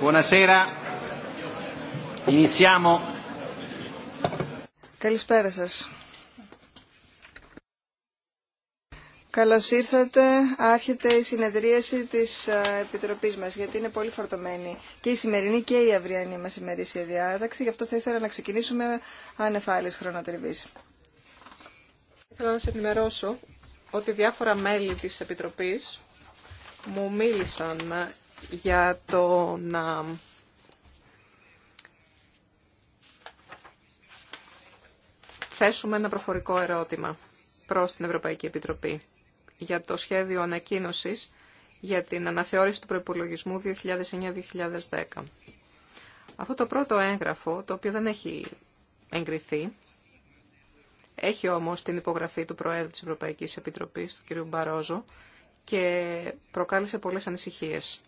Buonasera. Καλησπέρα σας. Καλώς ήρθατε. Άρχεται η συνεδρίαση της ε, Επιτροπής μας, γιατί είναι πολύ φορτωμένη και η σημερινή και η αυριανή μας ημερήσια διάταξη. Γι' αυτό θα ήθελα να ξεκινήσουμε ανεφάλης χρονοτριβής. Θέλω να σα ενημερώσω ότι διάφορα μέλη της Επιτροπής μου μίλησαν για το να θέσουμε ένα προφορικό ερώτημα προς την Ευρωπαϊκή Επιτροπή για το σχέδιο ανακοίνωσης για την αναθεώρηση του προϋπολογισμού 2009-2010. Αυτό το πρώτο έγγραφο, το οποίο δεν έχει εγκριθεί, έχει όμως την υπογραφή του Προέδρου της Ευρωπαϊκής Επιτροπής, του κ. Μπαρόζο, και προκάλεσε πολλές ανησυχίες.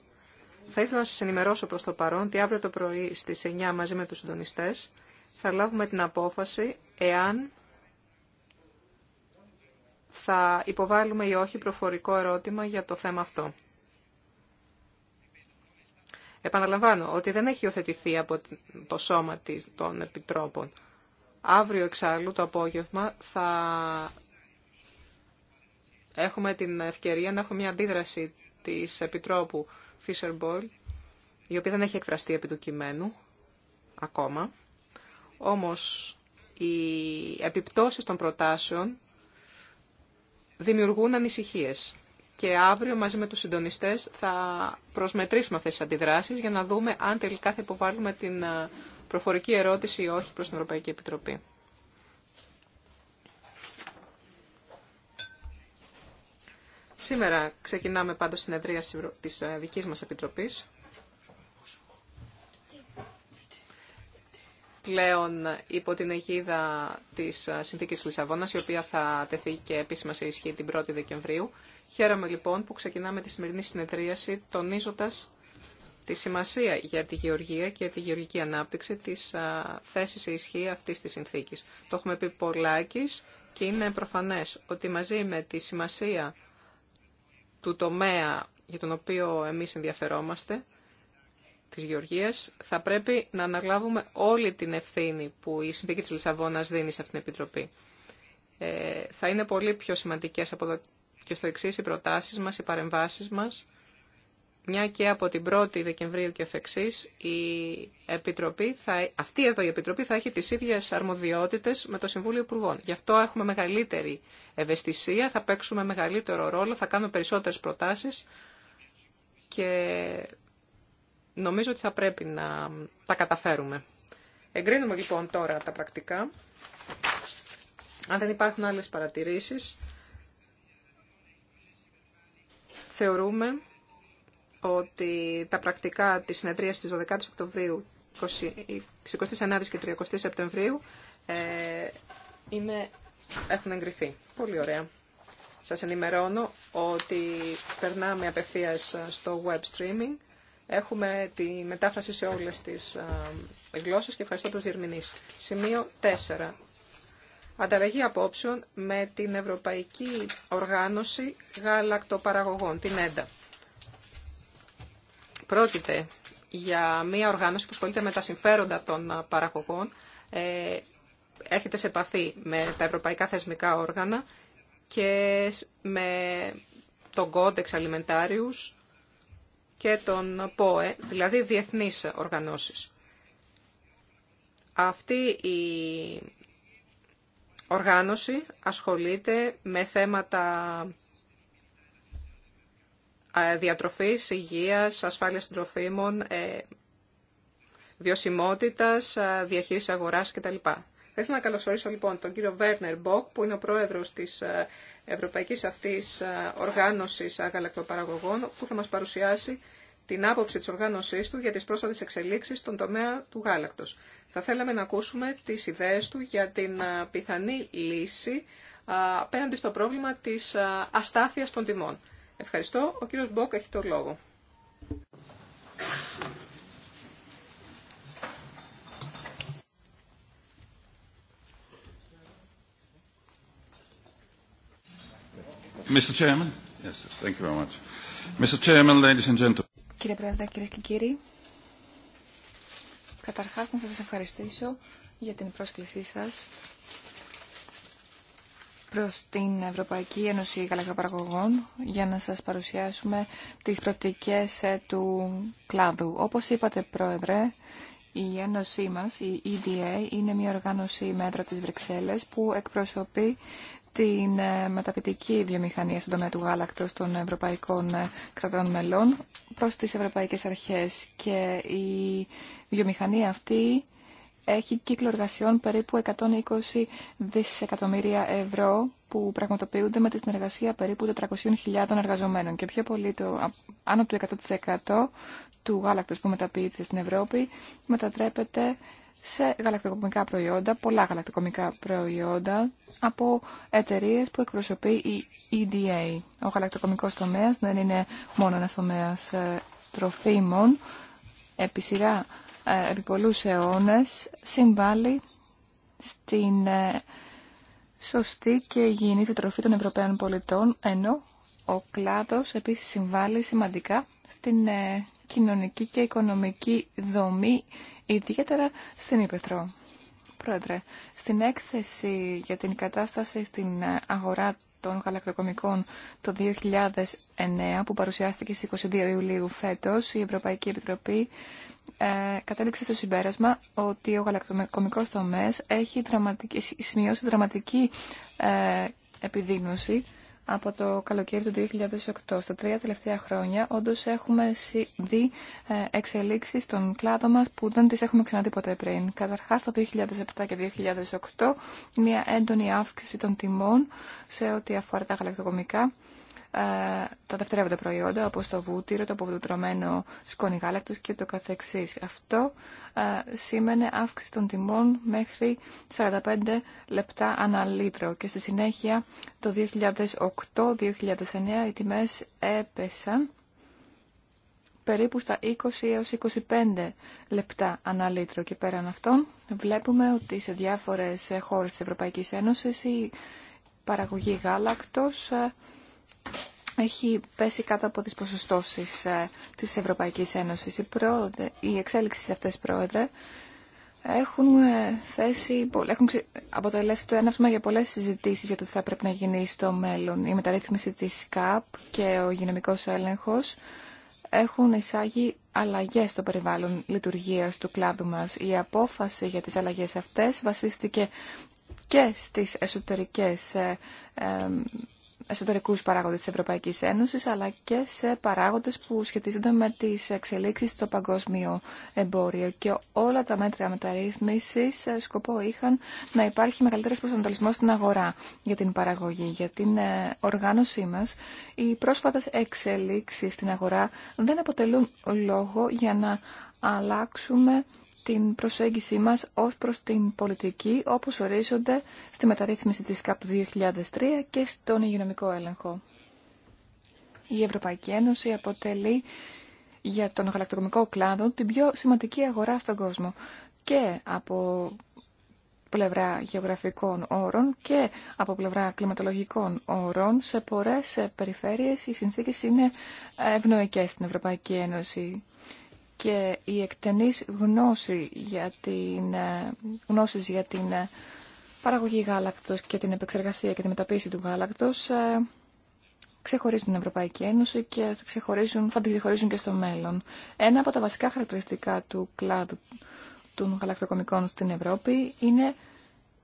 Θα ήθελα να σα ενημερώσω προς το παρόν ότι αύριο το πρωί στι 9 μαζί με τους συντονιστέ θα λάβουμε την απόφαση εάν θα υποβάλουμε ή όχι προφορικό ερώτημα για το θέμα αυτό. Επαναλαμβάνω ότι δεν έχει υιοθετηθεί από το σώμα των επιτρόπων. Αύριο εξάλλου το απόγευμα θα έχουμε την ευκαιρία να έχουμε μια αντίδραση της Επιτρόπου Fisher η οποία δεν έχει εκφραστεί επί του κειμένου ακόμα. Όμως οι επιπτώσεις των προτάσεων δημιουργούν ανησυχίες. Και αύριο μαζί με τους συντονιστές θα προσμετρήσουμε αυτές τις αντιδράσεις για να δούμε αν τελικά θα υποβάλουμε την ε, προφορική ερώτηση ή όχι προς την Ευρωπαϊκή Επιτροπή. Σήμερα ξεκινάμε πάντως συνεδρία τη ε, δική μα επιτροπή. Πλέον υπό την αιγίδα της ε, Συνθήκης Λισαβόνας, η οποία θα τεθεί και επίσημα σε ισχύ την 1η Δεκεμβρίου. Χαίρομαι λοιπόν που ξεκινάμε τη σημερινή συνεδρίαση τονίζοντας τη σημασία για τη γεωργία και τη γεωργική ανάπτυξη της ε, θέσης σε ισχύ αυτής της συνθήκη. Το έχουμε πει πολλάκις και είναι προφανές ότι μαζί με τη σημασία του τομέα για τον οποίο εμείς ενδιαφερόμαστε, της Γεωργίας, θα πρέπει να αναλάβουμε όλη την ευθύνη που η Συνθήκη της Λισαβόνας δίνει σε αυτήν την Επιτροπή. Ε, θα είναι πολύ πιο σημαντικές από εδώ και στο εξής οι προτάσεις μας, οι παρεμβάσεις μας, μια και από την 1η Δεκεμβρίου και εφ' η Επιτροπή θα, αυτή εδώ η Επιτροπή θα έχει τις ίδιες αρμοδιότητες με το Συμβούλιο Υπουργών. Γι' αυτό έχουμε μεγαλύτερη ευαισθησία, θα παίξουμε μεγαλύτερο ρόλο, θα κάνουμε περισσότερες προτάσεις και νομίζω ότι θα πρέπει να τα καταφέρουμε. Εγκρίνουμε λοιπόν τώρα τα πρακτικά. Αν δεν υπάρχουν άλλες παρατηρήσεις, θεωρούμε ότι τα πρακτικά της συνεδρίας της 12 Οκτωβρίου, 29 και 30 Σεπτεμβρίου ε, είναι, έχουν εγκριθεί. Πολύ ωραία. Σας ενημερώνω ότι περνάμε απευθείας στο web streaming. Έχουμε τη μετάφραση σε όλες τις ε, γλώσσες και ευχαριστώ τους διερμηνείς. Σημείο 4. Ανταλλαγή απόψεων με την Ευρωπαϊκή Οργάνωση Γαλακτοπαραγωγών, την ΕΝΤΑ. Πρόκειται για μια οργάνωση που ασχολείται με τα συμφέροντα των παραγωγών, ε, έρχεται σε επαφή με τα ευρωπαϊκά θεσμικά όργανα και με τον Κόντεξ Αλιμεντάριους και τον ΠΟΕ, δηλαδή διεθνείς οργανώσεις. Αυτή η οργάνωση ασχολείται με θέματα διατροφής, υγείας, ασφάλειας των τροφίμων, ε, βιωσιμότητας, διαχείρισης αγοράς κτλ. Θα ήθελα να καλωσορίσω λοιπόν τον κύριο Βέρνερ Μποκ, που είναι ο πρόεδρος της Ευρωπαϊκής αυτής οργάνωσης Γαλακτοπαραγωγών που θα μας παρουσιάσει την άποψη της οργάνωσής του για τις πρόσφατες εξελίξεις στον τομέα του γάλακτος. Θα θέλαμε να ακούσουμε τις ιδέες του για την πιθανή λύση απέναντι στο πρόβλημα της αστάθειας των τιμών. Ευχαριστώ. Ο κύριος Μπόκ έχει το λόγο. Mr. Chairman. Yes, thank you very much. Mr. Chairman, ladies and gentlemen. Κύριε Πρόεδρε, κύριε και κύριοι, καταρχάς να σας ευχαριστήσω για την πρόσκλησή σας προς την Ευρωπαϊκή Ένωση Γαλακτοπαραγωγών για να σας παρουσιάσουμε τις προοπτικές ε, του κλάδου. Όπως είπατε, Πρόεδρε, η Ένωσή μας, η EDA, είναι μια οργάνωση μέτρα της Βρυξέλλες που εκπροσωπεί την ε, μεταπητική βιομηχανία στον τομέα του γάλακτος των ευρωπαϊκών ε, κρατών μελών προς τις ευρωπαϊκές αρχές και η βιομηχανία αυτή έχει κύκλο εργασιών περίπου 120 δισεκατομμύρια ευρώ που πραγματοποιούνται με τη συνεργασία περίπου 400.000 εργαζομένων και πιο πολύ το άνω του 100% του γάλακτος που μεταποιείται στην Ευρώπη μετατρέπεται σε γαλακτοκομικά προϊόντα, πολλά γαλακτοκομικά προϊόντα από εταιρείε που εκπροσωπεί η EDA. Ο γαλακτοκομικός τομέας δεν είναι μόνο ένας τομέας ε, τροφίμων. Επί σειρά ε, επί πολλούς αιώνες συμβάλλει στην ε, σωστή και υγιεινή διατροφή των Ευρωπαίων πολιτών, ενώ ο κλάδος επίσης συμβάλλει σημαντικά στην ε, κοινωνική και οικονομική δομή, ιδιαίτερα στην Ήπεθρο. Πρόεδρε, στην έκθεση για την κατάσταση στην αγορά των γαλακτοκομικών το 2009 που παρουσιάστηκε στις 22 Ιουλίου φέτος, η Ευρωπαϊκή Επιτροπή ε, κατέληξε στο συμπέρασμα ότι ο γαλακτοκομικός τομέας έχει δραματική, σημειώσει δραματική ε, επιδείνωση από το καλοκαίρι του 2008. Στα τρία τελευταία χρόνια όντως έχουμε δει ε, εξελίξεις στον κλάδο μας που δεν τις έχουμε ξαναδεί ποτέ πριν. Καταρχάς το 2007 και 2008 μια έντονη αύξηση των τιμών σε ό,τι αφορά τα γαλακτοκομικά ε, τα δευτερεύοντα προϊόντα, όπως το βούτυρο, το αποβουτρωμένο σκόνη γάλακτος και το καθεξής. Αυτό ε, σήμαινε αύξηση των τιμών μέχρι 45 λεπτά ανά λίτρο και στη συνέχεια το 2008-2009 οι τιμές έπεσαν περίπου στα 20 έως 25 λεπτά ανά λίτρο και πέραν αυτών βλέπουμε ότι σε διάφορες χώρες της Ευρωπαϊκής Ένωσης η παραγωγή γάλακτος ε, έχει πέσει κάτω από τις ποσοστώσεις ε, της Ευρωπαϊκής Ένωσης. Οι εξέλιξεις σε αυτές, Πρόεδρε, έχουν, ε, έχουν αποτελέσει το έναυσμα για πολλές συζητήσεις για το τι θα πρέπει να γίνει στο μέλλον. Η μεταρρύθμιση της ΚΑΠ και ο γυναιμικός έλεγχος έχουν εισάγει αλλαγές στο περιβάλλον λειτουργίας του κλάδου μας. Η απόφαση για τις αλλαγές αυτές βασίστηκε και στις εσωτερικές ε, εσωτερικού παράγοντε τη Ευρωπαϊκή Ένωση, αλλά και σε παράγοντες που σχετίζονται με τι εξελίξει στο παγκόσμιο εμπόριο. Και όλα τα μέτρα μεταρρύθμισης ε, σκοπό είχαν να υπάρχει μεγαλύτερο προσανατολισμό στην αγορά για την παραγωγή, για την ε, οργάνωσή μας. Οι πρόσφατε εξελίξεις στην αγορά δεν αποτελούν λόγο για να αλλάξουμε την προσέγγιση μας ως προς την πολιτική όπως ορίζονται στη μεταρρύθμιση της ΚΑΠ του 2003 και στον υγειονομικό έλεγχο. Η Ευρωπαϊκή Ένωση αποτελεί για τον γαλακτοκομικό κλάδο την πιο σημαντική αγορά στον κόσμο και από πλευρά γεωγραφικών όρων και από πλευρά κλιματολογικών όρων σε πολλές περιφέρειες οι συνθήκες είναι ευνοϊκές στην Ευρωπαϊκή Ένωση και η εκτενής γνώση για την, ε, γνώσεις για την ε, παραγωγή γάλακτος και την επεξεργασία και τη μεταποίηση του γάλακτος ε, ξεχωρίζουν την Ευρωπαϊκή Ένωση και θα, ξεχωρίζουν, θα ξεχωρίζουν και στο μέλλον. Ένα από τα βασικά χαρακτηριστικά του κλάδου των γαλακτοκομικών στην Ευρώπη είναι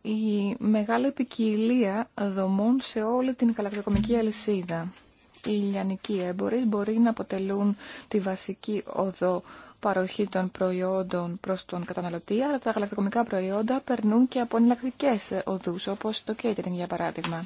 η μεγάλη ποικιλία δομών σε όλη την γαλακτοκομική αλυσίδα. Οι λιανικοί έμποροι μπορεί να αποτελούν τη βασική οδό παροχή των προϊόντων προς τον καταναλωτή, αλλά τα γαλακτοκομικά προϊόντα περνούν και από εναλλακτικέ οδούς, όπως το catering για παράδειγμα.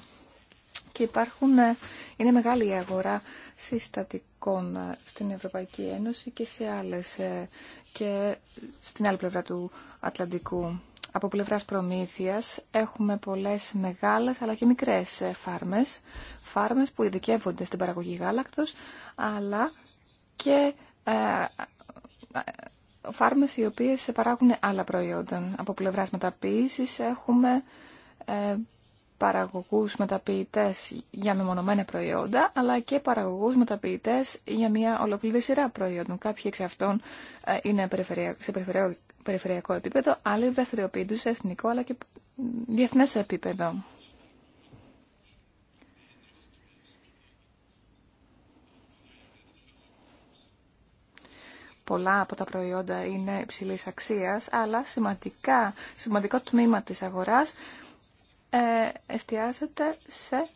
Και υπάρχουν, ε, είναι μεγάλη η αγορά συστατικών ε, στην Ευρωπαϊκή Ένωση και σε άλλες ε, και στην άλλη πλευρά του Ατλαντικού. Από πλευράς προμήθειας έχουμε πολλές μεγάλες αλλά και μικρές φάρμες, φάρμες που ειδικεύονται στην παραγωγή γάλακτος, αλλά και ε, φάρμες οι οποίες παράγουν άλλα προϊόντα. Από πλευράς μεταποίησης έχουμε ε, παραγωγούς μεταποιητές για μεμονωμένα προϊόντα, αλλά και παραγωγούς μεταποιητές για μια ολοκληρή σειρά προϊόντων. Κάποιοι εξ αυτών ε, είναι σε περιφερειακό επίπεδο, άλλοι δραστηριοποιούνται σε εθνικό αλλά και διεθνές επίπεδο. Πολλά από τα προϊόντα είναι υψηλής αξίας, αλλά σημαντικά, σημαντικό τμήμα της αγοράς ε, εστιάζεται σε,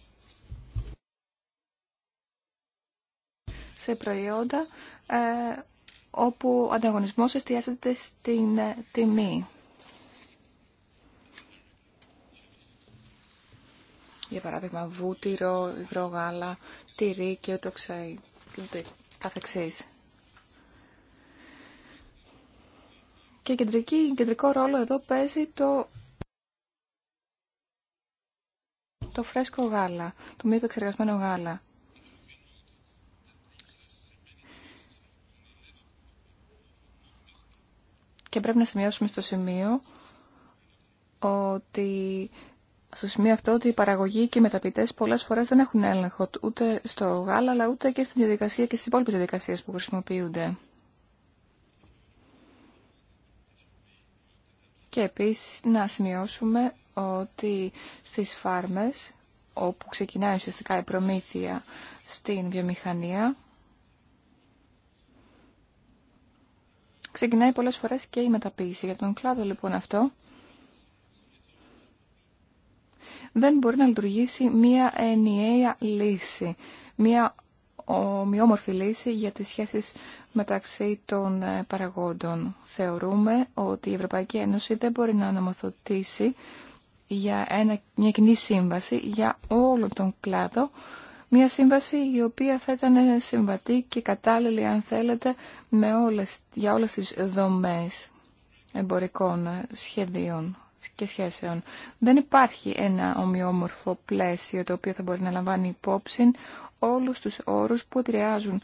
σε προϊόντα ε, όπου ο ανταγωνισμός εστιάζεται στην ε, τιμή. Για παράδειγμα βούτυρο, υγρό γάλα, τυρί και ούτω καθεξής. Και κεντρική, κεντρικό ρόλο εδώ παίζει το, το φρέσκο γάλα, το μη επεξεργασμένο γάλα. Και πρέπει να σημειώσουμε στο σημείο ότι στο σημείο αυτό ότι οι παραγωγοί και οι μεταπητές πολλές φορές δεν έχουν έλεγχο ούτε στο γάλα αλλά ούτε και στην διαδικασία και στις υπόλοιπες διαδικασίες που χρησιμοποιούνται. Και επίσης να σημειώσουμε ότι στις φάρμες όπου ξεκινάει ουσιαστικά η προμήθεια στην βιομηχανία ξεκινάει πολλές φορές και η μεταποίηση. Για τον κλάδο λοιπόν αυτό δεν μπορεί να λειτουργήσει μία ενιαία λύση, μία ομοιόμορφη λύση για τις σχέσεις μεταξύ των ε, παραγόντων. Θεωρούμε ότι η Ευρωπαϊκή Ένωση δεν μπορεί να νομοθετήσει για ένα, μια κοινή σύμβαση για όλο τον κλάδο, μια σύμβαση η οποία θα ήταν ε, συμβατή και κατάλληλη, αν θέλετε, με όλες, για όλες τις δομές εμπορικών ε, σχεδίων και σχέσεων. Δεν υπάρχει ένα ομοιόμορφο πλαίσιο το οποίο θα μπορεί να λαμβάνει υπόψη όλους τους όρους που επηρεάζουν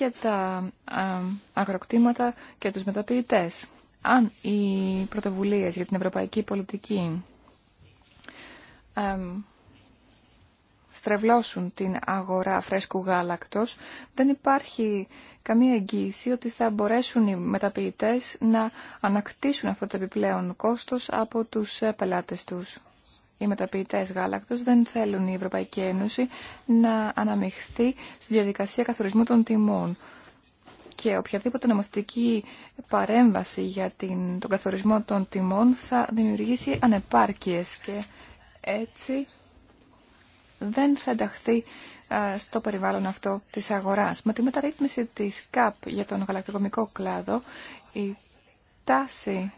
και τα ε, αγροκτήματα και τους μεταποιητές. Αν οι πρωτοβουλίες για την ευρωπαϊκή πολιτική ε, στρεβλώσουν την αγορά φρέσκου γάλακτος, δεν υπάρχει καμία εγγύηση ότι θα μπορέσουν οι μεταποιητές να ανακτήσουν αυτό το επιπλέον κόστος από τους ε, πελάτες τους οι μεταποιητές γάλακτος δεν θέλουν η Ευρωπαϊκή Ένωση να αναμειχθεί στη διαδικασία καθορισμού των τιμών. Και οποιαδήποτε νομοθετική παρέμβαση για την, τον καθορισμό των τιμών θα δημιουργήσει ανεπάρκειες και έτσι δεν θα ενταχθεί στο περιβάλλον αυτό της αγοράς. Με τη μεταρρύθμιση της ΚΑΠ για τον γαλακτοκομικό κλάδο η τάση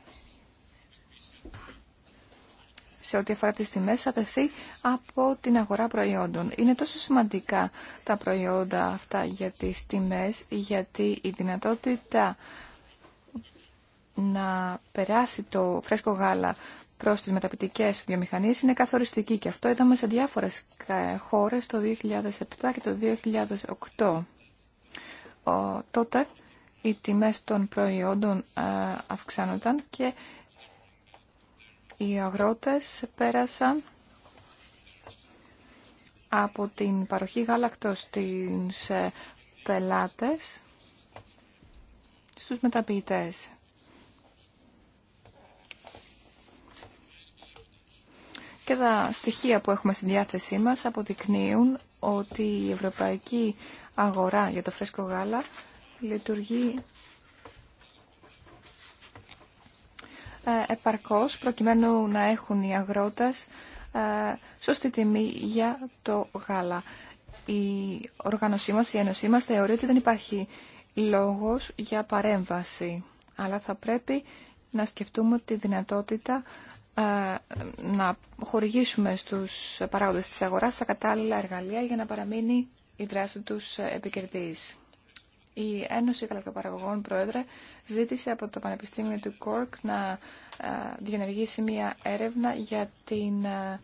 σε ό,τι αφορά τις τιμές θα τεθεί από την αγορά προϊόντων. Είναι τόσο σημαντικά τα προϊόντα αυτά για τις τιμές, γιατί η δυνατότητα να περάσει το φρέσκο γάλα προς τις μεταπητικές βιομηχανίες είναι καθοριστική και αυτό είδαμε σε διάφορες χώρες το 2007 και το 2008. Ο, τότε οι τιμές των προϊόντων α, αυξάνονταν και οι αγρότες πέρασαν από την παροχή γάλακτος στις ε, πελάτες στους μεταποιητές. Και τα στοιχεία που έχουμε στη διάθεσή μας αποδεικνύουν ότι η ευρωπαϊκή αγορά για το φρέσκο γάλα λειτουργεί Ε, επαρκώς προκειμένου να έχουν οι αγρότες ε, σωστή τιμή για το γάλα. Η οργάνωσή μας, η ένωσή μας θεωρεί ότι δεν υπάρχει λόγος για παρέμβαση. Αλλά θα πρέπει να σκεφτούμε τη δυνατότητα ε, να χορηγήσουμε στους παράγοντες της αγοράς τα κατάλληλα εργαλεία για να παραμείνει η δράση τους επικερδής. Η Ένωση Καλακτοπαραγωγών Πρόεδρε ζήτησε από το Πανεπιστήμιο του Κόρκ να ε, διενεργήσει μια έρευνα για την ε,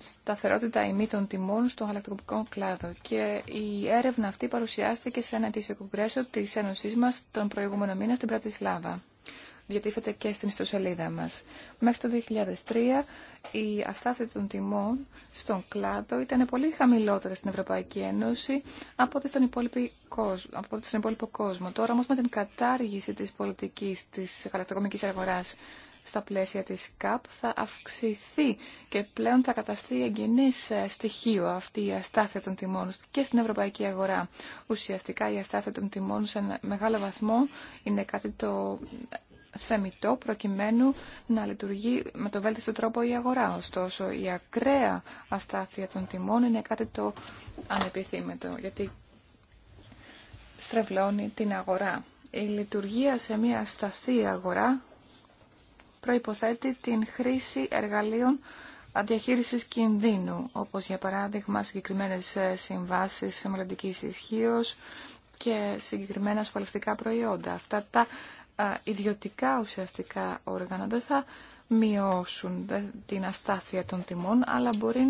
σταθερότητα ημίτων τιμών στον γαλακτοκοπικό κλάδο. Και η έρευνα αυτή παρουσιάστηκε σε ένα ετήσιο κογκρέσο της Ένωσής μας τον προηγούμενο μήνα στην Πρατισλάβα διατίθεται και στην ιστοσελίδα μας. Μέχρι το 2003 η αστάθεια των τιμών στον κλάδο ήταν πολύ χαμηλότερα στην Ευρωπαϊκή Ένωση από ό,τι στον υπόλοιπο κόσμο. στον υπόλοιπο κόσμο. Τώρα όμως με την κατάργηση της πολιτικής της γαλακτοκομικής αγοράς στα πλαίσια της ΚΑΠ θα αυξηθεί και πλέον θα καταστεί εγγενής ε, στοιχείο αυτή η αστάθεια των τιμών και στην ευρωπαϊκή αγορά. Ουσιαστικά η αστάθεια των τιμών σε μεγάλο βαθμό είναι κάτι το θεμητό προκειμένου να λειτουργεί με το βέλτιστο τρόπο η αγορά. Ωστόσο, η ακραία αστάθεια των τιμών είναι κάτι το ανεπιθύμητο, γιατί στρεβλώνει την αγορά. Η λειτουργία σε μια σταθή αγορά προϋποθέτει την χρήση εργαλείων διαχείρισης κινδύνου, όπως για παράδειγμα συγκεκριμένες ε, συμβάσεις μελλοντικής ισχύω και συγκεκριμένα ασφαλιστικά προϊόντα. Αυτά τα ιδιωτικά ουσιαστικά όργανα δεν θα μειώσουν την αστάθεια των τιμών, αλλά μπορεί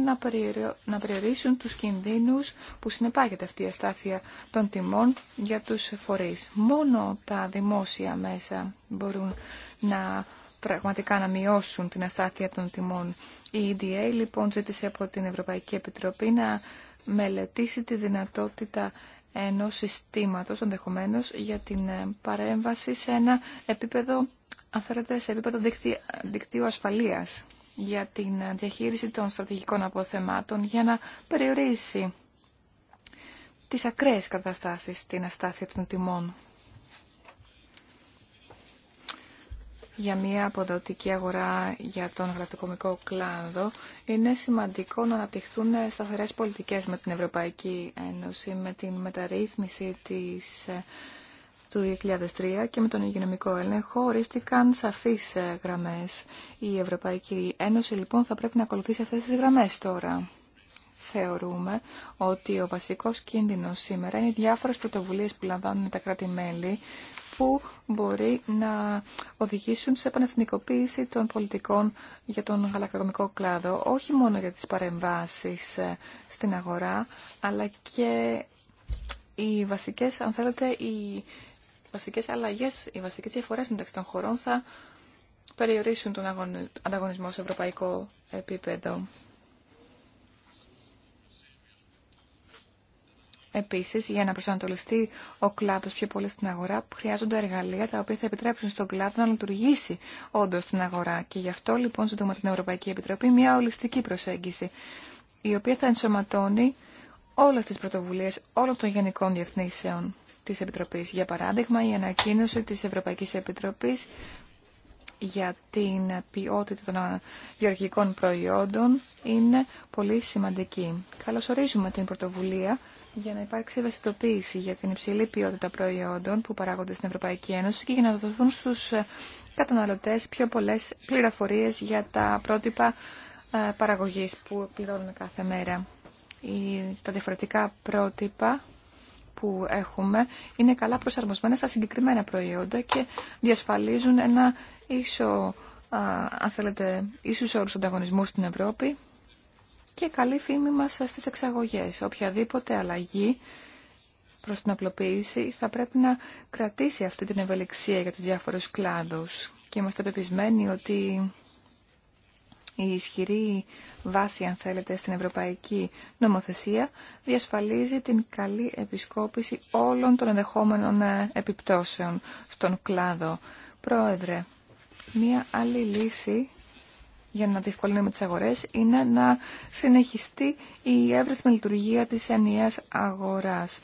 να περιορίσουν τους κινδύνους που συνεπάγεται αυτή η αστάθεια των τιμών για τους φορείς. Μόνο τα δημόσια μέσα μπορούν να πραγματικά να μειώσουν την αστάθεια των τιμών. Η EDA λοιπόν ζήτησε από την Ευρωπαϊκή Επιτροπή να μελετήσει τη δυνατότητα ενός συστήματος ενδεχομένω για την ε, παρέμβαση σε ένα επίπεδο, αν επίπεδο δικτύου ασφαλείας για την ε, διαχείριση των στρατηγικών αποθεμάτων για να περιορίσει τις ακραίες καταστάσεις στην αστάθεια των τιμών. για μια αποδοτική αγορά για τον γραφτοκομικό κλάδο, είναι σημαντικό να αναπτυχθούν σταθερές πολιτικές με την Ευρωπαϊκή Ένωση, με την μεταρρύθμιση της, ε, του 2003 και με τον υγειονομικό έλεγχο ορίστηκαν σαφείς ε, γραμμές. Η Ευρωπαϊκή Ένωση λοιπόν θα πρέπει να ακολουθήσει αυτές τις γραμμές τώρα. Θεωρούμε ότι ο βασικός κίνδυνος σήμερα είναι οι διάφορες πρωτοβουλίες που λαμβάνουν τα κράτη-μέλη που μπορεί να οδηγήσουν σε πανεθνικοποίηση των πολιτικών για τον γαλακτοκομικό κλάδο, όχι μόνο για τις παρεμβάσεις ε, στην αγορά, αλλά και οι βασικές, αν θέλετε, οι βασικές αλλαγές, οι βασικές διαφορές μεταξύ των χωρών θα περιορίσουν τον ανταγωνισμό σε ευρωπαϊκό επίπεδο. Επίση, για να προσανατολιστεί ο κλάδος πιο πολύ στην αγορά, χρειάζονται εργαλεία τα οποία θα επιτρέψουν στον κλάδο να λειτουργήσει όντω στην αγορά. Και γι' αυτό λοιπόν ζητούμε την Ευρωπαϊκή Επιτροπή μια ολιστική προσέγγιση, η οποία θα ενσωματώνει όλε τι πρωτοβουλίε όλων των γενικών διευθύνσεων τη Επιτροπή. Για παράδειγμα, η ανακοίνωση τη Ευρωπαϊκή Επιτροπή για την ποιότητα των γεωργικών προϊόντων είναι πολύ σημαντική. Καλωσορίζουμε την πρωτοβουλία για να υπάρξει ευαισθητοποίηση για την υψηλή ποιότητα προϊόντων που παράγονται στην Ευρωπαϊκή Ένωση και για να δοθούν στους ε, καταναλωτές πιο πολλές πληροφορίες για τα πρότυπα ε, παραγωγής που πληρώνουν κάθε μέρα. Τα διαφορετικά πρότυπα που έχουμε είναι καλά προσαρμοσμένα στα συγκεκριμένα προϊόντα και διασφαλίζουν ένα ίσο, αν θέλετε, ίσους όρους ανταγωνισμού στην Ευρώπη και καλή φήμη μας στις εξαγωγές. Οποιαδήποτε αλλαγή προς την απλοποίηση θα πρέπει να κρατήσει αυτή την ευελιξία για τους διάφορους κλάδους. Και είμαστε πεπισμένοι ότι η ισχυρή βάση, αν θέλετε, στην ευρωπαϊκή νομοθεσία διασφαλίζει την καλή επισκόπηση όλων των ενδεχόμενων ε, επιπτώσεων στον κλάδο. Πρόεδρε, μία άλλη λύση για να διευκολύνουμε τις αγορές είναι να συνεχιστεί η εύρυθμη λειτουργία της ενιαίας αγοράς.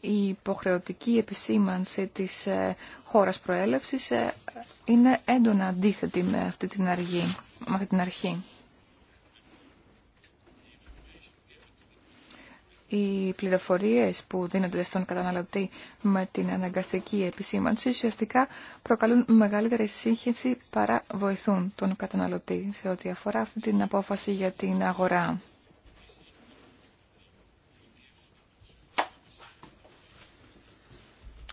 Η υποχρεωτική επισήμανση της ε, χώρας προέλευσης ε, είναι έντονα αντίθετη με αυτή την, με αυτή την αρχή. οι πληροφορίες που δίνονται στον καταναλωτή με την αναγκαστική επισήμανση ουσιαστικά προκαλούν μεγαλύτερη σύγχυση παρά βοηθούν τον καταναλωτή σε ό,τι αφορά αυτή την απόφαση για την αγορά.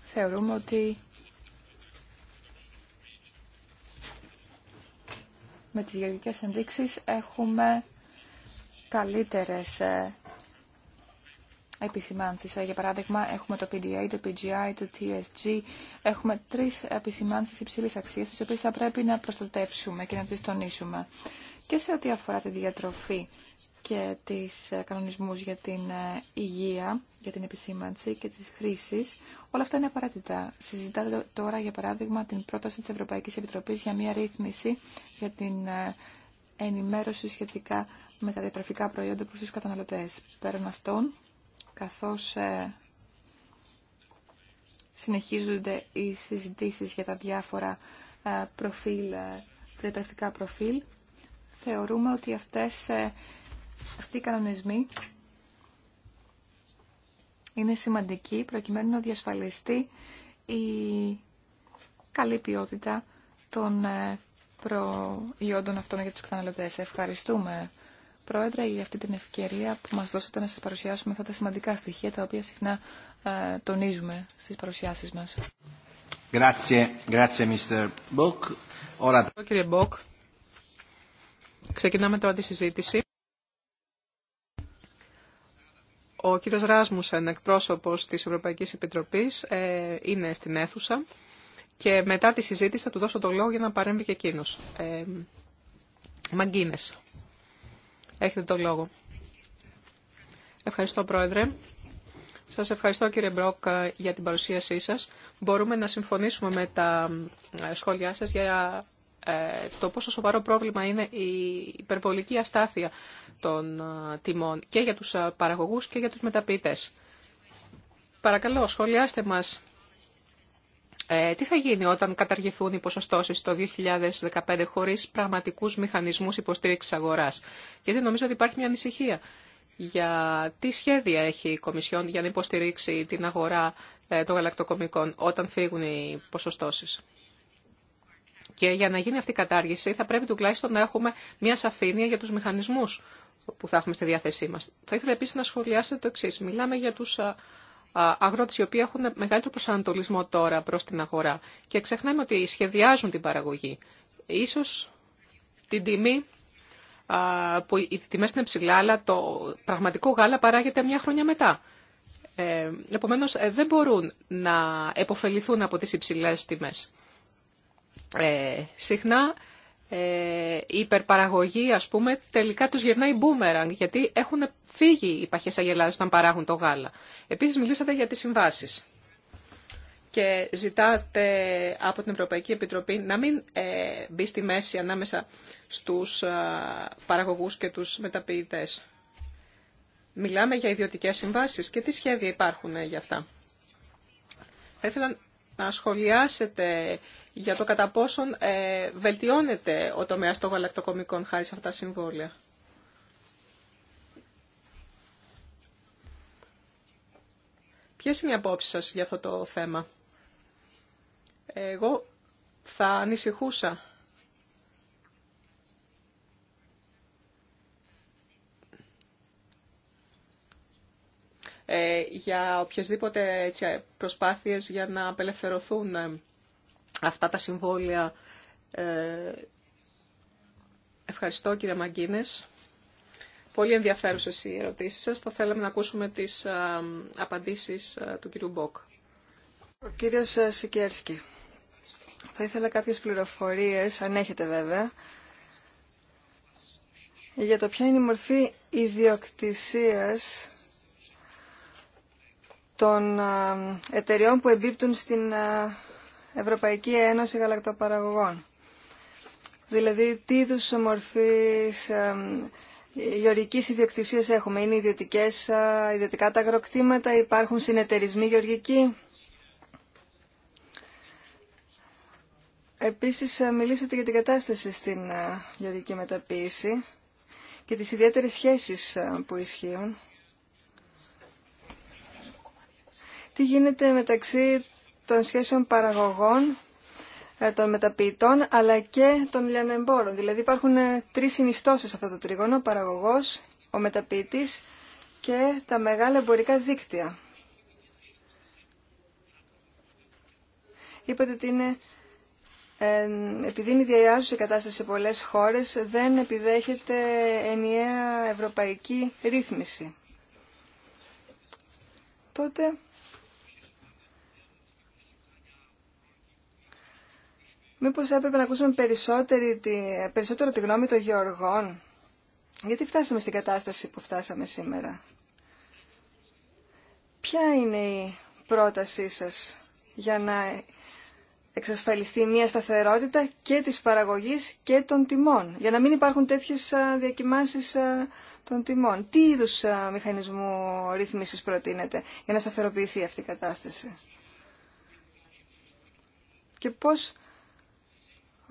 Θεωρούμε ότι με τις γεωργικές ενδείξεις έχουμε καλύτερες ε, επισημάνσεις. Για παράδειγμα, έχουμε το PDA, το PGI, το TSG. Έχουμε τρεις επισημάνσεις υψηλής αξίας, τις οποίες θα πρέπει να προστατεύσουμε και να τις τονίσουμε. Και σε ό,τι αφορά τη διατροφή και τις ε, κανονισμούς για την ε, υγεία, για την επισήμανση και τις χρήσεις. Όλα αυτά είναι απαραίτητα. Συζητάτε τώρα, για παράδειγμα, την πρόταση της Ευρωπαϊκής Επιτροπής για μια ρύθμιση για την ε, ενημέρωση σχετικά με τα διατροφικά προϊόντα προς τους καταναλωτές. Πέραν αυτών, καθώς ε, συνεχίζονται οι συζητήσεις για τα διάφορα ε, προφίλ, ε, διατροφικά προφίλ, θεωρούμε ότι αυτές, αυτοί οι κανονισμοί είναι σημαντικοί προκειμένου να διασφαλιστεί η καλή ποιότητα των προϊόντων αυτών για τους καταναλωτές. Ευχαριστούμε Πρόεδρε, για αυτή την ευκαιρία που μας δώσατε να σας παρουσιάσουμε αυτά τα σημαντικά στοιχεία τα οποία συχνά ε, τονίζουμε στις παρουσιάσεις μας. Κύριε Μποκ, ξεκινάμε τώρα τη συζήτηση. Ο κύριος Ράσμουσεν, εκπρόσωπος της Ευρωπαϊκής Επιτροπής, ε, είναι στην αίθουσα και μετά τη συζήτηση θα του δώσω το λόγο για να παρέμβει και εκείνος. Ε, Μαγκίνες. Έχετε το λόγο. Ευχαριστώ, Πρόεδρε. Σας ευχαριστώ, κύριε Μπρόκ, για την παρουσίασή σας. Μπορούμε να συμφωνήσουμε με τα ε, σχόλιά σας για ε, το πόσο σοβαρό πρόβλημα είναι η υπερβολική αστάθεια των ε, τιμών και για τους παραγωγούς και για τους μεταποιητές. Παρακαλώ, σχολιάστε μας ε, τι θα γίνει όταν καταργηθούν οι ποσοστώσεις το 2015 χωρίς πραγματικούς μηχανισμούς υποστήριξης αγοράς. Γιατί νομίζω ότι υπάρχει μια ανησυχία για τι σχέδια έχει η Κομισιόν για να υποστηρίξει την αγορά ε, των γαλακτοκομικών όταν φύγουν οι ποσοστώσεις. Και για να γίνει αυτή η κατάργηση θα πρέπει τουλάχιστον να έχουμε μια σαφήνεια για τους μηχανισμούς που θα έχουμε στη διάθεσή μας. Θα ήθελα επίσης να σχολιάσετε το εξή. Μιλάμε για τους αγρότες οι οποίοι έχουν μεγαλύτερο προσανατολισμό τώρα προς την αγορά και ξεχνάμε ότι σχεδιάζουν την παραγωγή. Ίσως την τιμή που οι τιμές είναι ψηλά, αλλά το πραγματικό γάλα παράγεται μια χρονιά μετά. Ε, επομένως, ε, δεν μπορούν να επωφεληθούν από τις υψηλές τιμές. Ε, συχνά η ε, υπερπαραγωγή, ας πούμε, τελικά τους γυρνάει μπούμεραγκ, γιατί έχουν φύγει οι παχές αγελάδες όταν παράγουν το γάλα. Επίσης μιλήσατε για τις συμβάσεις και ζητάτε από την Ευρωπαϊκή Επιτροπή να μην ε, μπει στη μέση ανάμεσα στους παραγωγούς και τους μεταποιητές. Μιλάμε για ιδιωτικές συμβάσεις και τι σχέδια υπάρχουν για αυτά. Θα ήθελα να σχολιάσετε για το κατά πόσον ε, βελτιώνεται ο τομέας των γαλακτοκομικών χάρη σε αυτά τα συμβόλαια. Ποιες είναι οι απόψεις σας για αυτό το θέμα. Εγώ θα ανησυχούσα ε, για οποιασδήποτε έτσι, προσπάθειες για να απελευθερωθούν ε, αυτά τα συμβόλαια. Ε, ευχαριστώ κύριε Μαγκίνες. Πολύ ενδιαφέρουσες οι ερωτήσεις σας. Θα θέλαμε να ακούσουμε τις ε, απαντήσεις ε, του κύριου Μπόκ. Ο κύριος Σικέρσκι. Θα ήθελα κάποιες πληροφορίες, αν έχετε βέβαια, για το ποια είναι η μορφή ιδιοκτησίας των εταιριών που εμπίπτουν στην Ευρωπαϊκή Ένωση Γαλακτοπαραγωγών. Δηλαδή, τι είδου μορφή γεωργική ιδιοκτησία έχουμε. Είναι ιδιωτικέ ιδιωτικά τα αγροκτήματα, υπάρχουν συνεταιρισμοί γεωργικοί. Επίσης, ε, μιλήσατε για την κατάσταση στην ε, γεωργική μεταποίηση και τις ιδιαίτερες σχέσεις ε, που ισχύουν. Τι γίνεται μεταξύ των σχέσεων παραγωγών ε, των μεταποιητών αλλά και των λιανεμπόρων. Δηλαδή υπάρχουν ε, τρεις συνιστώσεις σε αυτό το τρίγωνο, ο παραγωγός, ο μεταποιητής και τα μεγάλα εμπορικά δίκτυα. Είπατε ότι είναι, ε, επειδή είναι διαιάζουσα η κατάσταση σε πολλές χώρες, δεν επιδέχεται ενιαία ευρωπαϊκή ρύθμιση. Τότε Μήπως έπρεπε να ακούσουμε περισσότερο τη γνώμη των γεωργών. Γιατί φτάσαμε στην κατάσταση που φτάσαμε σήμερα. Ποια είναι η πρότασή σας για να εξασφαλιστεί μια σταθερότητα και της παραγωγής και των τιμών, για να μην υπάρχουν τέτοιες διακοιμάνσεις των τιμών. Τι είδους μηχανισμού ρύθμισης προτείνεται για να σταθεροποιηθεί αυτή η κατάσταση. Και πώς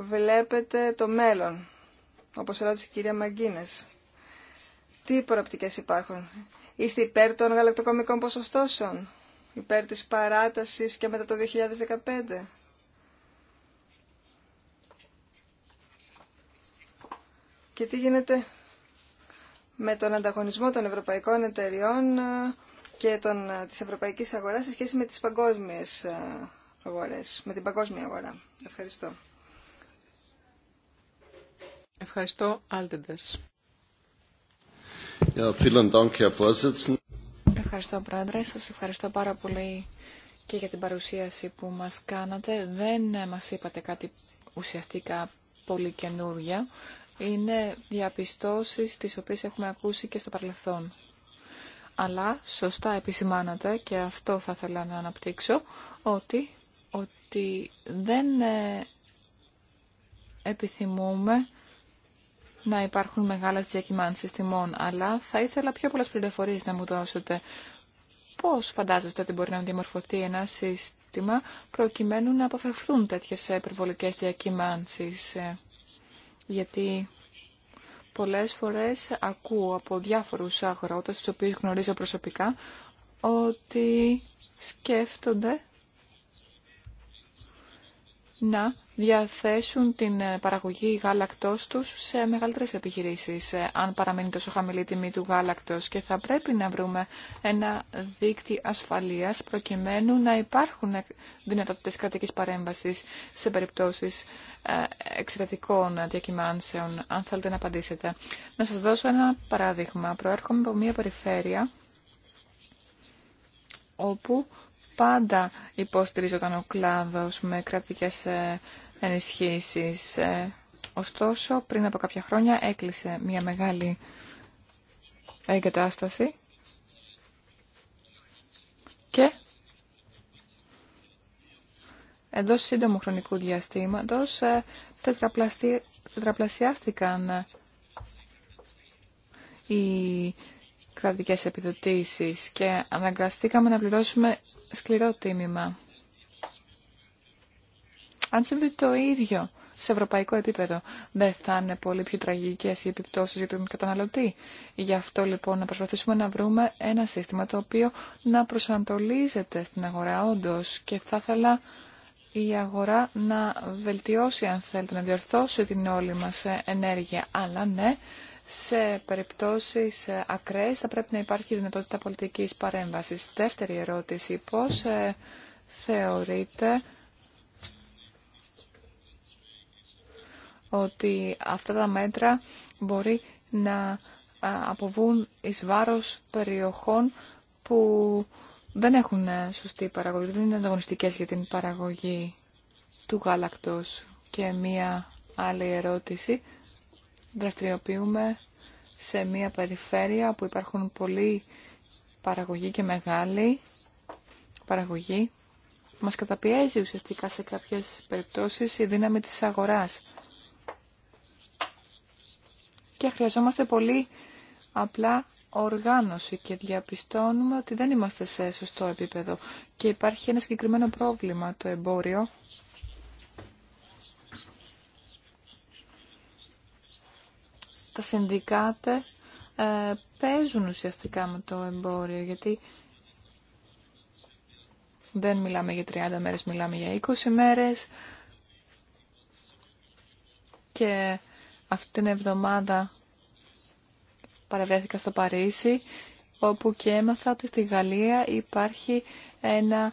βλέπετε το μέλλον, όπως ρώτησε η κυρία Μαγκίνες. Τι προοπτικές υπάρχουν. Είστε υπέρ των γαλακτοκομικών ποσοστώσεων, υπέρ της παράτασης και μετά το 2015. Και τι γίνεται με τον ανταγωνισμό των ευρωπαϊκών εταιριών ε, και των, ε, της ευρωπαϊκής αγοράς σε σχέση με τις παγκόσμιες ε, αγορές, με την παγκόσμια αγορά. Ευχαριστώ. Ευχαριστώ, Άλτεντες. Ευχαριστώ, Πρόεδρε. Σας ευχαριστώ πάρα πολύ και για την παρουσίαση που μας κάνατε. Δεν ε, μας είπατε κάτι ουσιαστικά πολύ καινούργια. Είναι διαπιστώσεις τις οποίες έχουμε ακούσει και στο παρελθόν. Αλλά σωστά επισημάνατε, και αυτό θα ήθελα να αναπτύξω, ότι, ότι δεν ε, επιθυμούμε να υπάρχουν μεγάλες διακυμάνσεις τιμών, αλλά θα ήθελα πιο πολλές πληροφορίες να μου δώσετε. Πώς φαντάζεστε ότι μπορεί να διαμορφωθεί ένα σύστημα προκειμένου να αποφευθούν τέτοιες επερβολικές διακυμάνσεις. Γιατί πολλές φορές ακούω από διάφορους αγρότες, τους οποίους γνωρίζω προσωπικά, ότι σκέφτονται να διαθέσουν την ε, παραγωγή γάλακτός τους σε μεγαλύτερες επιχειρήσεις, ε, αν παραμένει τόσο χαμηλή η τιμή του γάλακτος και θα πρέπει να βρούμε ένα δίκτυο ασφαλείας προκειμένου να υπάρχουν δυνατότητες κρατικής παρέμβασης σε περιπτώσεις ε, εξαιρετικών διακυμάνσεων, αν θέλετε να απαντήσετε. Να σας δώσω ένα παράδειγμα. Προέρχομαι από μια περιφέρεια όπου πάντα υποστηρίζονταν ο κλάδος με κρατικές ε, ενισχύσεις. Ε. Ωστόσο, πριν από κάποια χρόνια έκλεισε μια μεγάλη εγκατάσταση και εντό σύντομου χρονικού διαστήματος ε, τετραπλασιάστηκαν οι κρατικές επιδοτήσεις και αναγκαστήκαμε να πληρώσουμε σκληρό τίμημα. Αν συμβεί το ίδιο σε ευρωπαϊκό επίπεδο, δεν θα είναι πολύ πιο τραγικέ οι επιπτώσει για τον καταναλωτή. Γι' αυτό λοιπόν να προσπαθήσουμε να βρούμε ένα σύστημα το οποίο να προσανατολίζεται στην αγορά όντω και θα ήθελα η αγορά να βελτιώσει, αν θέλετε, να διορθώσει την όλη μα ε, ενέργεια. Αλλά ναι, σε περιπτώσεις ε, ακραίες θα πρέπει να υπάρχει δυνατότητα πολιτικής παρέμβασης. Δεύτερη ερώτηση, πώς ε, θεωρείτε ότι αυτά τα μέτρα μπορεί να ε, αποβούν εις βάρος περιοχών που δεν έχουν σωστή παραγωγή, δεν είναι ανταγωνιστικές για την παραγωγή του γάλακτος. Και μία άλλη ερώτηση δραστηριοποιούμε σε μια περιφέρεια που υπάρχουν πολλοί παραγωγοί και μεγάλη παραγωγή. Μας καταπιέζει ουσιαστικά σε κάποιες περιπτώσεις η δύναμη της αγοράς. Και χρειαζόμαστε πολύ απλά οργάνωση και διαπιστώνουμε ότι δεν είμαστε σε σωστό επίπεδο. Και υπάρχει ένα συγκεκριμένο πρόβλημα το εμπόριο τα συνδικάτε ε, παίζουν ουσιαστικά με το εμπόριο, γιατί δεν μιλάμε για 30 μέρες, μιλάμε για 20 μέρες και αυτή την εβδομάδα παρευρέθηκα στο Παρίσι όπου και έμαθα ότι στη Γαλλία υπάρχει ένα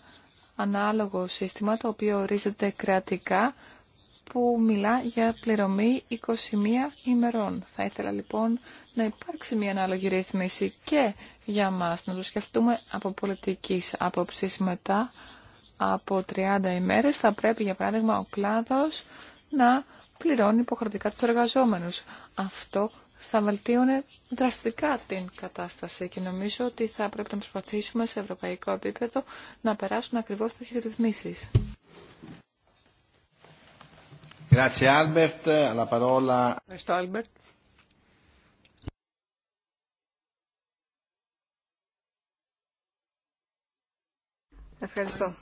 ανάλογο σύστημα το οποίο ορίζεται κρατικά που μιλά για πληρωμή 21 ημερών. Θα ήθελα λοιπόν να υπάρξει μια ανάλογη ρύθμιση και για μας, να το σκεφτούμε από πολιτικής άποψης μετά. Από 30 ημέρες θα πρέπει για παράδειγμα ο κλάδος να πληρώνει υποχρεωτικά τους εργαζόμενους. Αυτό θα βελτίωνε δραστικά την κατάσταση και νομίζω ότι θα πρέπει να προσπαθήσουμε σε ευρωπαϊκό επίπεδο να περάσουν ακριβώς τέτοιες ρυθμίσεις. Ευχαριστώ Albert. Ευχαριστώ.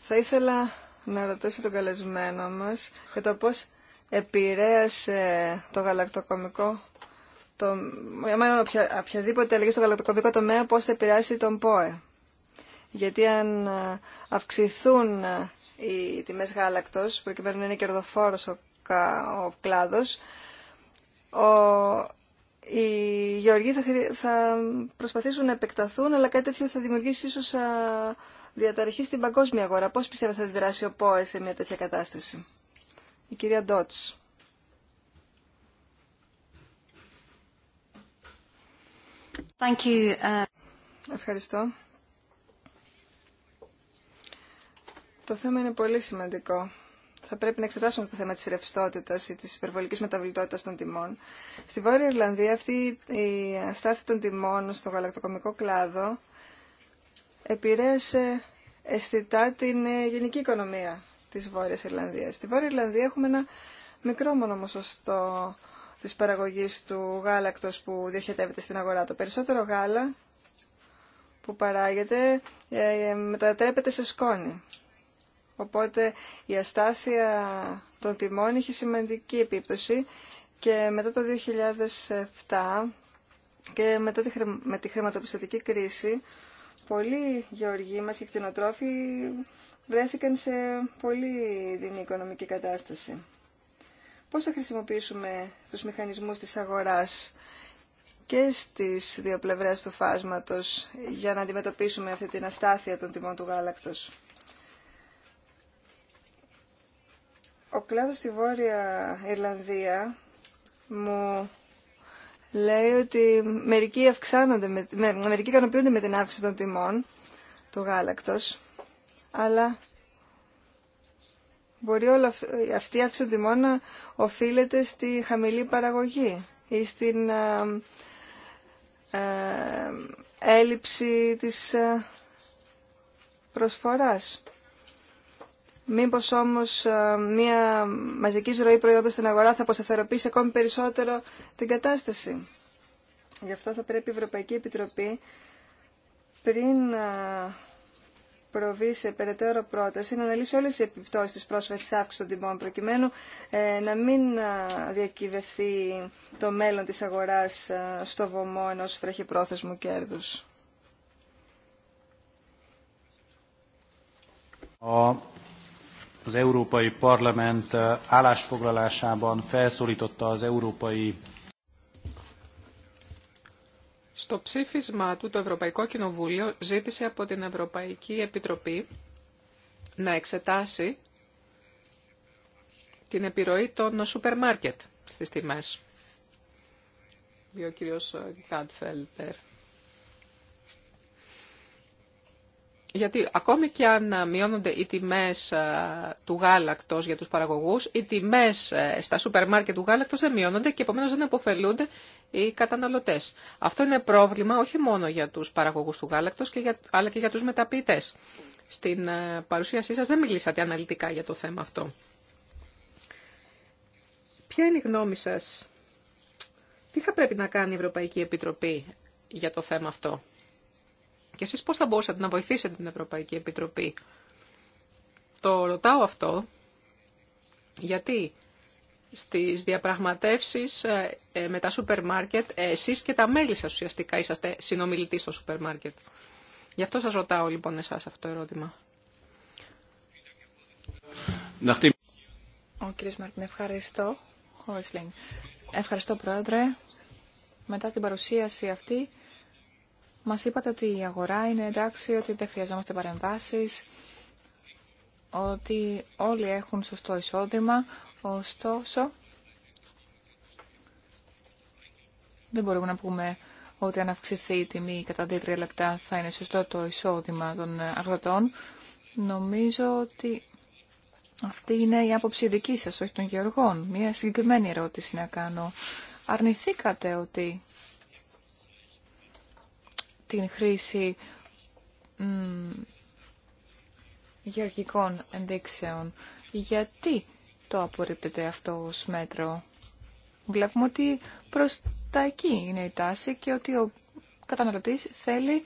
Θα ήθελα να ρωτήσω τον καλεσμένο μας για το πώς επηρέασε το γαλακτοκομικό το, μάλλον οποια, οποιαδήποτε αλλαγή στο γαλακτοκομικό τομέα πώς θα επηρεάσει τον ΠΟΕ. Γιατί αν ε, αυξηθούν ε, οι τιμέ γάλακτος, προκειμένου να είναι κερδοφόρο ο, ο κλάδος, ο, οι γεωργοί θα, θα προσπαθήσουν να επεκταθούν, αλλά κάτι τέτοιο θα δημιουργήσει ίσως διαταραχή στην παγκόσμια αγορά. Πώς πιστεύετε θα διδράσει ο ΠΟΕ σε μια τέτοια κατάσταση. Η κυρία Ντότ. Thank you. Uh, Ευχαριστώ. Το θέμα είναι πολύ σημαντικό. Θα πρέπει να εξετάσουμε το θέμα τη ρευστότητα ή της υπερβολικής μεταβλητότητας των τιμών. Στη Βόρεια Ιρλανδία αυτή η αστάθη των τιμών στο γαλακτοκομικό κλάδο επηρέασε αισθητά την ε, γενική οικονομία τη υπερβολικη μεταβλητοτητα Ιρλανδίας. Στη Βόρεια Ιρλανδία έχουμε ένα μικρό μόνο ποσοστό τη παραγωγή του ιρλανδιας στη βορεια ιρλανδια εχουμε ενα μικρο μονο ποσοστο τη παραγωγη του γαλακτο που διοχετεύεται στην αγορά. Το περισσότερο γάλα που παράγεται ε, ε, μετατρέπεται σε σκόνη. Οπότε η αστάθεια των τιμών είχε σημαντική επίπτωση και μετά το 2007 και μετά τη, με τη χρηματοπιστωτική κρίση πολλοί γεωργοί μας και κτηνοτρόφοι βρέθηκαν σε πολύ δινή οικονομική κατάσταση. Πώς θα χρησιμοποιήσουμε τους μηχανισμούς της αγοράς και στις δύο πλευρές του φάσματος για να αντιμετωπίσουμε αυτή την αστάθεια των τιμών του γάλακτος. Ο κλάδος στη Βόρεια Ιρλανδία μου λέει ότι μερικοί, αυξάνονται με, με, μερικοί ικανοποιούνται με την αύξηση των τιμών του γάλακτος, αλλά μπορεί αυτή η αύξηση των τιμών να οφείλεται στη χαμηλή παραγωγή ή στην α, ε, ε, έλλειψη της ε, προσφοράς. Μήπως όμως ε, μια μαζική ροή προϊόντων στην αγορά θα αποσταθεροποιήσει ακόμη περισσότερο την κατάσταση. Γι' αυτό θα πρέπει η Ευρωπαϊκή Επιτροπή πριν ε, προβεί σε περαιτέρω πρόταση να αναλύσει όλες τις επιπτώσεις της πρόσφατης αύξησης των τιμών προκειμένου ε, να μην διακυβευτεί το μέλλον της αγοράς στο βωμό ενός βραχυπρόθεσμου κέρδους. Uh, στο ψήφισμά του το Ευρωπαϊκό Κοινοβούλιο ζήτησε από την Ευρωπαϊκή Επιτροπή να εξετάσει την επιρροή των σούπερ μάρκετ στις τιμές. Ο κύριος Γκάντφελπερ. γιατί ακόμη και αν μειώνονται οι τιμές ε, του γάλακτος για τους παραγωγούς, οι τιμές ε, στα σούπερ μάρκετ του γάλακτος δεν μειώνονται και επομένως δεν αποφελούνται οι καταναλωτές. Αυτό είναι πρόβλημα όχι μόνο για τους παραγωγούς του γάλακτος, αλλά και για τους μεταποιητές. Στην ε, παρουσίασή σας δεν μιλήσατε αναλυτικά για το θέμα αυτό. Ποια είναι η γνώμη σας, τι θα πρέπει να κάνει η Ευρωπαϊκή Επιτροπή για το θέμα αυτό. Και εσείς πώς θα μπορούσατε να βοηθήσετε την Ευρωπαϊκή Επιτροπή. Το ρωτάω αυτό γιατί στις διαπραγματεύσεις ε, ε, με τα σούπερ μάρκετ ε, εσείς και τα μέλη σας ουσιαστικά είσαστε συνομιλητής στο σούπερ μάρκετ. Γι' αυτό σας ρωτάω λοιπόν εσάς αυτό το ερώτημα. Ο κύριος Μαρτίν, ευχαριστώ. Ευχαριστώ, Πρόεδρε. Μετά την παρουσίαση αυτή, μας είπατε ότι η αγορά είναι εντάξει, ότι δεν χρειαζόμαστε παρεμβάσεις, ότι όλοι έχουν σωστό εισόδημα, ωστόσο δεν μπορούμε να πούμε ότι αν αυξηθεί η τιμή δύο λεπτά θα είναι σωστό το εισόδημα των αγροτών. Νομίζω ότι αυτή είναι η άποψη δική σας, όχι των γεωργών. Μία συγκεκριμένη ερώτηση να κάνω. Αρνηθήκατε ότι την χρήση μ, γεωργικών ενδείξεων. Γιατί το απορρίπτεται αυτό ως μέτρο. Βλέπουμε ότι προς τα εκεί είναι η τάση και ότι ο καταναλωτής θέλει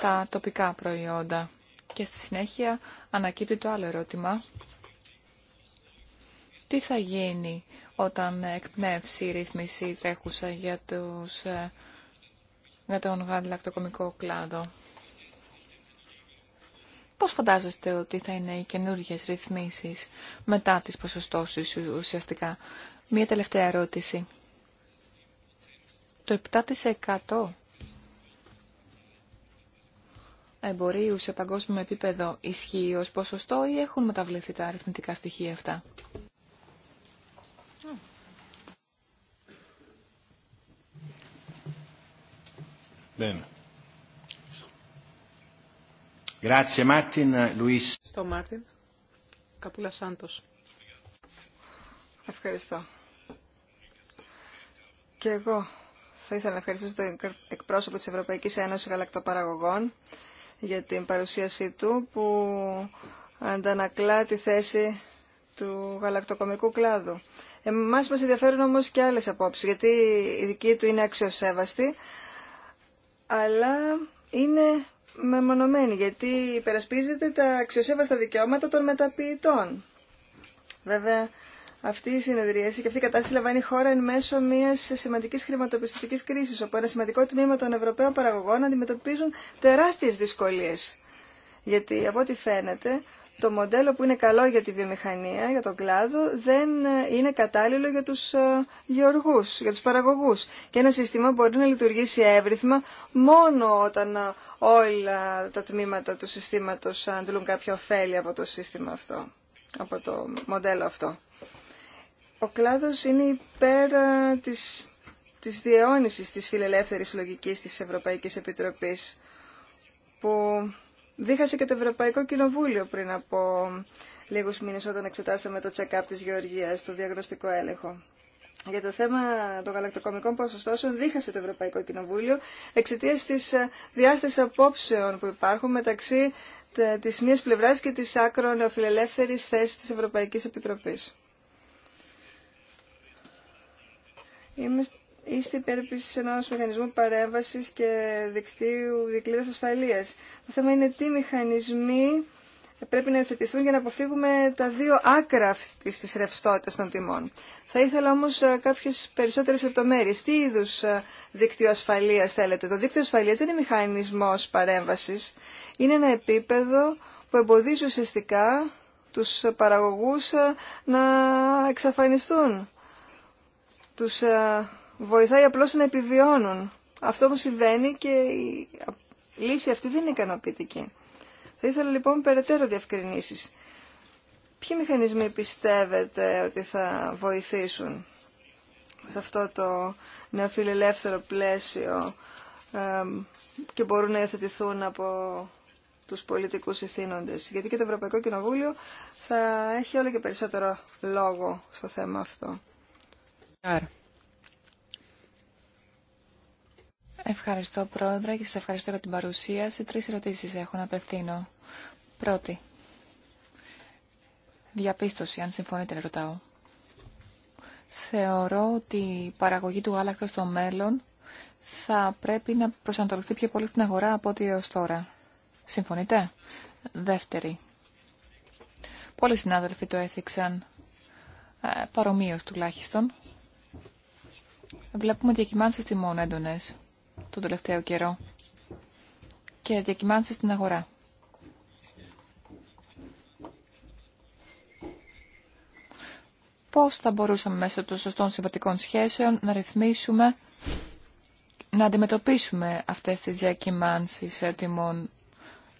τα τοπικά προϊόντα. Και στη συνέχεια ανακύπτει το άλλο ερώτημα. Τι θα γίνει όταν εκπνεύσει η ρύθμιση τρέχουσα για τους ε, για τον γαλακτοκομικό κλάδο. Πώς φαντάζεστε ότι θα είναι οι καινούργιες ρυθμίσεις μετά τις ποσοστώσεις ουσιαστικά. Μία τελευταία ερώτηση. Το 7% εμπορίου σε παγκόσμιο επίπεδο ισχύει ως ποσοστό ή έχουν μεταβληθεί τα αριθμητικά στοιχεία αυτά. Ευχαριστώ. Και εγώ θα ήθελα να ευχαριστήσω τον εκπρόσωπο της Ευρωπαϊκής Ένωσης Γαλακτοπαραγωγών για την παρουσίασή του που αντανακλά τη θέση του γαλακτοκομικού κλάδου. Εμάς μας ενδιαφέρουν όμως και άλλες απόψεις γιατί η δική του είναι αξιοσέβαστη αλλά είναι μεμονωμένη γιατί υπερασπίζεται τα αξιοσέβαστα δικαιώματα των μεταποιητών. Βέβαια, αυτή η συνεδρίαση και αυτή η κατάσταση λαμβάνει χώρα εν μέσω μια σημαντική χρηματοπιστωτική κρίση, όπου ένα σημαντικό τμήμα των Ευρωπαίων παραγωγών αντιμετωπίζουν τεράστιε δυσκολίε. Γιατί, από ό,τι φαίνεται, το μοντέλο που είναι καλό για τη βιομηχανία, για τον κλάδο, δεν ε, είναι κατάλληλο για τους ε, γεωργούς, για τους παραγωγούς. Και ένα σύστημα μπορεί να λειτουργήσει εύρυθμα μόνο όταν ε, όλα τα τμήματα του συστήματος αντλούν κάποια ωφέλη από το σύστημα αυτό, από το μοντέλο αυτό. Ο κλάδος είναι υπέρ της, της τη της φιλελεύθερης λογικής της Ευρωπαϊκής Επιτροπής, που Δίχασε και το Ευρωπαϊκό Κοινοβούλιο πριν από λίγους μήνες όταν εξετάσαμε το check-up της Γεωργίας, το διαγνωστικό έλεγχο. Για το θέμα των γαλακτοκομικών ποσοστώσεων δίχασε το Ευρωπαϊκό Κοινοβούλιο εξαιτία τη ε, διάσταση απόψεων που υπάρχουν μεταξύ τη μία πλευρά και τη άκρο νεοφιλελεύθερη θέση τη Ευρωπαϊκή Επιτροπή. Είμαστε είστε υπέρ επίση ενό μηχανισμού παρέμβαση και δικτύου δικλείδα ασφαλεία. Το θέμα είναι τι μηχανισμοί πρέπει να υιοθετηθούν για να αποφύγουμε τα δύο άκρα αυτή τη ρευστότητα των τιμών. Θα ήθελα όμω ε, κάποιε περισσότερε λεπτομέρειε. Τι είδου ε, δίκτυο ασφαλεία θέλετε. Το δίκτυο ασφαλεία δεν είναι μηχανισμό παρέμβαση. Είναι ένα επίπεδο που εμποδίζει ουσιαστικά του παραγωγού ε, να εξαφανιστούν τους βοηθάει απλώς να επιβιώνουν. Αυτό που συμβαίνει και η λύση αυτή δεν είναι ικανοποιητική. Θα ήθελα λοιπόν περαιτέρω διευκρινήσεις. Ποιοι μηχανισμοί πιστεύετε ότι θα βοηθήσουν σε αυτό το νεοφιλελεύθερο πλαίσιο και μπορούν να υιοθετηθούν από τους πολιτικούς ηθήνοντες. Γιατί και το Ευρωπαϊκό Κοινοβούλιο θα έχει όλο και περισσότερο λόγο στο θέμα αυτό. Ευχαριστώ Πρόεδρε και σας ευχαριστώ για την παρουσίαση. Τρεις ερωτήσεις έχω να απευθύνω. Πρώτη. Διαπίστωση, αν συμφωνείτε ρωτάω. Θεωρώ ότι η παραγωγή του γάλακτος στο μέλλον θα πρέπει να προσανατολιστεί πιο πολύ στην αγορά από ό,τι έως τώρα. Συμφωνείτε? Δεύτερη. Πολλοί συνάδελφοι το έθιξαν ε, παρομοίως τουλάχιστον. Βλέπουμε διακυμάνσεις τιμών έντονες τον τελευταίο καιρό και διακυμάνσεις στην αγορά. Πώς θα μπορούσαμε μέσω των σωστών συμβατικών σχέσεων να ρυθμίσουμε, να αντιμετωπίσουμε αυτές τις διακυμάνσεις έτοιμων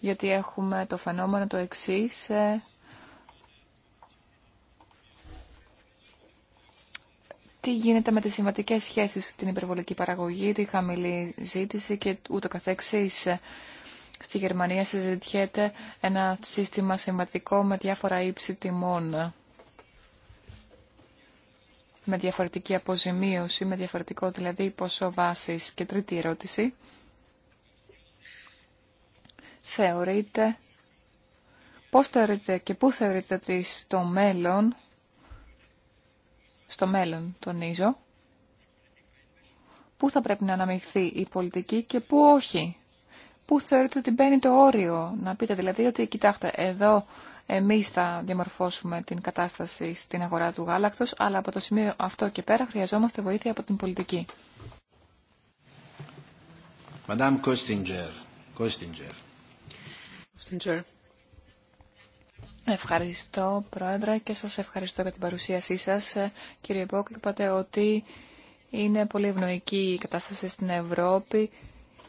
Γιατί έχουμε το φαινόμενο το εξής, ε, τι γίνεται με τις συμβατικές σχέσεις, την υπερβολική παραγωγή, τη χαμηλή ζήτηση και ούτω καθεξής. Στη Γερμανία συζητιέται ένα σύστημα συμβατικό με διάφορα ύψη τιμών, με διαφορετική αποζημίωση, με διαφορετικό δηλαδή ποσό βάσης. Και τρίτη ερώτηση. Θεωρείτε, πώς θεωρείτε και πού θεωρείτε ότι στο μέλλον στο μέλλον, τονίζω, πού θα πρέπει να αναμειχθεί η πολιτική και πού όχι. Πού θεωρείτε ότι μπαίνει το όριο, να πείτε δηλαδή ότι κοιτάξτε εδώ εμείς θα διαμορφώσουμε την κατάσταση στην αγορά του γάλακτος, αλλά από το σημείο αυτό και πέρα χρειαζόμαστε βοήθεια από την πολιτική. Madame Kostinger. Kostinger. Ευχαριστώ, Πρόεδρε, και σας ευχαριστώ για την παρουσίασή σας. Κύριε Μπόκ, είπατε ότι είναι πολύ ευνοϊκή η κατάσταση στην Ευρώπη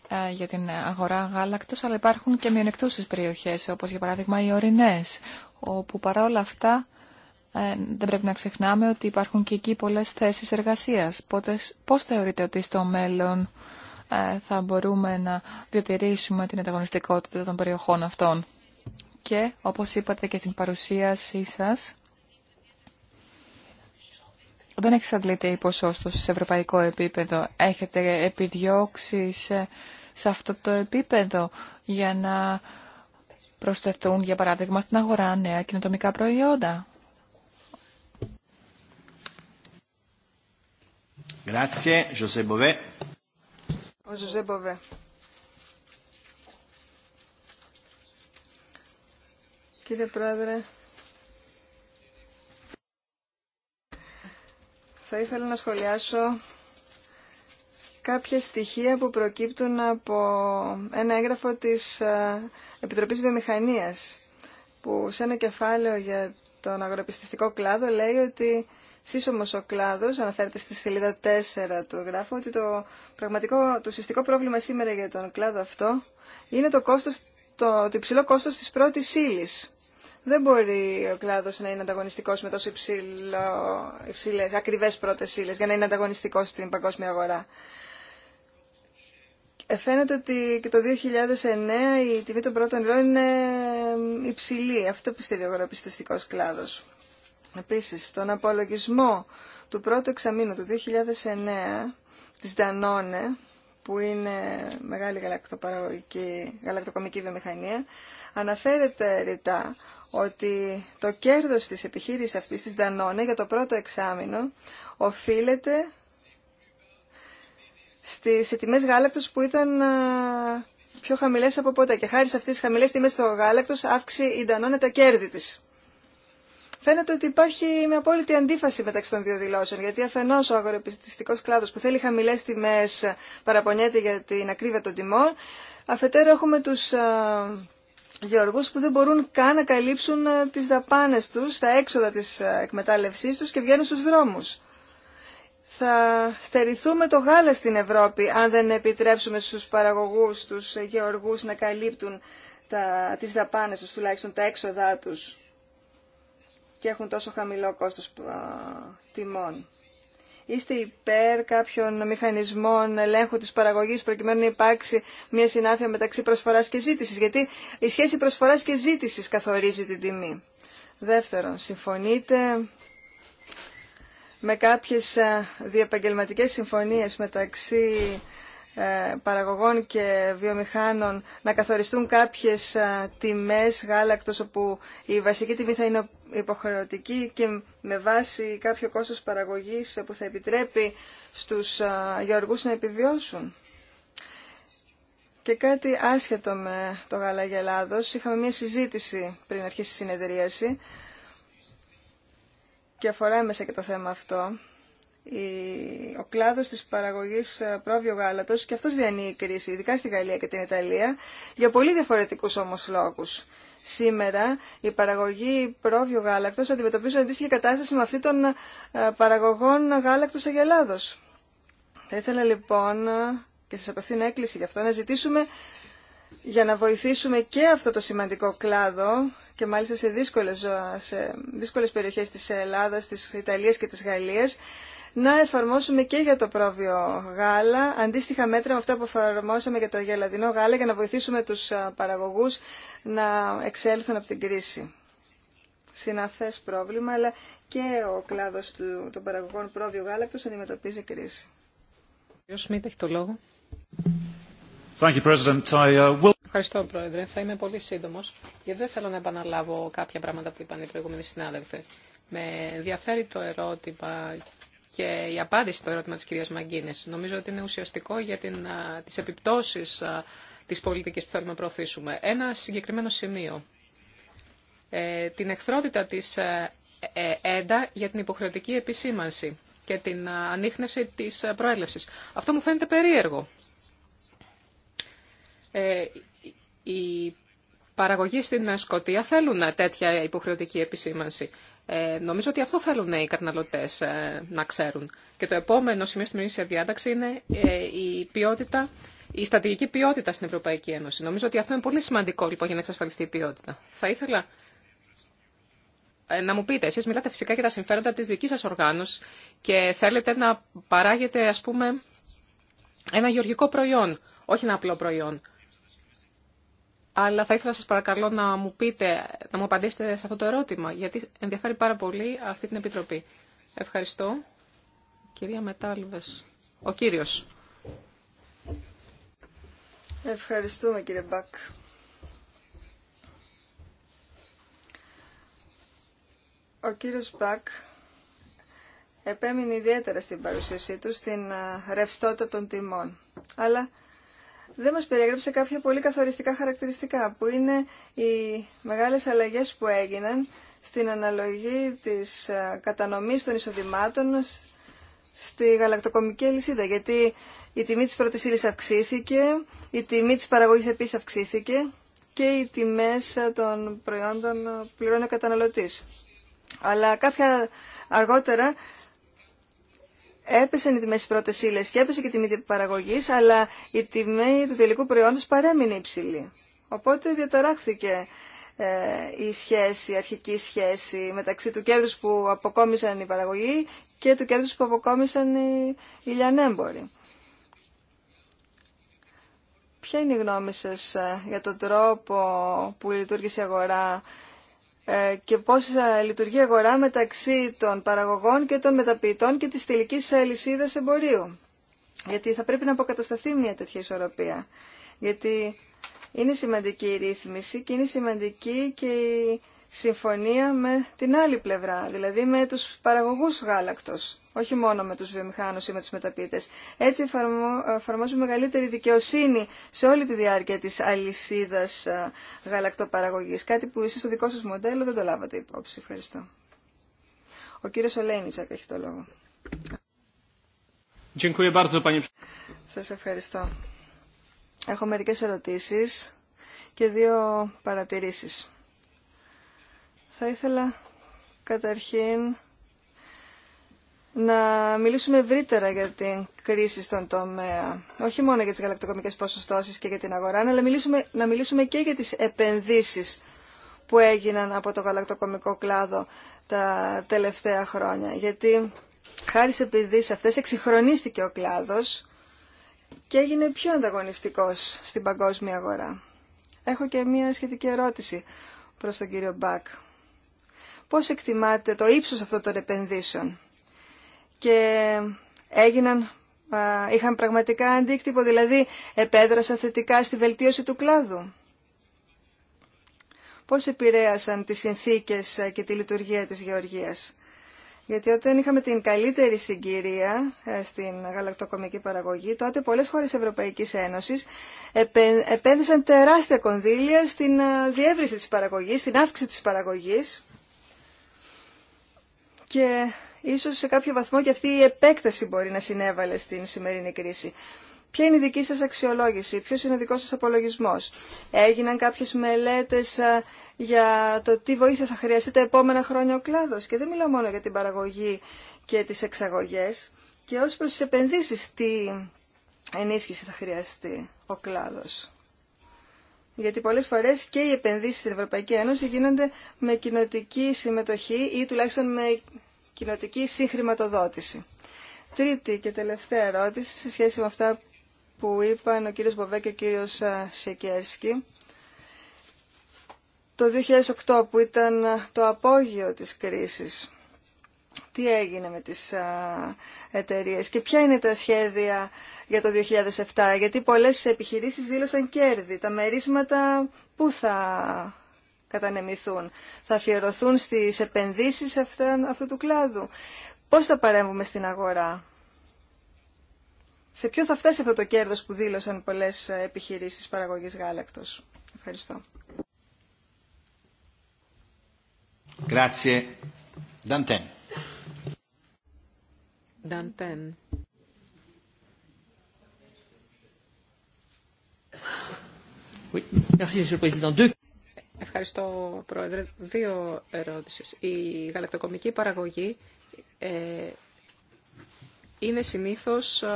ε, για την αγορά γάλακτος, αλλά υπάρχουν και μειονεκτούσες περιοχές, όπως για παράδειγμα οι ορεινές, όπου παρόλα αυτά ε, δεν πρέπει να ξεχνάμε ότι υπάρχουν και εκεί πολλές θέσεις εργασίας. πώς θεωρείτε ότι στο μέλλον ε, θα μπορούμε να διατηρήσουμε την ανταγωνιστικότητα των περιοχών αυτών και όπως είπατε και στην παρουσίασή σας, δεν εξαντλείται η ποσόστοση σε ευρωπαϊκό επίπεδο. Έχετε επιδιώξει σε, αυτό το επίπεδο για να προσθεθούν, για παράδειγμα, στην αγορά νέα κοινοτομικά προϊόντα. Grazie, κύριε Πρόεδρε. Θα ήθελα να σχολιάσω κάποια στοιχεία που προκύπτουν από ένα έγγραφο της ε, Επιτροπής Βιομηχανίας που σε ένα κεφάλαιο για τον αγροπιστιστικό κλάδο λέει ότι σύσσωμος ο κλάδος, αναφέρεται στη σελίδα 4 του εγγράφου, ότι το πραγματικό, το ουσιαστικό πρόβλημα σήμερα για τον κλάδο αυτό είναι το, κόστος, το, το υψηλό κόστος της πρώτης ύλη. Δεν μπορεί ο κλάδος να είναι ανταγωνιστικός με τόσο υψηλό, υψηλές, ακριβές πρώτες για να είναι ανταγωνιστικός στην παγκόσμια αγορά. Ε, φαίνεται ότι και το 2009 η τιμή των πρώτων υλών είναι υψηλή. Αυτό πιστεύει ο αγοραπιστωστικός κλάδος. Επίσης, στον απολογισμό του πρώτου εξαμήνου του 2009 της Danone, που είναι μεγάλη γαλακτοκομική βιομηχανία, αναφέρεται ρητά ότι το κέρδος της επιχείρησης αυτής της Danone για το πρώτο εξάμεινο οφείλεται στις τιμές γάλακτος που ήταν ε, πιο χαμηλές από ποτέ και χάρη σε αυτές τις χαμηλές τιμές στο γάλακτος αύξησε η Danone τα κέρδη της. Φαίνεται ότι υπάρχει μια απόλυτη αντίφαση μεταξύ των δύο δηλώσεων, γιατί αφενό ο αγορεπιστικό κλάδο που θέλει χαμηλέ τιμέ παραπονιέται για την ακρίβεια των τιμών, αφετέρου έχουμε του ε, γεωργούς που δεν μπορούν καν να καλύψουν ε, τις δαπάνες τους, τα έξοδα της ε, εκμετάλλευσής τους και βγαίνουν στους δρόμους. Θα στερηθούμε το γάλα στην Ευρώπη αν δεν επιτρέψουμε στους παραγωγούς, τους γεωργούς να καλύπτουν τα, τις δαπάνες τους, τουλάχιστον τα έξοδά τους και έχουν τόσο χαμηλό κόστος ε, τιμών. Είστε υπέρ κάποιων μηχανισμών ελέγχου της παραγωγής προκειμένου να υπάρξει μια συνάφεια μεταξύ προσφοράς και ζήτησης, γιατί η σχέση προσφοράς και ζήτησης καθορίζει την τιμή. Δεύτερον, συμφωνείτε με κάποιες ε, διαπαγγελματικές συμφωνίες μεταξύ ε, παραγωγών και βιομηχάνων να καθοριστούν κάποιες ε, τιμές γάλακτος όπου η βασική τιμή θα είναι υποχρεωτική και με βάση κάποιο κόστος παραγωγής που θα επιτρέπει στους ε, γεωργούς να επιβιώσουν. Και κάτι άσχετο με το γάλα γαλαγελάδος, είχαμε μια συζήτηση πριν αρχίσει η συνεδρίαση και αφορά μέσα και το θέμα αυτό ο κλάδος της παραγωγής ε, πρόβιο γάλατος και αυτός διανύει κρίση, ειδικά στη Γαλλία και την Ιταλία, για πολύ διαφορετικούς όμως λόγους. Σήμερα η παραγωγή πρόβιο γάλακτος αντιμετωπίζουν αντίστοιχη κατάσταση με αυτή των ε, παραγωγών γάλακτος αγελάδος. Θα ήθελα λοιπόν ε, και σας απευθύνω έκκληση γι' αυτό να ζητήσουμε για να βοηθήσουμε και αυτό το σημαντικό κλάδο και μάλιστα σε δύσκολες, σε δύσκολες περιοχές της Ελλάδας, της Ιταλίας και της Γαλλίας να εφαρμόσουμε και για το πρόβιο γάλα αντίστοιχα μέτρα με αυτά που εφαρμόσαμε για το γελαδινό γάλα για να βοηθήσουμε τους παραγωγούς να εξέλθουν από την κρίση. Συναφές πρόβλημα, αλλά και ο κλάδος του, των παραγωγών πρόβιο γάλακτος αντιμετωπίζει κρίση. Σμίτ, έχει το λόγο. Thank you, President. I uh, will... Ευχαριστώ, Πρόεδρε. Θα είμαι πολύ σύντομο, γιατί δεν θέλω να επαναλάβω κάποια πράγματα που είπαν οι προηγούμενοι συνάδελφοι. Με ενδιαφέρει το ερώτημα και η απάντηση στο ερώτημα της κυρίας Μαγκίνης Νομίζω ότι είναι ουσιαστικό για την, τις επιπτώσεις της πολιτικής που θέλουμε να προωθήσουμε. Ένα συγκεκριμένο σημείο. Ε, την εχθρότητα της ε, ε, ΕΝΤΑ για την υποχρεωτική επισήμανση και την ανείχνευση της προέλευσης. Αυτό μου φαίνεται περίεργο. η παραγωγή στην Σκοτία θέλουν τέτοια υποχρεωτική επισήμανση. Ε, νομίζω ότι αυτό θέλουν οι καταναλωτέ ε, να ξέρουν. Και το επόμενο σημείο στην ημερήσια διάταξη είναι ε, η ποιότητα, η στρατηγική ποιότητα στην Ευρωπαϊκή Ένωση. Νομίζω ότι αυτό είναι πολύ σημαντικό λοιπόν για να εξασφαλιστεί η ποιότητα. Θα ήθελα να μου πείτε, εσεί μιλάτε φυσικά για τα συμφέροντα τη δική σας οργάνωση και θέλετε να παράγετε, ας πούμε, ένα γεωργικό προϊόν, όχι ένα απλό προϊόν αλλά θα ήθελα σας παρακαλώ να μου πείτε, να μου απαντήσετε σε αυτό το ερώτημα, γιατί ενδιαφέρει πάρα πολύ αυτή την Επιτροπή. Ευχαριστώ. Κυρία Μετάλβες. Ο κύριος. Ευχαριστούμε κύριε Μπακ. Ο κύριος Μπακ επέμεινε ιδιαίτερα στην παρουσίασή του στην ε, ρευστότητα των τιμών. Αλλά δεν μας περιέγραψε κάποια πολύ καθοριστικά χαρακτηριστικά, που είναι οι μεγάλες αλλαγές που έγιναν στην αναλογή της ε, κατανομής των εισοδημάτων στη γαλακτοκομική αλυσίδα, γιατί η τιμή της πρώτης ύλης αυξήθηκε, η τιμή της παραγωγής επίσης αυξήθηκε και οι τιμές ε, των προϊόντων πληρώνει ο καταναλωτής. Αλλά κάποια αργότερα έπεσαν οι τιμές πρώτη ύλες και έπεσε και η τιμή παραγωγής, αλλά η τιμή του τελικού προϊόντος παρέμεινε υψηλή. Οπότε διαταράχθηκε ε, η σχέση, η αρχική σχέση μεταξύ του κέρδους που αποκόμισαν οι παραγωγοί και του κέρδους που αποκόμισαν οι, οι λιανέμποροι. Ποια είναι η γνώμη σας ε, για τον τρόπο που λειτουργήσε η αγορά ε, και πώς ε, λειτουργεί η αγορά μεταξύ των παραγωγών και των μεταποιητών και της τελικής αλυσίδα ε, εμπορίου. Γιατί θα πρέπει να αποκατασταθεί μια τέτοια ισορροπία. Γιατί είναι σημαντική η ρύθμιση και είναι σημαντική και η συμφωνία με την άλλη πλευρά, δηλαδή με τους παραγωγούς γάλακτος όχι μόνο με τους βιομηχάνους ή με τους μεταπίτες. Έτσι εφαρμόζουμε μεγαλύτερη δικαιοσύνη σε όλη τη διάρκεια της αλυσίδας ε, γαλακτοπαραγωγής, κάτι που είσαι στο δικό σας μοντέλο δεν το λάβατε υπόψη. Ευχαριστώ. Ο κύριος Ολένιτσακ έχει το λόγο. Σας ευχαριστώ. Έχω μερικές ερωτήσεις και δύο παρατηρήσεις. Θα ήθελα καταρχήν να μιλήσουμε ευρύτερα για την κρίση στον τομέα. Όχι μόνο για τις γαλακτοκομικές ποσοστώσεις και για την αγορά, αλλά μιλήσουμε, να μιλήσουμε και για τις επενδύσεις που έγιναν από το γαλακτοκομικό κλάδο τα τελευταία χρόνια. Γιατί χάρη σε επενδύσεις αυτές εξυγχρονίστηκε ο κλάδος και έγινε πιο ανταγωνιστικός στην παγκόσμια αγορά. Έχω και μία σχετική ερώτηση προς τον κύριο Μπακ. Πώς εκτιμάτε το ύψος αυτών των επενδύσεων και έγιναν, είχαν πραγματικά αντίκτυπο, δηλαδή επέδρασαν θετικά στη βελτίωση του κλάδου. Πώς επηρέασαν τις συνθήκες και τη λειτουργία της γεωργίας. Γιατί όταν είχαμε την καλύτερη συγκυρία ε, στην γαλακτοκομική παραγωγή, τότε πολλές χώρες Ευρωπαϊκής Ένωσης επένδυσαν τεράστια κονδύλια στην διεύρυνση της παραγωγής, στην αύξηση της παραγωγής και ίσως σε κάποιο βαθμό και αυτή η επέκταση μπορεί να συνέβαλε στην σημερινή κρίση. Ποια είναι η δική σας αξιολόγηση, ποιος είναι ο δικός σας απολογισμός. Έγιναν κάποιες μελέτες για το τι βοήθεια θα χρειαστεί τα επόμενα χρόνια ο κλάδος. Και δεν μιλάω μόνο για την παραγωγή και τις εξαγωγές. Και ως προς τις επενδύσεις τι ενίσχυση θα χρειαστεί ο κλάδος. Γιατί πολλές φορές και οι επενδύσεις στην Ευρωπαϊκή Ένωση γίνονται με κοινοτική συμμετοχή ή τουλάχιστον με κοινοτική συγχρηματοδότηση. Τρίτη και τελευταία ερώτηση σε σχέση με αυτά που είπαν ο κύριος Μποβέ και ο κύριος Σεκέρσκι. Το 2008 που ήταν το απόγειο της κρίσης, τι έγινε με τις εταιρείες και ποια είναι τα σχέδια για το 2007, γιατί πολλές επιχειρήσεις δήλωσαν κέρδη. Τα μερίσματα πού θα κατανεμηθούν, θα αφιερωθούν στις επενδύσεις αυτού του κλάδου. Πώς θα παρέμβουμε στην αγορά. Σε ποιο θα φτάσει αυτό το κέρδος που δήλωσαν πολλές επιχειρήσεις παραγωγής γάλακτος. Ευχαριστώ. Oui. Merci, Monsieur le Président. Deux... Ευχαριστώ, Πρόεδρε. Δύο ερώτησεις. Η γαλακτοκομική παραγωγή ε, είναι συνήθως, ε,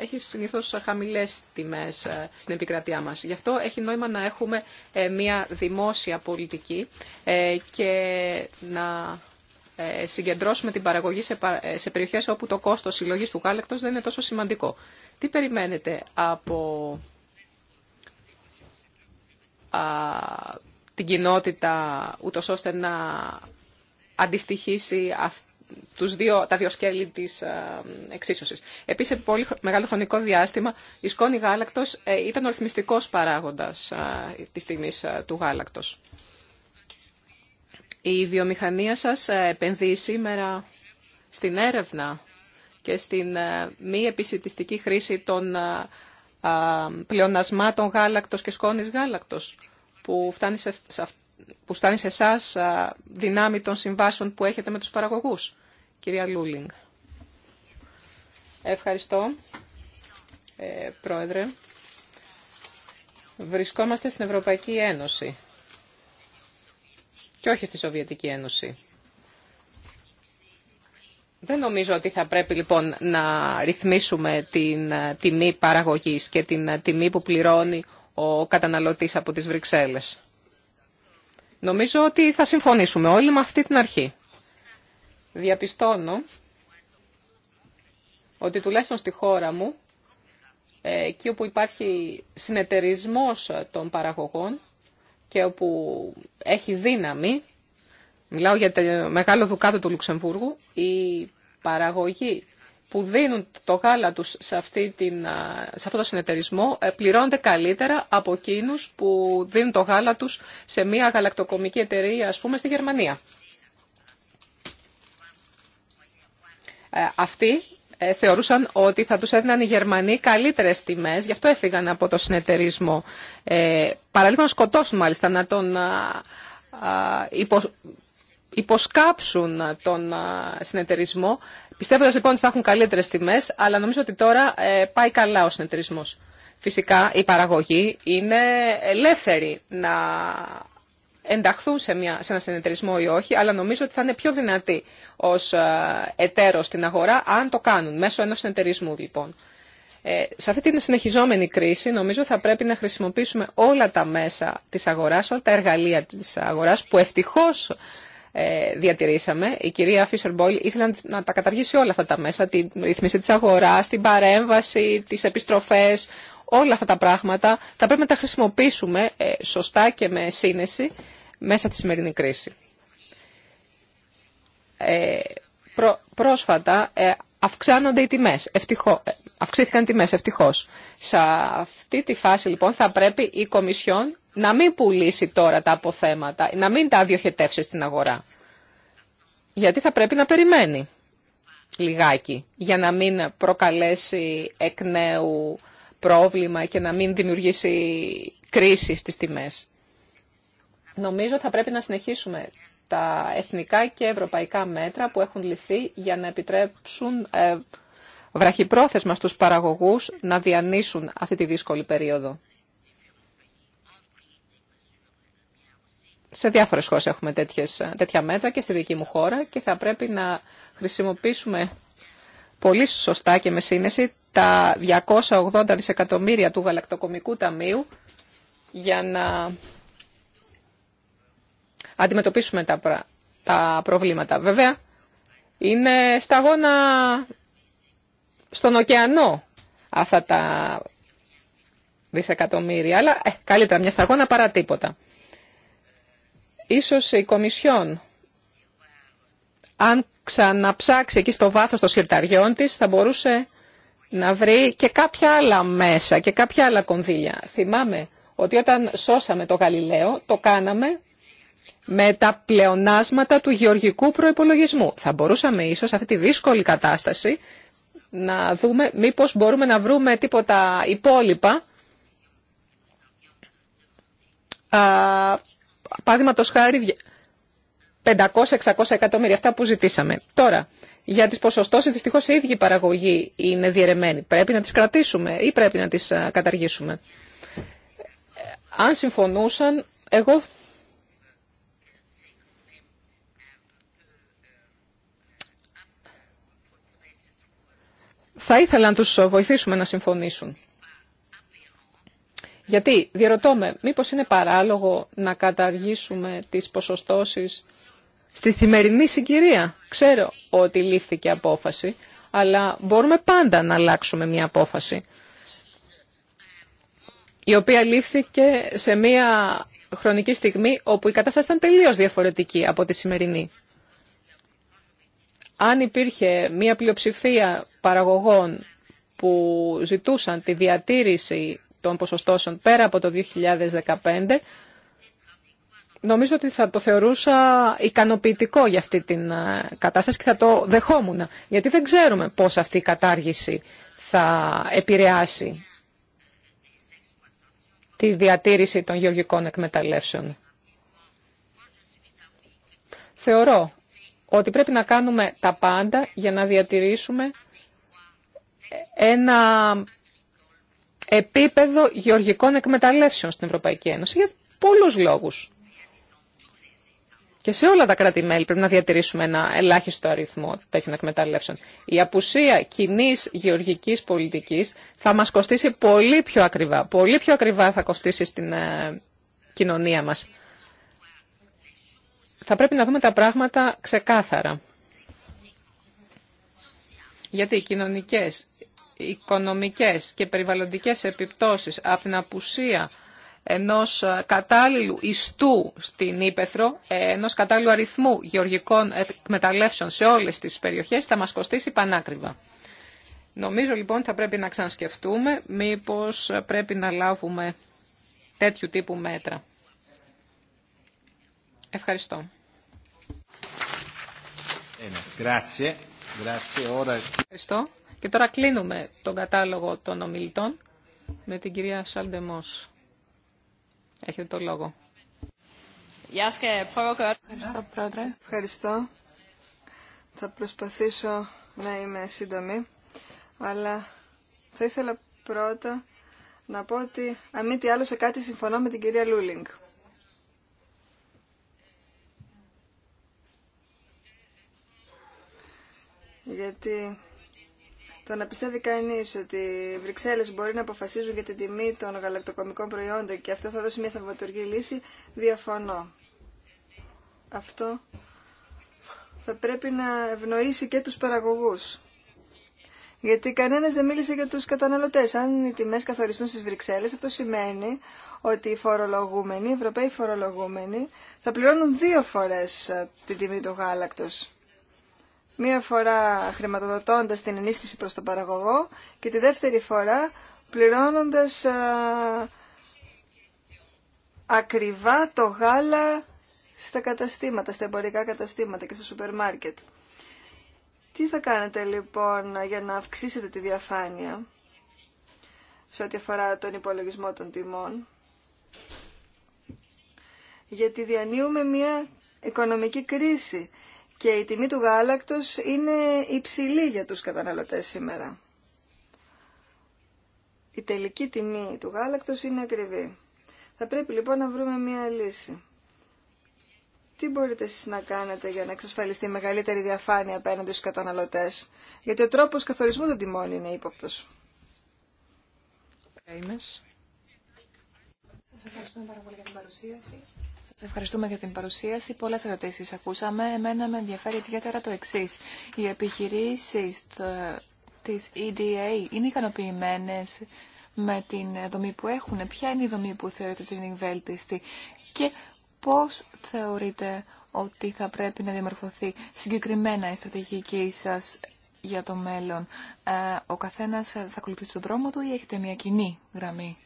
έχει συνήθως χαμηλές τιμές ε, στην επικρατεία μας. Γι' αυτό έχει νόημα να έχουμε ε, μια δημόσια πολιτική και να συγκεντρώσουμε την παραγωγή σε περιοχές όπου το κόστος συλλογής του γάλακτος δεν είναι τόσο σημαντικό. Τι περιμένετε από την κοινότητα ούτως ώστε να αντιστοιχίσει τους δύο, τα δύο σκέλη της ε, εξίσωση. Επίση, σε πολύ μεγάλο χρονικό διάστημα, η σκόνη γάλακτος ε, ήταν ο ρυθμιστικός παράγοντας ε, της τιμής του γάλακτο. Η βιομηχανία σας επενδύει σήμερα στην έρευνα και στην μη επισητιστική χρήση των πλεονασμάτων γάλακτος και σκόνη γάλακτος που φτάνει σε, που φτάνει εσάς δυνάμει των συμβάσεων που έχετε με τους παραγωγούς. Κυρία Λούλινγκ. Ευχαριστώ, ε, Πρόεδρε. Βρισκόμαστε στην Ευρωπαϊκή Ένωση και όχι στη Σοβιετική Ένωση. Δεν νομίζω ότι θα πρέπει λοιπόν να ρυθμίσουμε την ε, τιμή παραγωγής και την ε, τιμή που πληρώνει ο καταναλωτής από τις Βρυξέλλες. Νομίζω ότι θα συμφωνήσουμε όλοι με αυτή την αρχή. Διαπιστώνω ότι τουλάχιστον στη χώρα μου, εκεί όπου υπάρχει συνεταιρισμός των παραγωγών και όπου έχει δύναμη, μιλάω για το μεγάλο δουκάτο του Λουξεμβούργου, η παραγωγή που δίνουν το γάλα τους σε, αυτή την, σε αυτό το συνεταιρισμό ε, πληρώνονται καλύτερα από εκείνους που δίνουν το γάλα τους σε μια γαλακτοκομική εταιρεία, ας πούμε, στη Γερμανία. Ε, αυτοί ε, θεωρούσαν ότι θα τους έδιναν οι Γερμανοί καλύτερες τιμές, γι' αυτό έφυγαν από το συνεταιρισμό. Ε, παραλίγο να σκοτώσουν μάλιστα, να τον υπο, υποσκάψουν τον συνεταιρισμό Πιστεύοντα λοιπόν ότι θα έχουν καλύτερε τιμέ, αλλά νομίζω ότι τώρα ε, πάει καλά ο συνεταιρισμό. Φυσικά η παραγωγή είναι ελεύθερη να ενταχθούν σε, μια, σε ένα συνεταιρισμό ή όχι, αλλά νομίζω ότι θα είναι πιο δυνατή ως ε, εταίρο στην αγορά αν το κάνουν, μέσω ενό συνεταιρισμού λοιπόν. Ε, σε αυτή την συνεχιζόμενη κρίση νομίζω θα πρέπει να χρησιμοποιήσουμε όλα τα μέσα της αγοράς, όλα τα εργαλεία της αγοράς που ευτυχώς ε, διατηρήσαμε. Η κυρία Φίσορ Μπόιλ ήθελε να τα καταργήσει όλα αυτά τα μέσα, την ρυθμίση της αγοράς, την παρέμβαση, τις επιστροφές, όλα αυτά τα πράγματα. Θα πρέπει να τα χρησιμοποιήσουμε ε, σωστά και με σύνεση μέσα στη σημερινή κρίση. Ε, πρόσφατα ε, αυξάνονται οι τιμές, ευτυχώ, ε, αυξήθηκαν οι τιμές ευτυχώς. Σε αυτή τη φάση λοιπόν θα πρέπει η Κομισιόν να μην πουλήσει τώρα τα αποθέματα, να μην τα αδιοχετεύσει στην αγορά. Γιατί θα πρέπει να περιμένει λιγάκι για να μην προκαλέσει εκ νέου πρόβλημα και να μην δημιουργήσει κρίση στις τιμές. Νομίζω θα πρέπει να συνεχίσουμε τα εθνικά και ευρωπαϊκά μέτρα που έχουν ληφθεί για να επιτρέψουν ε, βραχυπρόθεσμα στους παραγωγούς να διανύσουν αυτή τη δύσκολη περίοδο. σε διάφορες χώρες έχουμε τέτοια μέτρα και στη δική μου χώρα και θα πρέπει να χρησιμοποιήσουμε πολύ σωστά και με σύνεση τα 280 δισεκατομμύρια του Γαλακτοκομικού Ταμείου για να αντιμετωπίσουμε τα, τα προβλήματα. Βέβαια, είναι σταγόνα στον ωκεανό αυτά τα δισεκατομμύρια, αλλά ε, καλύτερα μια σταγόνα παρά τίποτα. Ίσως η Κομισιόν, αν ξαναψάξει εκεί στο βάθος των συρταριών της, θα μπορούσε να βρει και κάποια άλλα μέσα και κάποια άλλα κονδύλια. Θυμάμαι ότι όταν σώσαμε το Γαλιλαίο, το κάναμε με τα πλεονάσματα του γεωργικού προϋπολογισμού. Θα μπορούσαμε ίσως αυτή τη δύσκολη κατάσταση να δούμε μήπως μπορούμε να βρούμε τίποτα υπόλοιπα παραδείγματο χάρη 500-600 εκατομμύρια, αυτά που ζητήσαμε. Τώρα, για τις ποσοστώσει, δυστυχώ η ίδια η παραγωγή είναι διαιρεμένη. Πρέπει να τις κρατήσουμε ή πρέπει να τις καταργήσουμε. Ε, αν συμφωνούσαν, εγώ θα ήθελα να τους βοηθήσουμε να συμφωνήσουν. Γιατί, διαρωτώ με, μήπως είναι παράλογο να καταργήσουμε τις ποσοστώσεις στη σημερινή συγκυρία. Ξέρω ότι λήφθηκε απόφαση, αλλά μπορούμε πάντα να αλλάξουμε μια απόφαση, η οποία λήφθηκε σε μια χρονική στιγμή όπου η κατάσταση ήταν τελείως διαφορετική από τη σημερινή. Αν υπήρχε μια πλειοψηφία παραγωγών που ζητούσαν τη διατήρηση των ποσοστώσεων πέρα από το 2015, νομίζω ότι θα το θεωρούσα ικανοποιητικό για αυτή την ε, κατάσταση και θα το δεχόμουν. Γιατί δεν ξέρουμε πώς αυτή η κατάργηση θα επηρεάσει τη διατήρηση των γεωργικών εκμεταλλεύσεων. Θεωρώ ότι πρέπει να κάνουμε τα πάντα για να διατηρήσουμε ένα επίπεδο γεωργικών εκμεταλλεύσεων στην Ευρωπαϊκή Ένωση για πολλούς λόγους. Και σε όλα τα κράτη-μέλη πρέπει να διατηρήσουμε ένα ελάχιστο αριθμό τέτοιων εκμεταλλεύσεων. Η απουσία κοινή γεωργική πολιτική θα μα κοστίσει πολύ πιο ακριβά. Πολύ πιο ακριβά θα κοστίσει στην ε, κοινωνία μα. Θα πρέπει να δούμε τα πράγματα ξεκάθαρα. Γιατί οι κοινωνικές, οικονομικές και περιβαλλοντικές επιπτώσεις από την απουσία ενός κατάλληλου ιστού στην Ήπεθρο, ε, ενός κατάλληλου αριθμού γεωργικών εκμεταλλεύσεων σε όλες τις περιοχές, θα μας κοστίσει πανάκριβα. Νομίζω λοιπόν θα πρέπει να ξανασκεφτούμε μήπως πρέπει να λάβουμε τέτοιου τύπου μέτρα. Ευχαριστώ. Ευχαριστώ. Και τώρα κλείνουμε τον κατάλογο των ομιλητών με την κυρία Σαλντεμός. Έχετε το λόγο. Ευχαριστώ, Πρόεδρε. Θα προσπαθήσω να είμαι σύντομη, αλλά θα ήθελα πρώτα να πω ότι αν μη τι άλλο σε κάτι συμφωνώ με την κυρία Λούλινγκ. Γιατί το να πιστεύει κανεί ότι οι Βρυξέλλε μπορεί να αποφασίζουν για την τιμή των γαλακτοκομικών προϊόντων και αυτό θα δώσει μια θαυματουργή λύση, διαφωνώ. Αυτό θα πρέπει να ευνοήσει και του παραγωγού. Γιατί κανένα δεν μίλησε για του καταναλωτέ. Αν οι τιμέ καθοριστούν στι Βρυξέλλες, αυτό σημαίνει ότι οι φορολογούμενοι, οι Ευρωπαίοι φορολογούμενοι, θα πληρώνουν δύο φορέ ε, την τιμή του γάλακτος μία φορά χρηματοδοτώντας την ενίσχυση προς τον παραγωγό και τη δεύτερη φορά πληρώνοντας ακριβά το γάλα στα καταστήματα, στα εμπορικά καταστήματα και στο σούπερ μάρκετ. Τι θα κάνετε λοιπόν για να αυξήσετε τη διαφάνεια σε ό,τι αφορά τον υπολογισμό των τιμών. Γιατί διανύουμε μια οικονομική κρίση και η τιμή του γάλακτος είναι υψηλή για τους καταναλωτές σήμερα. Η τελική τιμή του γάλακτος είναι ακριβή. Θα πρέπει λοιπόν να βρούμε μία λύση. Τι μπορείτε εσείς να κάνετε για να εξασφαλιστεί μεγαλύτερη διαφάνεια απέναντι στους καταναλωτές, γιατί ο τρόπος καθορισμού των τιμών είναι ύποπτος. Σας ευχαριστούμε πάρα πολύ για την παρουσίαση. Σα ευχαριστούμε για την παρουσίαση. Πολλέ ερωτήσει ακούσαμε. Εμένα με ενδιαφέρει ιδιαίτερα το εξή. Οι επιχειρήσει τη EDA είναι ικανοποιημένε με την δομή που έχουν. Ποια είναι η δομή που θεωρείτε ότι είναι βέλτιστη και πώ θεωρείτε ότι θα πρέπει να διαμορφωθεί συγκεκριμένα η στρατηγική σα για το μέλλον. Ε, ο καθένα θα ακολουθήσει τον δρόμο του ή έχετε μια κοινή γραμμή.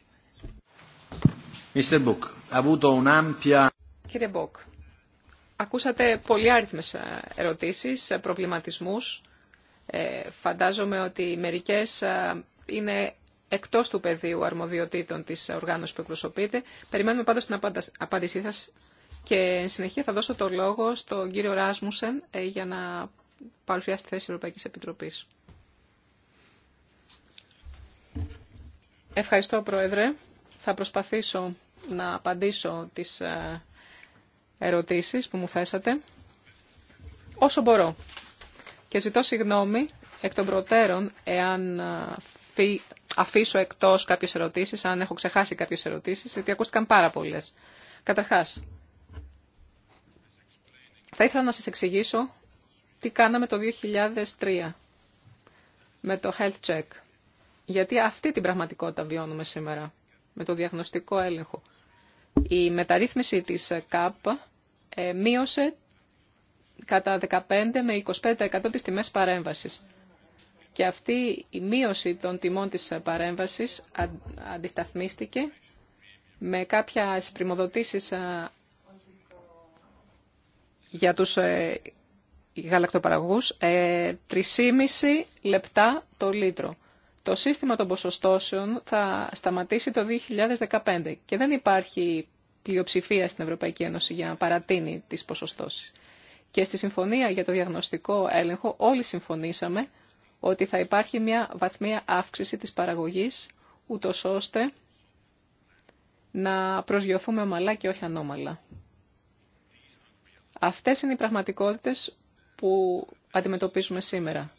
Κύριε Μπόκ, ακούσατε πολλοί άριθμες ε, ερωτήσεις, ε, προβληματισμούς. Ε, φαντάζομαι ότι μερικές είναι εκτός του πεδίου αρμοδιοτήτων της οργάνωσης που εκπροσωπείτε. Περιμένουμε πάντως την απάντησή σας και συνεχεία θα δώσω το λόγο στον κύριο Ράσμουσεν για να παρουσιάσει τη θέση της Ευρωπαϊκής Επιτροπής. Ευχαριστώ, Πρόεδρε. Θα προσπαθήσω να απαντήσω τις ερωτήσεις που μου θέσατε όσο μπορώ. Και ζητώ συγγνώμη εκ των προτέρων εάν αφήσω εκτός κάποιες ερωτήσεις, αν έχω ξεχάσει κάποιες ερωτήσεις, γιατί ακούστηκαν πάρα πολλές. Καταρχάς, θα ήθελα να σας εξηγήσω τι κάναμε το 2003 με το health check. Γιατί αυτή την πραγματικότητα βιώνουμε σήμερα με το διαγνωστικό έλεγχο. Η μεταρρύθμιση της ΚΑΠ ε, μείωσε κατά 15 με 25% τις τιμές παρέμβασης. Και αυτή η μείωση των τιμών της παρέμβασης αντισταθμίστηκε με κάποια συμπριμοδοτήσεις για τους ε, γαλακτοπαραγωγούς 3,5 ε, λεπτά το λίτρο. Το σύστημα των ποσοστώσεων θα σταματήσει το 2015 και δεν υπάρχει πλειοψηφία στην Ευρωπαϊκή Ένωση για να παρατείνει τις ποσοστώσεις. Και στη συμφωνία για το διαγνωστικό έλεγχο όλοι συμφωνήσαμε ότι θα υπάρχει μια βαθμία αύξηση της παραγωγής, ούτω ώστε να προσγειωθούμε ομαλά και όχι ανώμαλα. Αυτές είναι οι πραγματικότητες που αντιμετωπίζουμε σήμερα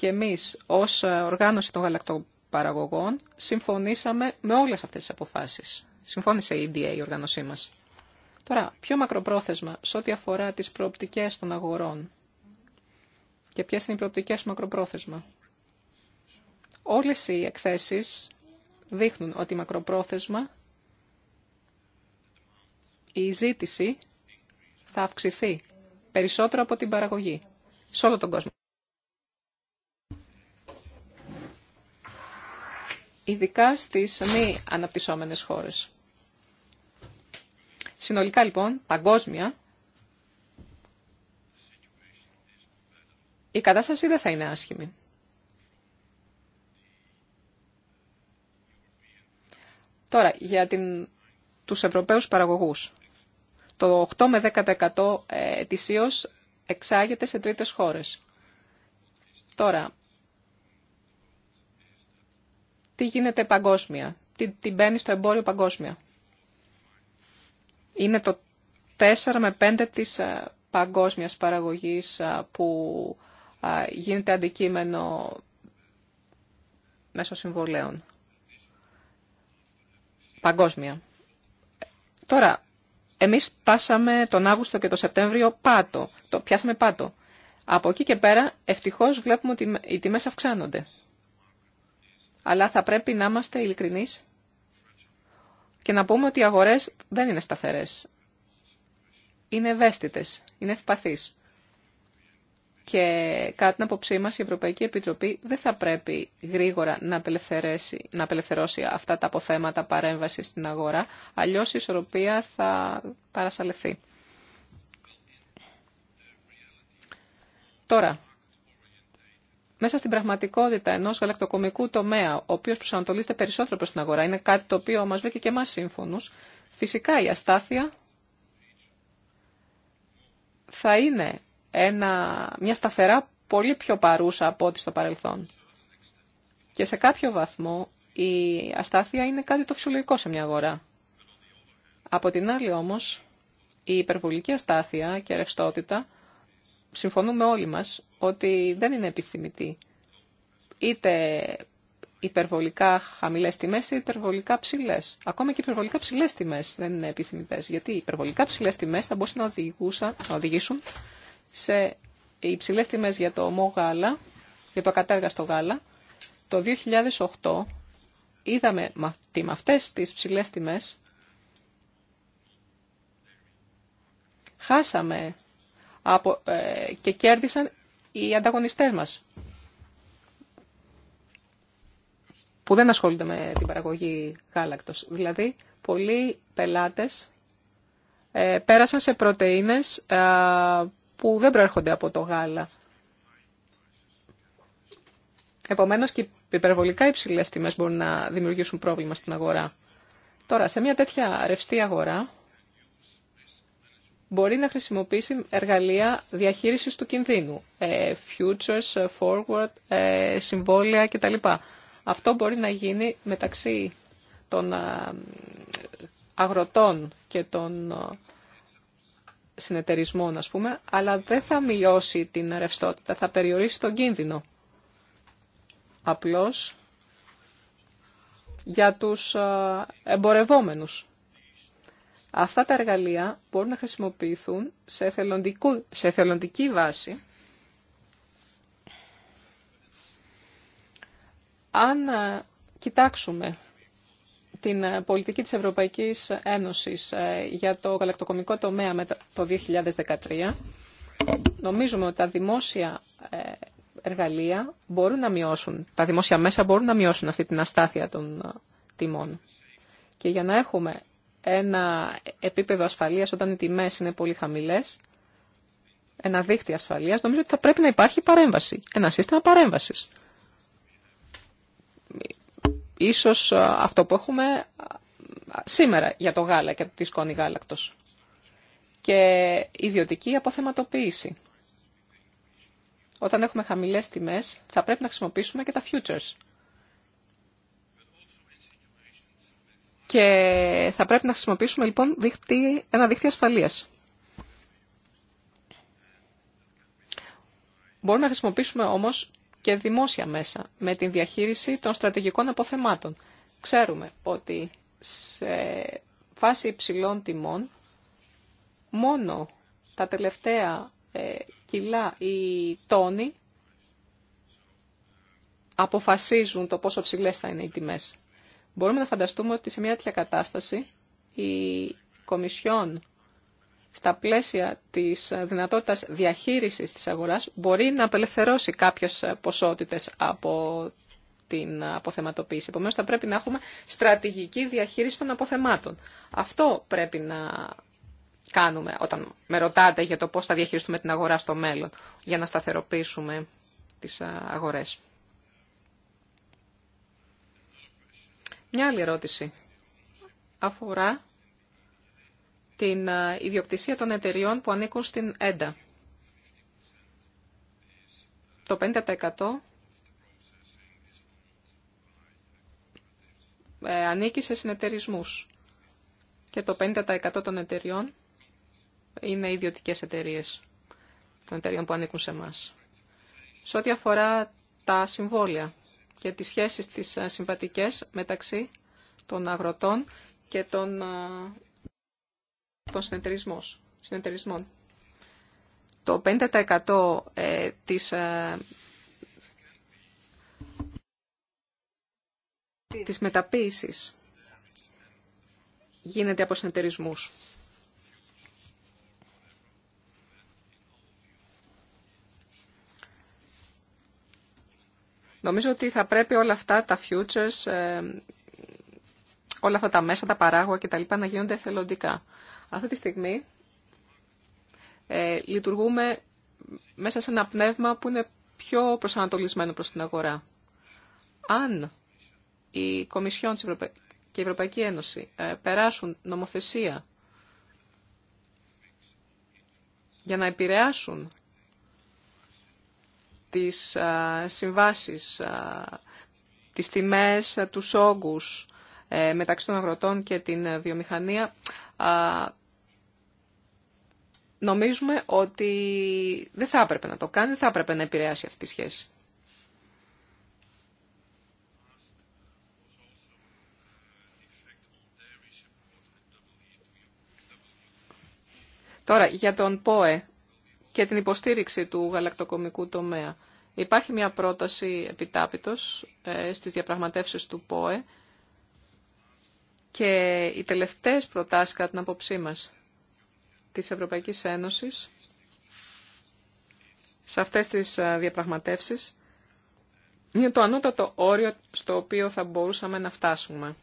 και εμείς ως οργάνωση των γαλακτοπαραγωγών συμφωνήσαμε με όλες αυτές τις αποφάσεις. Συμφώνησε η EDA, η οργάνωσή μας. Τώρα, πιο μακροπρόθεσμα σε ό,τι αφορά τις προοπτικές των αγορών και ποιες είναι οι προοπτικές μακροπρόθεσμα. Όλες οι εκθέσεις δείχνουν ότι μακροπρόθεσμα η ζήτηση θα αυξηθεί περισσότερο από την παραγωγή σε όλο τον κόσμο. ειδικά στις μη αναπτυσσόμενες χώρες. Συνολικά λοιπόν, παγκόσμια, η κατάσταση δεν θα είναι άσχημη. Τώρα, για την, τους Ευρωπαίους παραγωγούς. Το 8 με 10% ε, ετησίως εξάγεται σε τρίτες χώρες. Τώρα, τι γίνεται παγκόσμια, τι, τι μπαίνει στο εμπόριο παγκόσμια. Είναι το 4 με 5 της παγκόσμιας παραγωγής που γίνεται αντικείμενο μέσω συμβολέων. Παγκόσμια. Τώρα, εμείς πάσαμε τον Αύγουστο και τον Σεπτέμβριο πάτο. Το πιάσαμε πάτο. Από εκεί και πέρα, ευτυχώς βλέπουμε ότι οι τιμές αυξάνονται αλλά θα πρέπει να είμαστε ειλικρινεί και να πούμε ότι οι αγορές δεν είναι σταθερές. Είναι ευαίσθητε, είναι ευπαθείς. Και κατά την απόψή μας η Ευρωπαϊκή Επιτροπή δεν θα πρέπει γρήγορα να, απελευθερώσει, να απελευθερώσει αυτά τα αποθέματα παρέμβαση στην αγορά, αλλιώς η ισορροπία θα παρασαλευθεί. Τώρα, μέσα στην πραγματικότητα ενός γαλακτοκομικού τομέα, ο οποίο προσανατολίζεται περισσότερο προς την αγορά, είναι κάτι το οποίο μα βρήκε και εμά σύμφωνους, φυσικά η αστάθεια θα είναι ένα, μια σταθερά πολύ πιο παρούσα από ό,τι στο παρελθόν. Και σε κάποιο βαθμό η αστάθεια είναι κάτι το φυσιολογικό σε μια αγορά. Από την άλλη όμως, η υπερβολική αστάθεια και ρευστότητα συμφωνούμε όλοι μας ότι δεν είναι επιθυμητή είτε υπερβολικά χαμηλές τιμές είτε υπερβολικά ψηλές. Ακόμα και υπερβολικά ψηλές τιμές δεν είναι επιθυμητές, γιατί υπερβολικά ψηλές τιμές θα μπορούσαν να, να οδηγήσουν σε υψηλές τιμές για το ομό γάλα, για το ακατέργαστο γάλα. Το 2008 είδαμε ότι με αυτές τις ψηλές τιμές χάσαμε ε, και κέρδισαν οι ανταγωνιστές μας που δεν ασχολούνται με την παραγωγή γάλακτος. Δηλαδή, πολλοί πελάτες ε, πέρασαν σε πρωτεΐνες ε, που δεν προέρχονται από το γάλα. Επομένως και υπερβολικά υψηλές τιμές μπορούν να δημιουργήσουν πρόβλημα στην αγορά. Τώρα, σε μια τέτοια ρευστή αγορά, μπορεί να χρησιμοποιήσει εργαλεία διαχείρισης του κινδύνου, ε, futures, ε, forward, ε, συμβόλαια κτλ. Αυτό μπορεί να γίνει μεταξύ των αγροτών και των συνεταιρισμών, ας πούμε, αλλά δεν θα μειώσει την ρευστότητα, θα περιορίσει τον κίνδυνο. Απλώς για τους εμπορευόμενους. Αυτά τα εργαλεία μπορούν να χρησιμοποιηθούν σε, σε εθελοντική βάση. Αν ε, κοιτάξουμε την ε, πολιτική της Ευρωπαϊκής Ένωσης ε, για το γαλακτοκομικό τομέα μετά το 2013, νομίζουμε ότι τα δημόσια εργαλεία μπορούν να μειώσουν, τα δημόσια μέσα μπορούν να μειώσουν αυτή την αστάθεια των τιμών. Και για να έχουμε ένα επίπεδο ασφαλείας όταν οι τιμές είναι πολύ χαμηλές, ένα δίχτυ ασφαλείας, νομίζω ότι θα πρέπει να υπάρχει παρέμβαση, ένα σύστημα παρέμβασης. Ίσως αυτό που έχουμε σήμερα για το γάλα και τη σκόνη γάλακτος και ιδιωτική αποθεματοποίηση. Όταν έχουμε χαμηλές τιμές θα πρέπει να χρησιμοποιήσουμε και τα futures Και θα πρέπει να χρησιμοποιήσουμε λοιπόν δίχτυ, ένα δίχτυ ασφαλείας. Μπορούμε να χρησιμοποιήσουμε όμως και δημόσια μέσα με την διαχείριση των στρατηγικών αποθεμάτων. Ξέρουμε ότι σε φάση υψηλών τιμών μόνο τα τελευταία ε, κιλά ή τόνοι αποφασίζουν το πόσο ψηλές θα είναι οι τιμές. Μπορούμε να φανταστούμε ότι σε μια τέτοια κατάσταση η Κομισιόν στα πλαίσια της δυνατότητας διαχείρισης της αγοράς μπορεί να απελευθερώσει κάποιες ποσότητες από την αποθεματοποίηση. Επομένως θα πρέπει να έχουμε στρατηγική διαχείριση των αποθεμάτων. Αυτό πρέπει να κάνουμε όταν με ρωτάτε για το πώς θα διαχειριστούμε την αγορά στο μέλλον για να σταθεροποιήσουμε τις αγορές. Μια άλλη ερώτηση αφορά την ε, ιδιοκτησία των εταιριών που ανήκουν στην ΕΝΤΑ. Το 50% ε, ανήκει σε συνεταιρισμούς και το 50% των εταιριών είναι ιδιωτικές εταιρείες των εταιριών που ανήκουν σε εμά. Σε ό,τι αφορά τα συμβόλαια, για τις σχέσεις τις συμβατικές μεταξύ των αγροτών και των, των συνεταιρισμών. Το 50% ε, της, της μεταποίησης γίνεται από συνεταιρισμούς. Νομίζω ότι θα πρέπει όλα αυτά τα futures, ε, όλα αυτά τα μέσα, τα παράγωγα κτλ. να γίνονται εθελοντικά. Αυτή τη στιγμή ε, λειτουργούμε μέσα σε ένα πνεύμα που είναι πιο προσανατολισμένο προς την αγορά. Αν η Κομισιόν και η Ευρωπαϊκή Ένωση ε, περάσουν νομοθεσία για να επηρεάσουν τις συμβάσεις, τις τιμές, τους όγκους ε, μεταξύ των αγροτών και την ε, βιομηχανία, νομίζουμε ότι δεν θα έπρεπε να το κάνει, δεν θα έπρεπε να επηρεάσει αυτή τη σχέση. Τώρα, για τον ΠΟΕ και την υποστήριξη του γαλακτοκομικού τομέα. Υπάρχει μια πρόταση επιτάπητος ε, στις διαπραγματεύσεις του ΠΟΕ και οι τελευταίες προτάσεις κατά την απόψή μας της Ευρωπαϊκής Ένωσης σε αυτές τις ε, διαπραγματεύσεις είναι το ανώτατο όριο στο οποίο θα μπορούσαμε να φτάσουμε.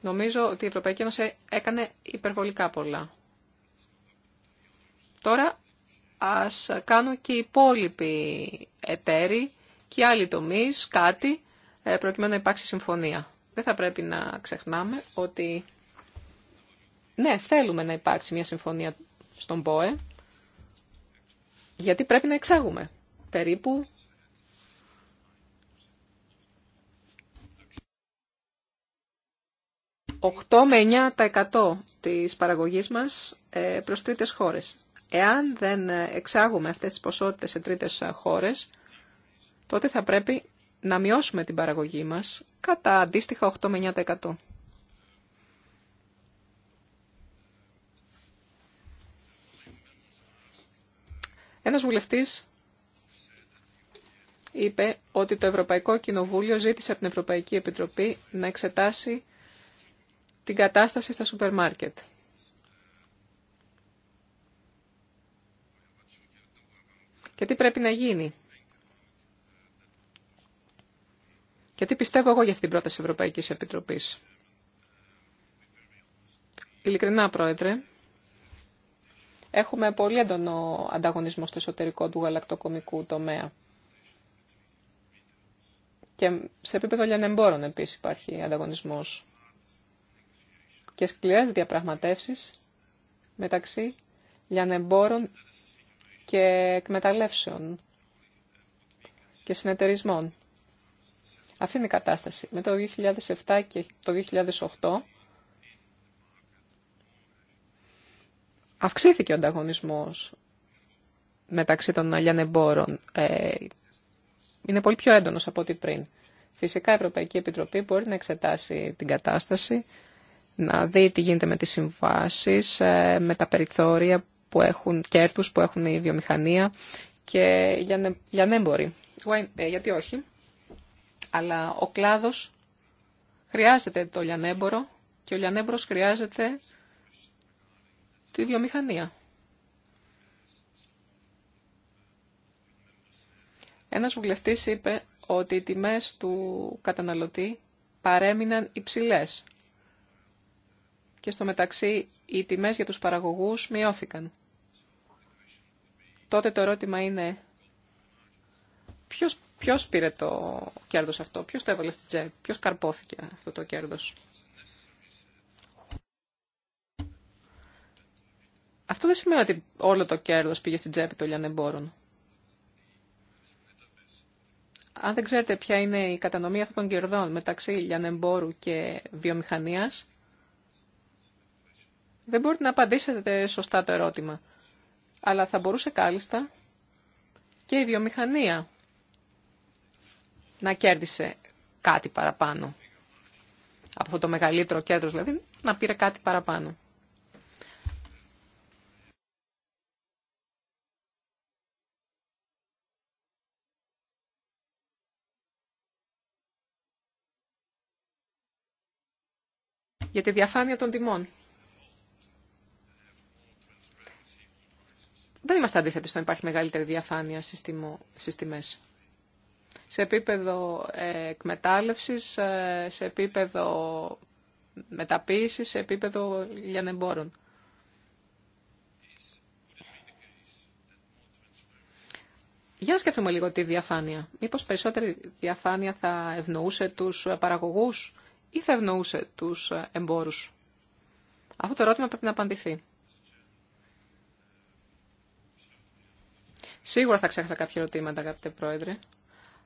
Νομίζω ότι η Ευρωπαϊκή Ένωση έκανε υπερβολικά πολλά. Τώρα ας κάνω και οι υπόλοιποι εταίροι και άλλοι τομείς κάτι ε, προκειμένου να υπάρξει συμφωνία. Δεν θα πρέπει να ξεχνάμε ότι ναι, θέλουμε να υπάρξει μια συμφωνία στον ΠΟΕ, γιατί πρέπει να εξάγουμε περίπου 8 με 9% της παραγωγής μας ε, προς τρίτες χώρες. Εάν δεν εξάγουμε αυτές τις ποσότητες σε τρίτες χώρες, τότε θα πρέπει να μειώσουμε την παραγωγή μας κατά αντίστοιχα 8 με 9%. Ένας βουλευτής είπε ότι το Ευρωπαϊκό Κοινοβούλιο ζήτησε από την Ευρωπαϊκή Επιτροπή να εξετάσει την κατάσταση στα σούπερ μάρκετ. και τι πρέπει να γίνει. Και τι πιστεύω εγώ για αυτήν την πρόταση Ευρωπαϊκής Επιτροπής. Ειλικρινά, Πρόεδρε, έχουμε πολύ έντονο ανταγωνισμό στο εσωτερικό του γαλακτοκομικού τομέα. Και σε επίπεδο λιανεμπόρων επίσης υπάρχει ανταγωνισμός. Και σκληρές διαπραγματεύσεις μεταξύ λιανεμπόρων και εκμεταλλεύσεων και συνεταιρισμών. Αυτή είναι η κατάσταση. Με το 2007 και το 2008 αυξήθηκε ο ανταγωνισμός μεταξύ των εμπόρων. Ε, είναι πολύ πιο έντονος από ό,τι πριν. Φυσικά η Ευρωπαϊκή Επιτροπή μπορεί να εξετάσει την κατάσταση, να δει τι γίνεται με τις συμβάσεις, ε, με τα περιθώρια που έχουν, κέρδους που έχουν η βιομηχανία και για νέμποροι. Ε, γιατί όχι. Αλλά ο κλάδος χρειάζεται το λιανέμπορο και ο λιανέμπορος χρειάζεται τη βιομηχανία. Ένας βουλευτής είπε ότι οι τιμές του καταναλωτή παρέμειναν υψηλές και στο μεταξύ οι τιμές για τους παραγωγούς μειώθηκαν τότε το ερώτημα είναι ποιος, ποιος πήρε το κέρδος αυτό, ποιος το έβαλε στην τσέπη, ποιος καρπόθηκε αυτό το κέρδος. Αυτό δεν σημαίνει ότι όλο το κέρδος πήγε στην τσέπη των λιανεμπόρων. Αν δεν ξέρετε ποια είναι η κατανομή αυτών των κερδών μεταξύ λιανεμπόρου και βιομηχανίας, δεν μπορείτε να απαντήσετε σωστά το ερώτημα αλλά θα μπορούσε κάλλιστα και η βιομηχανία να κέρδισε κάτι παραπάνω. Από αυτό το μεγαλύτερο κέντρο δηλαδή να πήρε κάτι παραπάνω. για τη διαφάνεια των τιμών. δεν είμαστε αντίθετοι στο να υπάρχει μεγαλύτερη διαφάνεια στι τιμέ. Σε επίπεδο ε, εκμετάλλευση, ε, σε επίπεδο μεταποίηση, σε επίπεδο λιανεμπόρων. Για να σκεφτούμε λίγο τη διαφάνεια. Μήπως περισσότερη διαφάνεια θα ευνοούσε τους παραγωγούς ή θα ευνοούσε τους εμπόρους. Αυτό το ερώτημα πρέπει να απαντηθεί. Σίγουρα θα ξέχασα κάποια ερωτήματα, αγαπητέ Πρόεδρε,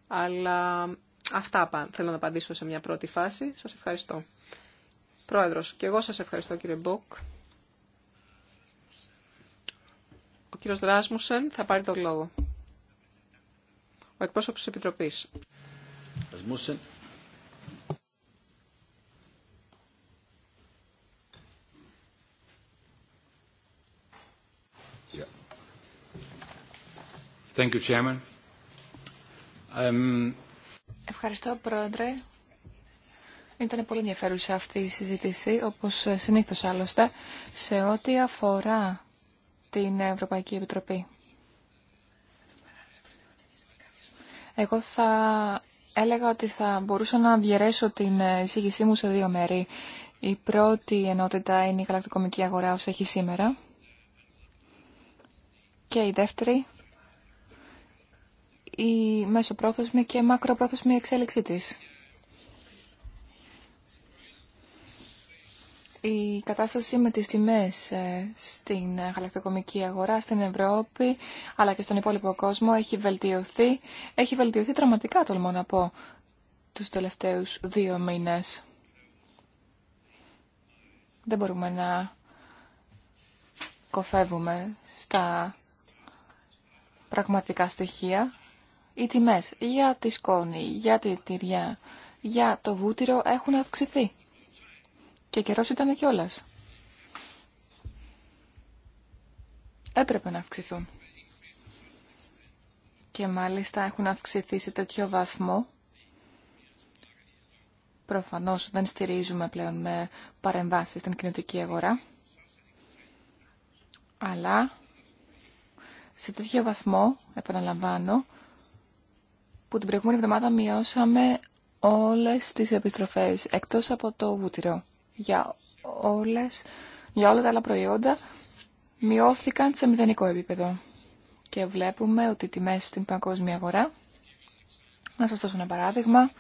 αλλά αυτά θέλω να απαντήσω σε μια πρώτη φάση. Σας ευχαριστώ. Πρόεδρος, και εγώ σας ευχαριστώ κύριε Μπόκ. Ο κύριος Δράσμουσεν θα πάρει τον λόγο. Ο εκπρόσωπος της Επιτροπής. Thank you, Chairman. Um, Ευχαριστώ, Πρόεδρε. Ήταν πολύ ενδιαφέρουσα αυτή η συζήτηση, όπως συνήθως άλλωστε, σε ό,τι αφορά την Ευρωπαϊκή Επιτροπή. Εγώ θα έλεγα ότι θα μπορούσα να διαιρέσω την εισήγησή μου σε δύο μέρη. Η πρώτη ενότητα είναι η γαλακτοκομική αγορά όσο έχει σήμερα. Και η δεύτερη η μεσοπρόθεσμη και μακροπρόθεσμη εξέλιξη της. Η κατάσταση με τις τιμές ε, στην γαλακτοκομική αγορά, στην Ευρώπη, αλλά και στον υπόλοιπο κόσμο έχει βελτιωθεί. Έχει βελτιωθεί δραματικά, τολμώ να πω, τους τελευταίους δύο μήνες. Δεν μπορούμε να κοφεύουμε στα πραγματικά στοιχεία οι τιμές για τη σκόνη, για τη τυριά, για το βούτυρο έχουν αυξηθεί. Και καιρός ήταν κιόλα. Έπρεπε να αυξηθούν. Και μάλιστα έχουν αυξηθεί σε τέτοιο βαθμό. Προφανώς δεν στηρίζουμε πλέον με παρεμβάσεις στην κοινωτική αγορά. Αλλά σε τέτοιο βαθμό, επαναλαμβάνω, που την προηγούμενη εβδομάδα μειώσαμε όλες τις επιστροφές, εκτός από το βούτυρο. Για, όλες, για όλα τα άλλα προϊόντα μειώθηκαν σε μηδενικό επίπεδο. Και βλέπουμε ότι οι τιμές στην παγκόσμια αγορά, να σας δώσω ένα παράδειγμα,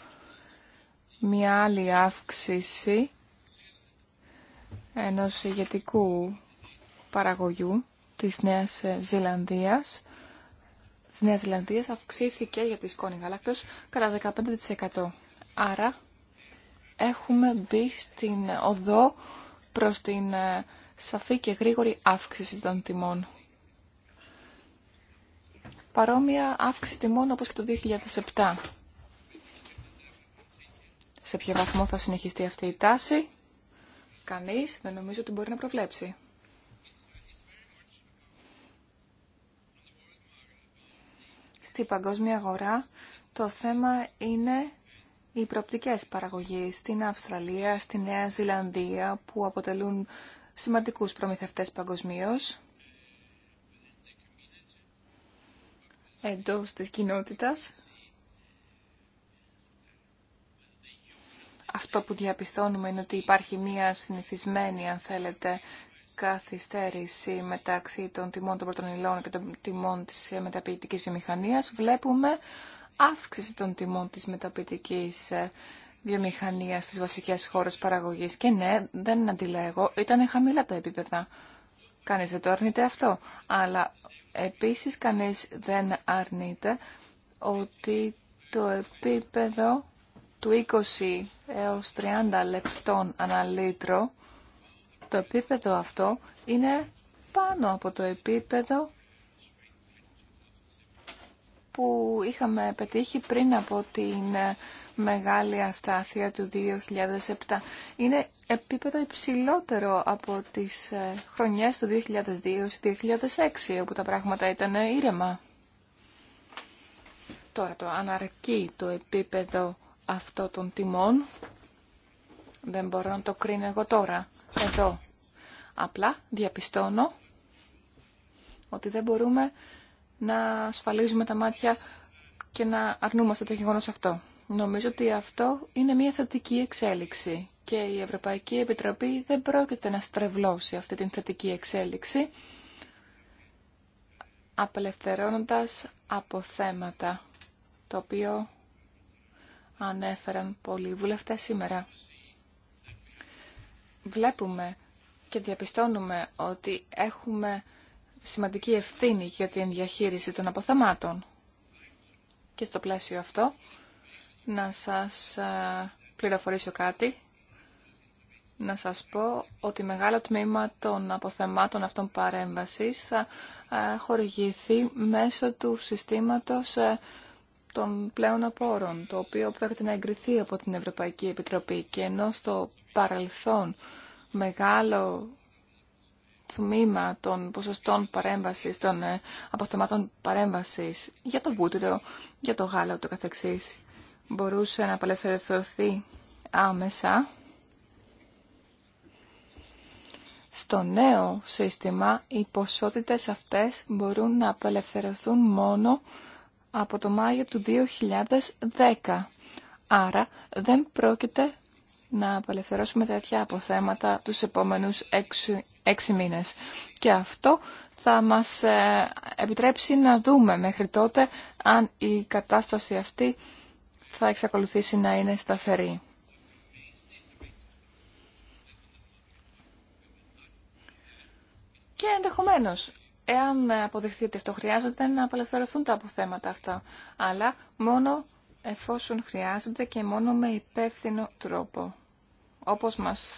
μια άλλη αύξηση ενός ηγετικού παραγωγιού της Νέας Ζηλανδίας της Νέας Ζηλανδίας αυξήθηκε για τη σκόνη γάλακτος κατά 15%. Άρα έχουμε μπει στην οδό προς την ε, σαφή και γρήγορη αύξηση των τιμών. Παρόμοια αύξηση τιμών όπως και το 2007. Σε ποιο βαθμό θα συνεχιστεί αυτή η τάση, κανείς δεν νομίζω ότι μπορεί να προβλέψει. στην παγκόσμια αγορά το θέμα είναι οι προπτικές παραγωγής στην Αυστραλία, στη Νέα Ζηλανδία που αποτελούν σημαντικούς προμηθευτές παγκοσμίως εντός της κοινότητας. Αυτό που διαπιστώνουμε είναι ότι υπάρχει μία συνηθισμένη, αν θέλετε, καθυστέρηση μεταξύ των τιμών των πρώτων και των τιμών της μεταποιητικής βιομηχανίας, βλέπουμε αύξηση των τιμών της μεταποιητικής ε, βιομηχανίας στις βασικές χώρες παραγωγής. Και ναι, δεν αντιλέγω, ήταν χαμηλά τα επίπεδα. Κανείς δεν το αρνείται αυτό. Αλλά επίσης κανείς δεν αρνείται ότι το επίπεδο του 20 έως 30 λεπτών ανά το επίπεδο αυτό είναι πάνω από το επίπεδο που είχαμε πετύχει πριν από την ε, μεγάλη αστάθεια του 2007. Είναι επίπεδο υψηλότερο από τις ε, χρονιές του 2002-2006, όπου τα πράγματα ήταν ήρεμα. Τώρα το αναρκεί το επίπεδο αυτό των τιμών δεν μπορώ να το κρίνω εγώ τώρα, εδώ. Απλά διαπιστώνω ότι δεν μπορούμε να ασφαλίζουμε τα μάτια και να αρνούμαστε το γεγονός αυτό. Νομίζω ότι αυτό είναι μια θετική εξέλιξη και η Ευρωπαϊκή Επιτροπή δεν πρόκειται να στρεβλώσει αυτή την θετική εξέλιξη απελευθερώνοντας από θέματα το οποίο ανέφεραν πολλοί βουλευτές σήμερα βλέπουμε και διαπιστώνουμε ότι έχουμε σημαντική ευθύνη για την διαχείριση των αποθεμάτων. Και στο πλαίσιο αυτό να σας ε, πληροφορήσω κάτι. Να σας πω ότι μεγάλο τμήμα των αποθεμάτων αυτών παρέμβασης θα ε, χορηγηθεί μέσω του συστήματος ε, των πλέον απόρων, το οποίο πρέπει να εγκριθεί από την Ευρωπαϊκή Επιτροπή. Και ενώ στο παρελθόν μεγάλο τμήμα των ποσοστών παρέμβασης, των ε, αποθεμάτων παρέμβασης για το βούτυρο, για το γάλα το καθεξής μπορούσε να απελευθερωθεί άμεσα στο νέο σύστημα οι ποσότητες αυτές μπορούν να απελευθερωθούν μόνο από το Μάιο του 2010. Άρα δεν πρόκειται να απελευθερώσουμε τέτοια αποθέματα τους επόμενους έξι, μήνες. Και αυτό θα μας ε, επιτρέψει να δούμε μέχρι τότε αν η κατάσταση αυτή θα εξακολουθήσει να είναι σταθερή. Και ενδεχομένω, εάν αποδειχθεί ότι αυτό χρειάζεται, να απελευθερωθούν τα αποθέματα αυτά. Αλλά μόνο εφόσον χρειάζεται και μόνο με υπεύθυνο τρόπο όπως μας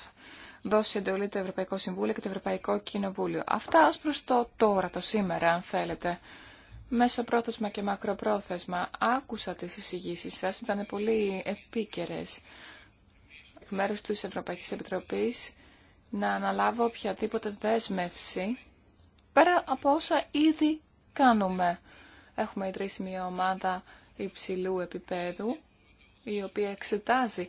δώσει εντολή το Ευρωπαϊκό Συμβούλιο και το Ευρωπαϊκό Κοινοβούλιο. Αυτά ως προς το τώρα, το σήμερα, αν θέλετε. Μέσα πρόθεσμα και μακροπρόθεσμα άκουσα τις εισηγήσεις σας, ήταν πολύ επίκαιρες. Εκ μέρους της Ευρωπαϊκής Επιτροπής να αναλάβω οποιαδήποτε δέσμευση πέρα από όσα ήδη κάνουμε. Έχουμε ιδρύσει μια ομάδα υψηλού επίπεδου η οποία εξετάζει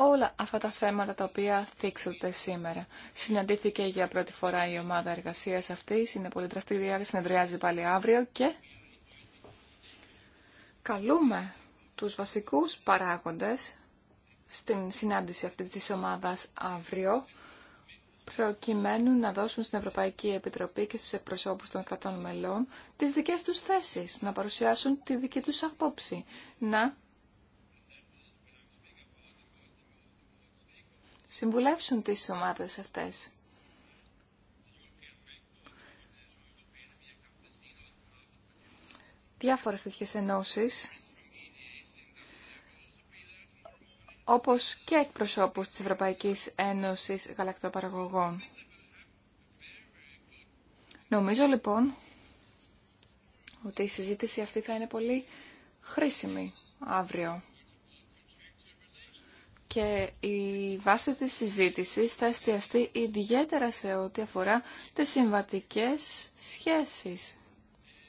όλα αυτά τα θέματα τα οποία θίξονται σήμερα. Συναντήθηκε για πρώτη φορά η ομάδα εργασίας αυτή, είναι πολύ δραστηριά, συνεδριάζει πάλι αύριο και καλούμε τους βασικούς παράγοντες στην συνάντηση αυτή της ομάδας αύριο προκειμένου να δώσουν στην Ευρωπαϊκή Επιτροπή και στους εκπροσώπους των κρατών μελών τις δικές τους θέσεις, να παρουσιάσουν τη δική τους απόψη, να συμβουλεύσουν τις ομάδες αυτές. Διάφορες τέτοιες ενώσεις, όπως και εκπροσώπους της Ευρωπαϊκής Ένωσης Γαλακτοπαραγωγών. Νομίζω λοιπόν ότι η συζήτηση αυτή θα είναι πολύ χρήσιμη αύριο και η βάση της συζήτησης θα εστιαστεί ιδιαίτερα σε ό,τι αφορά τις συμβατικές σχέσεις.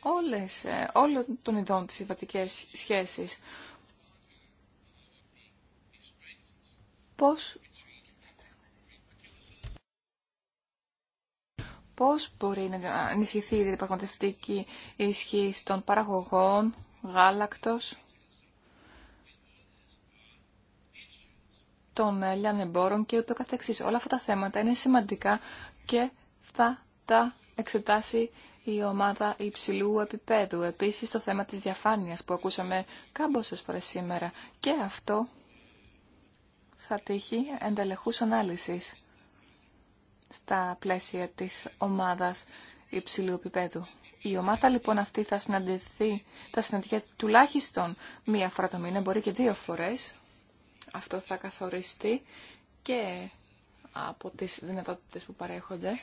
Όλες, ε, όλων των ειδών τις συμβατικές σχέσεις. Πώς, πώς μπορεί να ενισχυθεί η διαπραγματευτική ισχύ των παραγωγών, γάλακτος, των εμπόρων και ούτω καθεξής. Όλα αυτά τα θέματα είναι σημαντικά και θα τα εξετάσει η ομάδα υψηλού επίπεδου. Επίσης το θέμα της διαφάνειας που ακούσαμε κάμποσες φορές σήμερα και αυτό θα τύχει εντελεχούς ανάλυσης στα πλαίσια της ομάδας υψηλού επίπεδου. Η ομάδα λοιπόν αυτή θα συναντηθεί, θα συναντηθεί τουλάχιστον μία φορά το μήνα, μπορεί και δύο φορές. Αυτό θα καθοριστεί και από τις δυνατότητες που παρέχονται.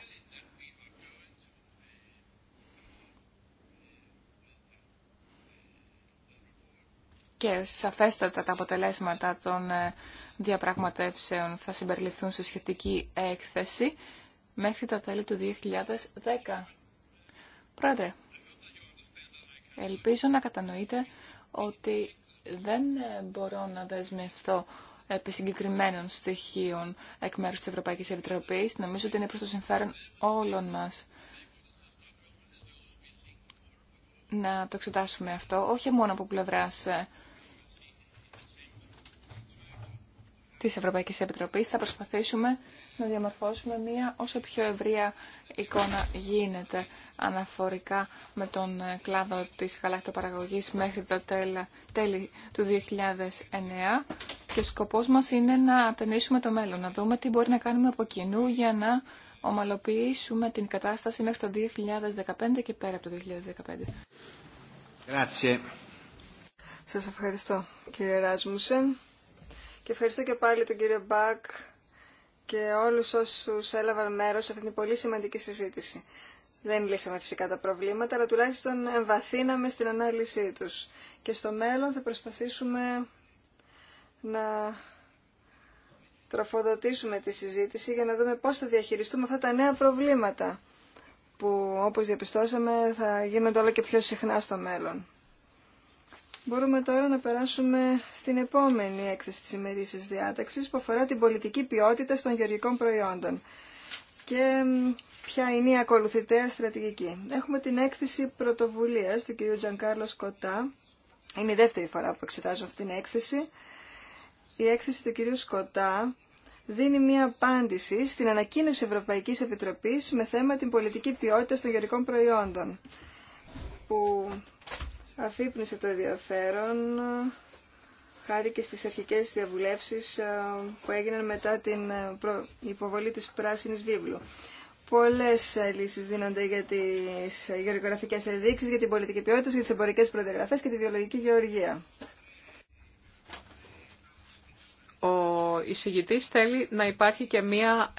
Και σαφέστατα τα αποτελέσματα των ε, διαπραγματεύσεων θα συμπεριληφθούν σε σχετική έκθεση μέχρι τα τέλη του 2010. Πρόεδρε, ελπίζω να κατανοείτε ότι δεν ε, μπορώ να δεσμευτώ επί συγκεκριμένων στοιχείων εκ μέρους της Ευρωπαϊκής Επιτροπής. Νομίζω ότι είναι προς το συμφέρον όλων μας να το εξετάσουμε αυτό, όχι μόνο από πλευράς ε, της Ευρωπαϊκής Επιτροπής θα προσπαθήσουμε να διαμορφώσουμε μία όσο πιο ευρεία εικόνα γίνεται αναφορικά με τον κλάδο της γαλακτοπαραγωγής μέχρι το τέλη του 2009 και ο σκοπός μας είναι να ταινίσουμε το μέλλον, να δούμε τι μπορεί να κάνουμε από κοινού για να ομαλοποιήσουμε την κατάσταση μέχρι το 2015 και πέρα από το 2015. Grazie. ευχαριστώ κύριε Ράσμουσεν. Και ευχαριστώ και πάλι τον κύριο Μπακ και όλους όσους έλαβαν μέρος σε αυτήν την πολύ σημαντική συζήτηση. Δεν λύσαμε φυσικά τα προβλήματα, αλλά τουλάχιστον εμβαθύναμε στην ανάλυση τους. Και στο μέλλον θα προσπαθήσουμε να τροφοδοτήσουμε τη συζήτηση για να δούμε πώς θα διαχειριστούμε αυτά τα νέα προβλήματα που όπως διαπιστώσαμε θα γίνονται όλο και πιο συχνά στο μέλλον. Μπορούμε τώρα να περάσουμε στην επόμενη έκθεση της ημερήσιας διάταξης που αφορά την πολιτική ποιότητα των γεωργικών προϊόντων και ποια είναι η ακολουθητέα στρατηγική. Έχουμε την έκθεση πρωτοβουλίας του κ. Τζανκάρλο Σκοτά. Είναι η δεύτερη φορά που εξετάζω αυτή την έκθεση. Η έκθεση του κ. Σκοτά δίνει μία απάντηση στην ανακοίνωση Ευρωπαϊκής Επιτροπής με θέμα την πολιτική ποιότητα των γεωργικών προϊόντων αφύπνισε το ενδιαφέρον χάρη και στις αρχικές διαβουλεύσεις ε, που έγιναν μετά την ε, υποβολή της Πράσινης Βίβλου. Πολλές ε, λύσεις δίνονται για τις γεωργραφικές ενδείξεις, για την πολιτική ποιότητα, για τις εμπορικές προδιαγραφές και τη βιολογική γεωργία. Ο εισηγητής θέλει να υπάρχει και μία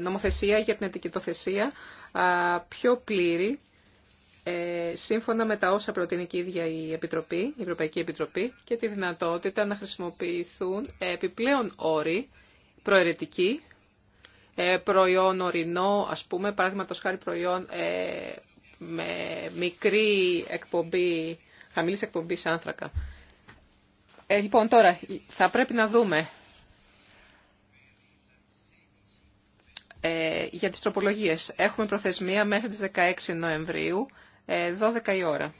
νομοθεσία για την ετικητοθεσία πιο πλήρη ε, σύμφωνα με τα όσα προτείνει και η ίδια η, Επιτροπή, η Ευρωπαϊκή Επιτροπή και τη δυνατότητα να χρησιμοποιηθούν επιπλέον όροι προαιρετικοί, ε, προϊόν ορεινό, ας πούμε, παράδειγματο χάρη προϊόν ε, με μικρή εκπομπή, χαμηλής εκπομπής άνθρακα. Ε, λοιπόν, τώρα θα πρέπει να δούμε ε, για τις τροπολογίες. Έχουμε προθεσμία μέχρι τις 16 Νοεμβρίου 12 ε, η ώρα.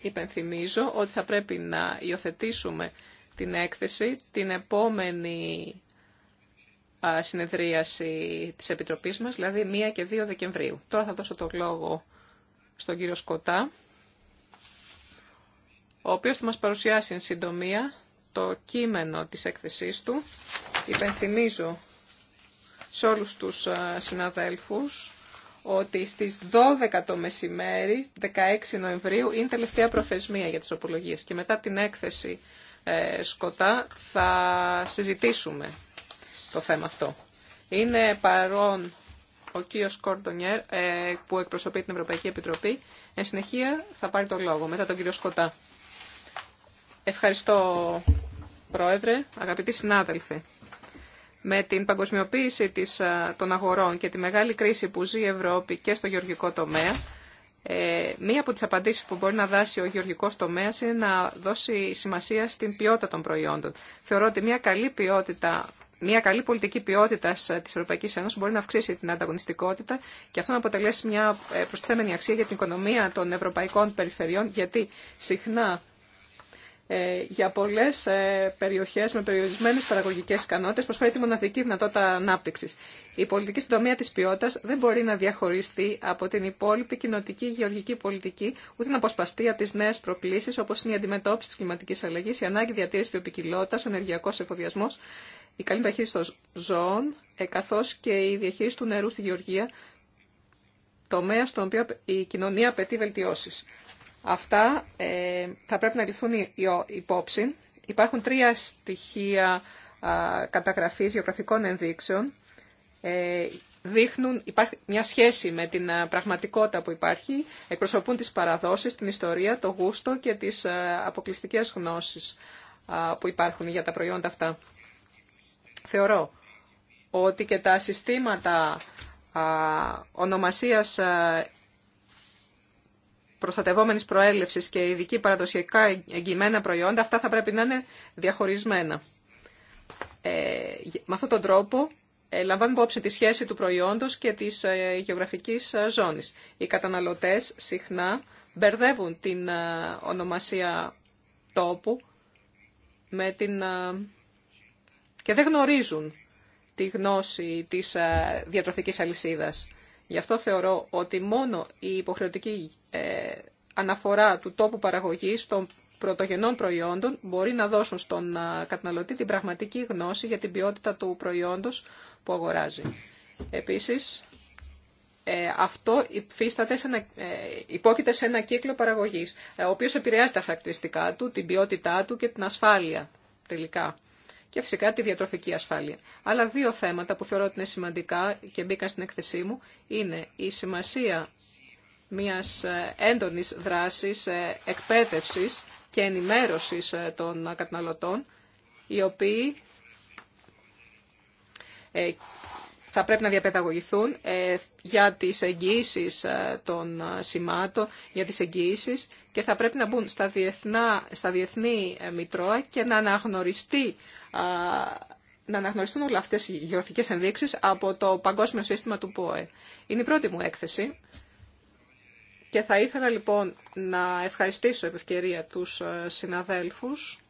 Υπενθυμίζω ότι θα πρέπει να υιοθετήσουμε την έκθεση την επόμενη συνεδρίαση της Επιτροπής μας, δηλαδή 1 και 2 Δεκεμβρίου. Τώρα θα δώσω το λόγο στον κύριο Σκοτά, ο οποίος θα μας παρουσιάσει εν συντομία το κείμενο της έκθεσής του. Υπενθυμίζω σε όλους τους συναδέλφους ότι στις 12 το μεσημέρι, 16 Νοεμβρίου, είναι τελευταία προθεσμία για τις απολογίες Και μετά την έκθεση ε, Σκοτά θα συζητήσουμε το θέμα αυτό. Είναι παρόν ο κύριο Κορντονιέρ ε, που εκπροσωπεί την Ευρωπαϊκή Επιτροπή. Εν συνεχεία θα πάρει το λόγο μετά τον κύριο Σκοτά. Ευχαριστώ Πρόεδρε, αγαπητοί συνάδελφοι με την παγκοσμιοποίηση των αγορών και τη μεγάλη κρίση που ζει η Ευρώπη και στο γεωργικό τομέα, ε, μία από τις απαντήσεις που μπορεί να δώσει ο γεωργικός τομέας είναι να δώσει σημασία στην ποιότητα των προϊόντων. Θεωρώ ότι μια καλή ποιότητα μια καλή πολιτική ποιότητα ε, τη Ευρωπαϊκή Ένωση μπορεί να αυξήσει την ανταγωνιστικότητα και αυτό να αποτελέσει μια ε, προστιθέμενη αυξησει την ανταγωνιστικοτητα και αυτο να αποτελεσει μια προσθεμενη αξια για την οικονομία των ευρωπαϊκών περιφερειών, γιατί συχνά ε, για πολλέ ε, περιοχέ με περιορισμένε παραγωγικέ ικανότητε προσφέρει τη μοναδική δυνατότητα ανάπτυξη. Η πολιτική συντομία της τη ποιότητα δεν μπορεί να διαχωριστεί από την υπόλοιπη κοινοτική γεωργική πολιτική, ούτε να αποσπαστεί από τι νέε προκλήσει όπω είναι η αντιμετώπιση τη κλιματική αλλαγή, η ανάγκη διατήρηση βιοπικιλότητα, ο ενεργειακό εφοδιασμό, η καλή διαχείριση των ζώων, ε, καθώ και η διαχείριση του νερού στη γεωργία, τομέα στον οποίο η κοινωνία απαιτεί βελτιώσει. Αυτά ε, θα πρέπει να ληφθούν υπόψη. Υπάρχουν τρία στοιχεία καταγραφής γεωγραφικών ενδείξεων. Ε, δείχνουν, υπάρχει μια σχέση με την πραγματικότητα που υπάρχει, εκπροσωπούν τις παραδόσεις, την ιστορία, το γούστο και τις αποκλειστικές γνώσεις που υπάρχουν για τα προϊόντα αυτά. Θεωρώ ότι και τα συστήματα ονομασίας προστατευόμενη προέλευσης και ειδική παραδοσιακά εγγυημένα προϊόντα, αυτά θα πρέπει να είναι διαχωρισμένα. Ε, με αυτόν τον τρόπο ε, λαμβάνουμε υπόψη τη σχέση του προϊόντος και της ε, γεωγραφικής ε, ζώνης. Οι καταναλωτές συχνά μπερδεύουν την ε, ονομασία τόπου με την, ε, και δεν γνωρίζουν τη γνώση της διατροφικής αλυσίδας. Γι' αυτό θεωρώ ότι μόνο η υποχρεωτική ε, αναφορά του τόπου παραγωγής των πρωτογενών προϊόντων μπορεί να δώσουν στον καταναλωτή την πραγματική γνώση για την ποιότητα του προϊόντος που αγοράζει. Επίσης, ε, αυτό σε ένα, ε, υπόκειται σε ένα κύκλο παραγωγής, ο οποίος επηρεάζει τα χαρακτηριστικά του, την ποιότητά του και την ασφάλεια τελικά και φυσικά τη διατροφική ασφάλεια. Άλλα δύο θέματα που θεωρώ ότι είναι σημαντικά και μπήκαν στην εκθεσή μου είναι η σημασία μιας ε, έντονης δράσης ε, εκπαίδευσης και ενημέρωσης ε, των καταναλωτών, οι οποίοι θα πρέπει να διαπαιδαγωγηθούν για τις εγγύησει των σημάτων, για τις εγγύησει και θα πρέπει να μπουν στα, στα διεθνή μητρώα και να αναγνωριστεί να αναγνωριστούν όλα αυτές οι γεωγραφικές ενδείξεις από το Παγκόσμιο Σύστημα του ΠΟΕ. Είναι η πρώτη μου έκθεση και θα ήθελα λοιπόν να ευχαριστήσω επ' ευκαιρία τους ε, συναδέλφους.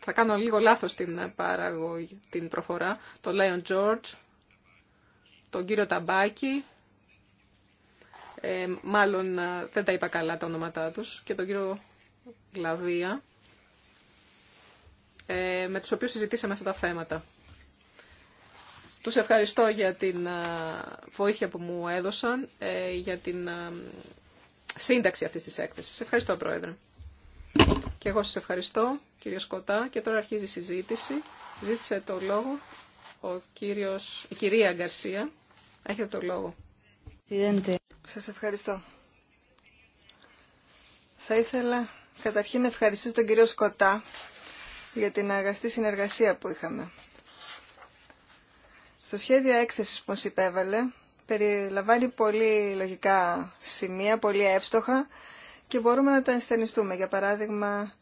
Θα κάνω λίγο λάθος την, παράγωγή την προφορά. Το Λέον Τζόρτζ, τον κύριο Ταμπάκη, ε, μάλλον ε, δεν τα είπα καλά τα ονόματά τους, και τον κύριο Λαβία. Ε, με τους οποίους συζητήσαμε αυτά τα θέματα. Τους ευχαριστώ για την ε, βοήθεια που μου έδωσαν, ε, για την σύνταξη αυτής της έκθεσης. Ευχαριστώ, Πρόεδρε. Και εγώ σας ευχαριστώ, κύριο Σκοτά. Και τώρα αρχίζει η συζήτηση. Ζήτησε το λόγο ο κύριος, η κυρία Γκαρσία. Έχετε το λόγο. Σας ευχαριστώ. Θα ήθελα καταρχήν να ευχαριστήσω τον κύριο Σκοτά για την αγαστή συνεργασία που είχαμε. Στο σχέδιο έκθεσης που μας υπέβαλε, περιλαμβάνει πολύ λογικά σημεία, πολύ εύστοχα και μπορούμε να τα ενσθενιστούμε. Για παράδειγμα,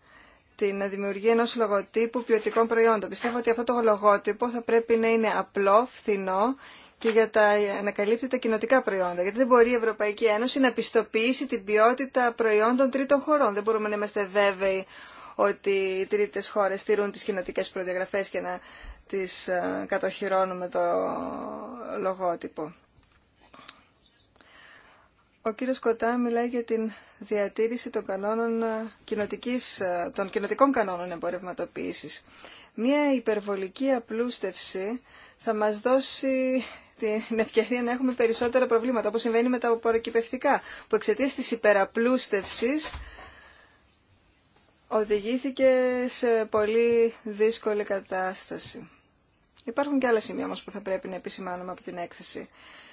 την δημιουργία ενός λογοτύπου ποιοτικών προϊόντων. Πιστεύω ότι αυτό το λογότυπο θα πρέπει να είναι απλό, φθηνό και για τα, να καλύπτει τα κοινοτικά προϊόντα. Γιατί δεν μπορεί η Ευρωπαϊκή Ένωση να πιστοποιήσει την ποιότητα προϊόντων τρίτων χωρών. Δεν μπορούμε να είμαστε βέβαιοι ότι οι τρίτες χώρες στηρούν τις κοινοτικές προδιαγραφές και να τις ε, κατοχυρώνουμε το λογότυπο. Ο κύριος Κοτά μιλάει για την διατήρηση των, κανόνων ε, ε, των κοινοτικών κανόνων εμπορευματοποίησης. Μία υπερβολική απλούστευση θα μας δώσει την ευκαιρία να έχουμε περισσότερα προβλήματα, όπως συμβαίνει με τα απορροκυπευτικά, που εξαιτία της υπεραπλούστευσης οδηγήθηκε σε πολύ δύσκολη κατάσταση. Υπάρχουν και άλλα σημεία όμως που θα πρέπει να επισημάνουμε από την έκθεση.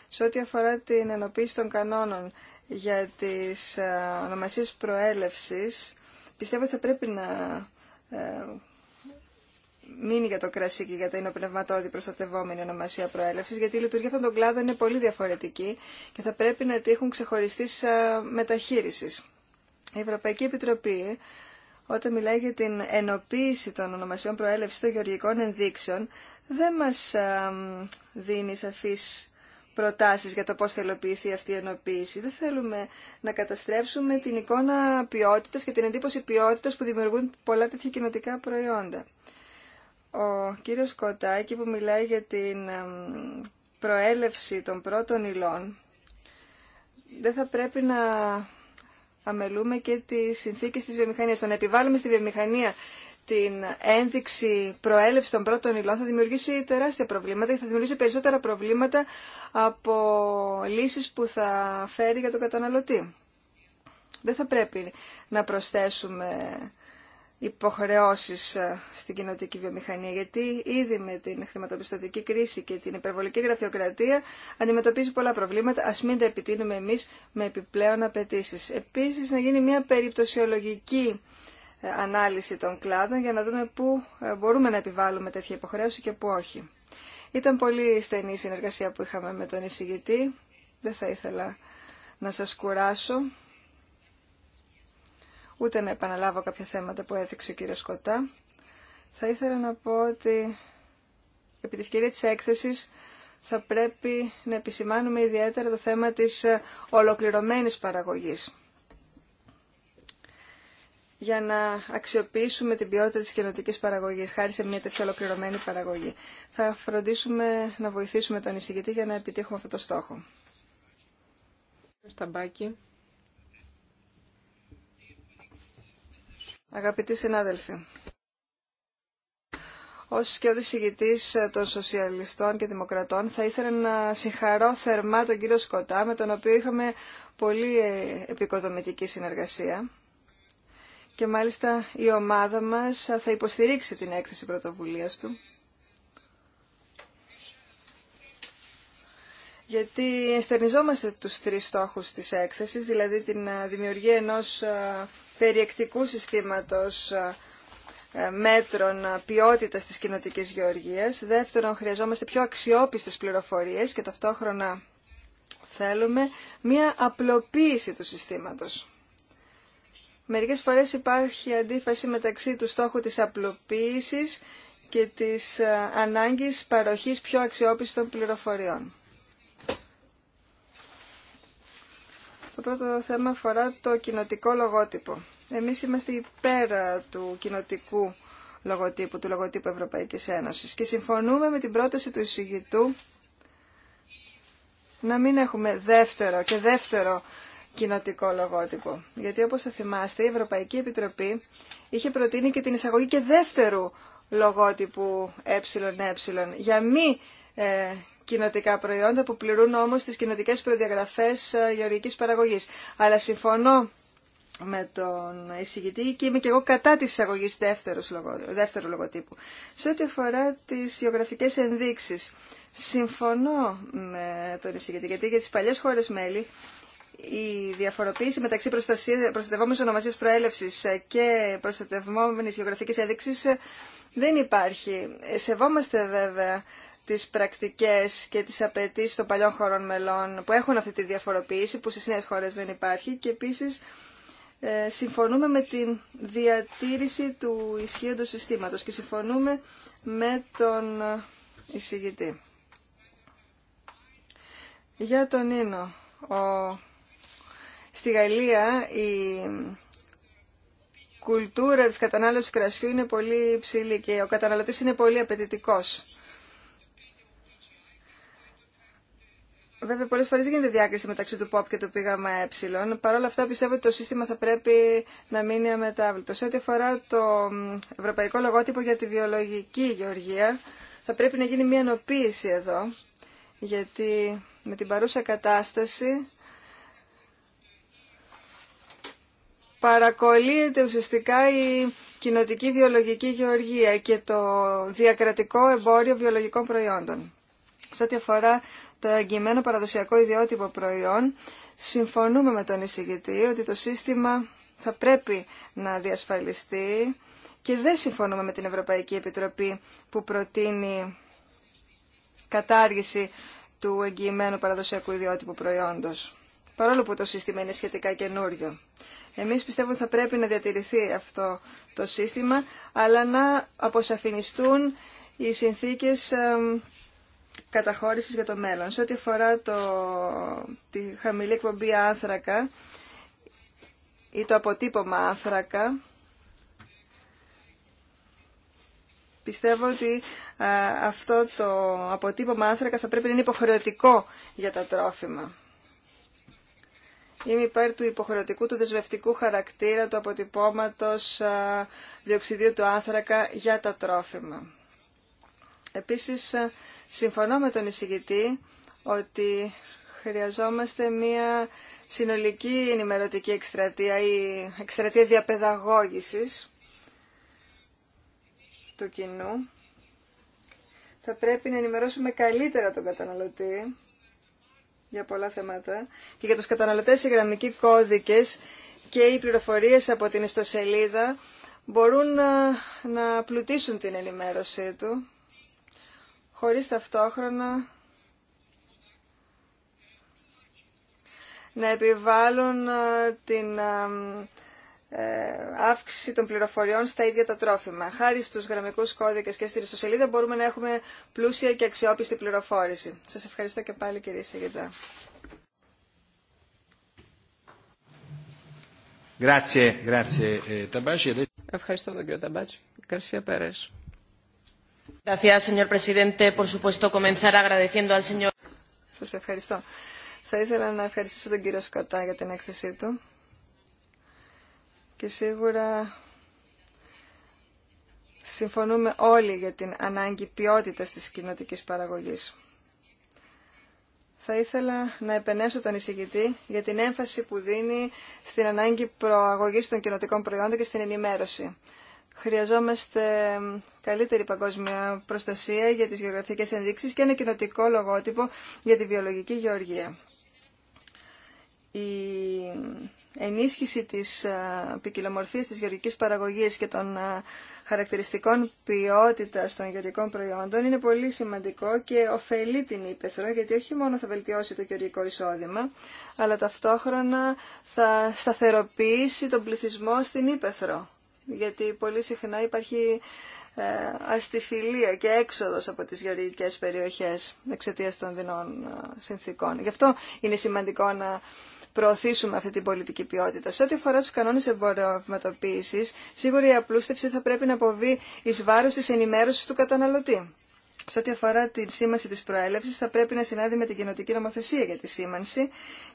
Σε ό,τι αφορά την ενοποίηση των κανόνων για τις ε, ονομασίες προέλευσης, πιστεύω ότι θα πρέπει να ε, μείνει για το κρασί και για τα εινοπνευματόδη προστατευόμενη ονομασία προέλευση, γιατί η λειτουργία αυτών των κλάδων είναι πολύ διαφορετική και θα πρέπει να τύχουν ξεχωριστή ε, μεταχείριση. Η Ευρωπαϊκή Επιτροπή όταν μιλάει για την ενοποίηση των ονομασιών προέλευσης των γεωργικών ενδείξεων, δεν μας δίνει σαφείς προτάσεις για το πώς θα υλοποιηθεί αυτή η ενοποίηση. Δεν θέλουμε να καταστρέψουμε την εικόνα ποιότητας και την εντύπωση ποιότητας που δημιουργούν πολλά τέτοια κοινοτικά προϊόντα. Ο κύριος Κοτάκη που μιλάει για την προέλευση των πρώτων υλών, δεν θα πρέπει να αμελούμε και τις συνθήκες της βιομηχανίας. Το να επιβάλλουμε στη βιομηχανία την ένδειξη προέλευση των πρώτων υλών θα δημιουργήσει τεράστια προβλήματα και θα δημιουργήσει περισσότερα προβλήματα από λύσεις που θα φέρει για τον καταναλωτή. Δεν θα πρέπει να προσθέσουμε υποχρεώσεις ε, στην κοινωτική βιομηχανία, γιατί ήδη με την χρηματοπιστωτική κρίση και την υπερβολική γραφειοκρατία αντιμετωπίζει πολλά προβλήματα, ας μην τα επιτείνουμε εμείς με επιπλέον απαιτήσει. Επίσης, να γίνει μια περιπτωσιολογική ε, ανάλυση των κλάδων για να δούμε πού ε, μπορούμε να επιβάλλουμε τέτοια υποχρέωση και πού όχι. Ήταν πολύ στενή η συνεργασία που είχαμε με τον εισηγητή. Δεν θα ήθελα να σας κουράσω ούτε να επαναλάβω κάποια θέματα που έδειξε ο κύριος Σκοτά. Θα ήθελα να πω ότι επί τη ευκαιρία της έκθεσης θα πρέπει να επισημάνουμε ιδιαίτερα το θέμα της ε, ολοκληρωμένης παραγωγής για να αξιοποιήσουμε την ποιότητα της κοινωτικής παραγωγής χάρη σε μια τέτοια ολοκληρωμένη παραγωγή. Θα φροντίσουμε να βοηθήσουμε τον εισηγητή για να επιτύχουμε αυτό το στόχο. Αγαπητοί συνάδελφοι, ως και ο των Σοσιαλιστών και Δημοκρατών θα ήθελα να συγχαρώ θερμά τον κύριο Σκοτά με τον οποίο είχαμε πολύ ε, επικοδομητική συνεργασία και μάλιστα η ομάδα μας θα υποστηρίξει την έκθεση πρωτοβουλίας του. γιατί εστερνιζόμαστε τους τρεις στόχους της έκθεσης, δηλαδή την ε, δημιουργία ενός ε, περιεκτικού συστήματος ε, ε, μέτρων ε, ποιότητας της κοινοτική γεωργίας. Δεύτερον, χρειαζόμαστε πιο αξιόπιστες πληροφορίες και ταυτόχρονα θέλουμε μία απλοποίηση του συστήματος. Μερικές φορές υπάρχει αντίφαση μεταξύ του στόχου της απλοποίησης και της ανάγκης παροχής πιο αξιόπιστων πληροφοριών. Το πρώτο θέμα αφορά το κοινοτικό λογότυπο. Εμείς είμαστε υπέρα του κοινοτικού λογοτύπου, του λογοτύπου Ευρωπαϊκής Ένωσης και συμφωνούμε με την πρόταση του εισηγητού να μην έχουμε δεύτερο και δεύτερο κοινοτικό λογότυπο. Γιατί όπως θα θυμάστε η Ευρωπαϊκή Επιτροπή είχε προτείνει και την εισαγωγή και δεύτερου λογότυπου ΕΕ για μη ε, κοινοτικά προϊόντα που πληρούν όμως τις κοινοτικές προδιαγραφές ε, γεωργικής παραγωγής. Αλλά συμφωνώ με τον εισηγητή και είμαι και εγώ κατά της εισαγωγής δεύτερου λογοτύπου. Σε ό,τι αφορά τις γεωγραφικές ενδείξεις, συμφωνώ με τον εισηγητή, γιατί για τις παλιές χώρες μέλη η διαφοροποίηση μεταξύ προστατευόμενης ονομασίας προέλευσης ε, και προστατευόμενης γεωγραφικής ένδειξης ε, δεν υπάρχει. Σεβόμαστε βέβαια τις πρακτικές και τις απαιτήσει των παλιών χωρών μελών που έχουν αυτή τη διαφοροποίηση που στις νέες χώρες δεν υπάρχει και επίσης ε, συμφωνούμε με τη διατήρηση του ισχύοντος συστήματος και συμφωνούμε με τον ε, εισηγητή. Για τον Ίνο, ο... στη Γαλλία η κουλτούρα της κατανάλωσης κρασιού είναι πολύ υψηλή και ο καταναλωτής είναι πολύ απαιτητικός. Βέβαια, πολλέ φορέ δεν γίνεται διάκριση μεταξύ του ΠΟΠ και του πήγαμα ε. Παρ' όλα αυτά, πιστεύω ότι το σύστημα θα πρέπει να μείνει αμετάβλητο. Σε ό,τι αφορά το ευρωπαϊκό λογότυπο για τη βιολογική γεωργία, θα πρέπει να γίνει μια ενοποίηση εδώ, γιατί με την παρούσα κατάσταση παρακολύεται ουσιαστικά η κοινοτική βιολογική γεωργία και το διακρατικό εμπόριο βιολογικών προϊόντων. Σε ό,τι αφορά το εγγυημένο παραδοσιακό ιδιότυπο προϊόν, συμφωνούμε με τον εισηγητή ότι το σύστημα θα πρέπει να διασφαλιστεί και δεν συμφωνούμε με την Ευρωπαϊκή Επιτροπή που προτείνει κατάργηση του εγγυημένου παραδοσιακού ιδιότυπου προϊόντος, παρόλο που το σύστημα είναι σχετικά καινούριο. Εμείς πιστεύουμε ότι θα πρέπει να διατηρηθεί αυτό το σύστημα, αλλά να αποσαφινιστούν οι συνθήκες καταχώρησης για το μέλλον. Σε ό,τι αφορά το, τη χαμηλή εκπομπή άνθρακα ή το αποτύπωμα άνθρακα, πιστεύω ότι αυτό το αποτύπωμα άνθρακα θα πρέπει να είναι υποχρεωτικό για τα τρόφιμα. Είμαι υπέρ του υποχρεωτικού, του δεσμευτικού χαρακτήρα του αποτυπώματος διοξιδίου του άνθρακα για τα τρόφιμα. Επίσης, Συμφωνώ με τον εισηγητή ότι χρειαζόμαστε μία συνολική ενημερωτική εκστρατεία ή εκστρατεία διαπαιδαγώγησης του κοινού. Θα πρέπει να ενημερώσουμε καλύτερα τον καταναλωτή για πολλά θέματα και για τους καταναλωτές οι γραμμικοί κώδικες και οι πληροφορίες από την ιστοσελίδα μπορούν να, να πλουτίσουν την ενημέρωσή του χωρίς ταυτόχρονα να επιβάλλουν ε, την ε, ε, αύξηση των πληροφοριών στα ίδια τα τρόφιμα. Χάρη στους γραμμικούς κώδικες και στη ριστοσελίδα μπορούμε να έχουμε πλούσια και αξιόπιστη πληροφόρηση. Σας ευχαριστώ και πάλι κυρία Σεγετά. Ευχαριστώ τον κύριο Ταμπάτσι. Καρσία Πέρες. Σα ευχαριστώ. Θα ήθελα να ευχαριστήσω τον κύριο Σκοτά για την έκθεσή του και σίγουρα συμφωνούμε όλοι για την ανάγκη ποιότητας της κοινοτικής παραγωγής. Θα ήθελα να επενέσω τον εισηγητή για την έμφαση που δίνει στην ανάγκη προαγωγής των κοινοτικών προϊόντων και στην ενημέρωση. Χρειαζόμαστε καλύτερη παγκόσμια προστασία για τις γεωγραφικές ενδείξεις και ένα κοινοτικό λογότυπο για τη βιολογική γεωργία. Η ενίσχυση της ποικιλομορφίας της γεωργικής παραγωγής και των χαρακτηριστικών ποιότητας των γεωργικών προϊόντων είναι πολύ σημαντικό και ωφελεί την ύπεθρο γιατί όχι μόνο θα βελτιώσει το γεωργικό εισόδημα αλλά ταυτόχρονα θα σταθεροποιήσει τον πληθυσμό στην ύπεθρο γιατί πολύ συχνά υπάρχει ε, αστιφιλία και έξοδος από τις γεωργικές περιοχές εξαιτίας των δεινών ε, συνθήκων. Γι' αυτό είναι σημαντικό να προωθήσουμε αυτή την πολιτική ποιότητα. Σε ό,τι αφορά τους κανόνες εμπορευματοποίησης, σίγουρα η απλούστευση θα πρέπει να αποβεί εις βάρος της ενημέρωσης του καταναλωτή. Σε ό,τι αφορά την σήμανση της προέλευσης θα πρέπει να συνάδει με την κοινοτική νομοθεσία για τη σήμανση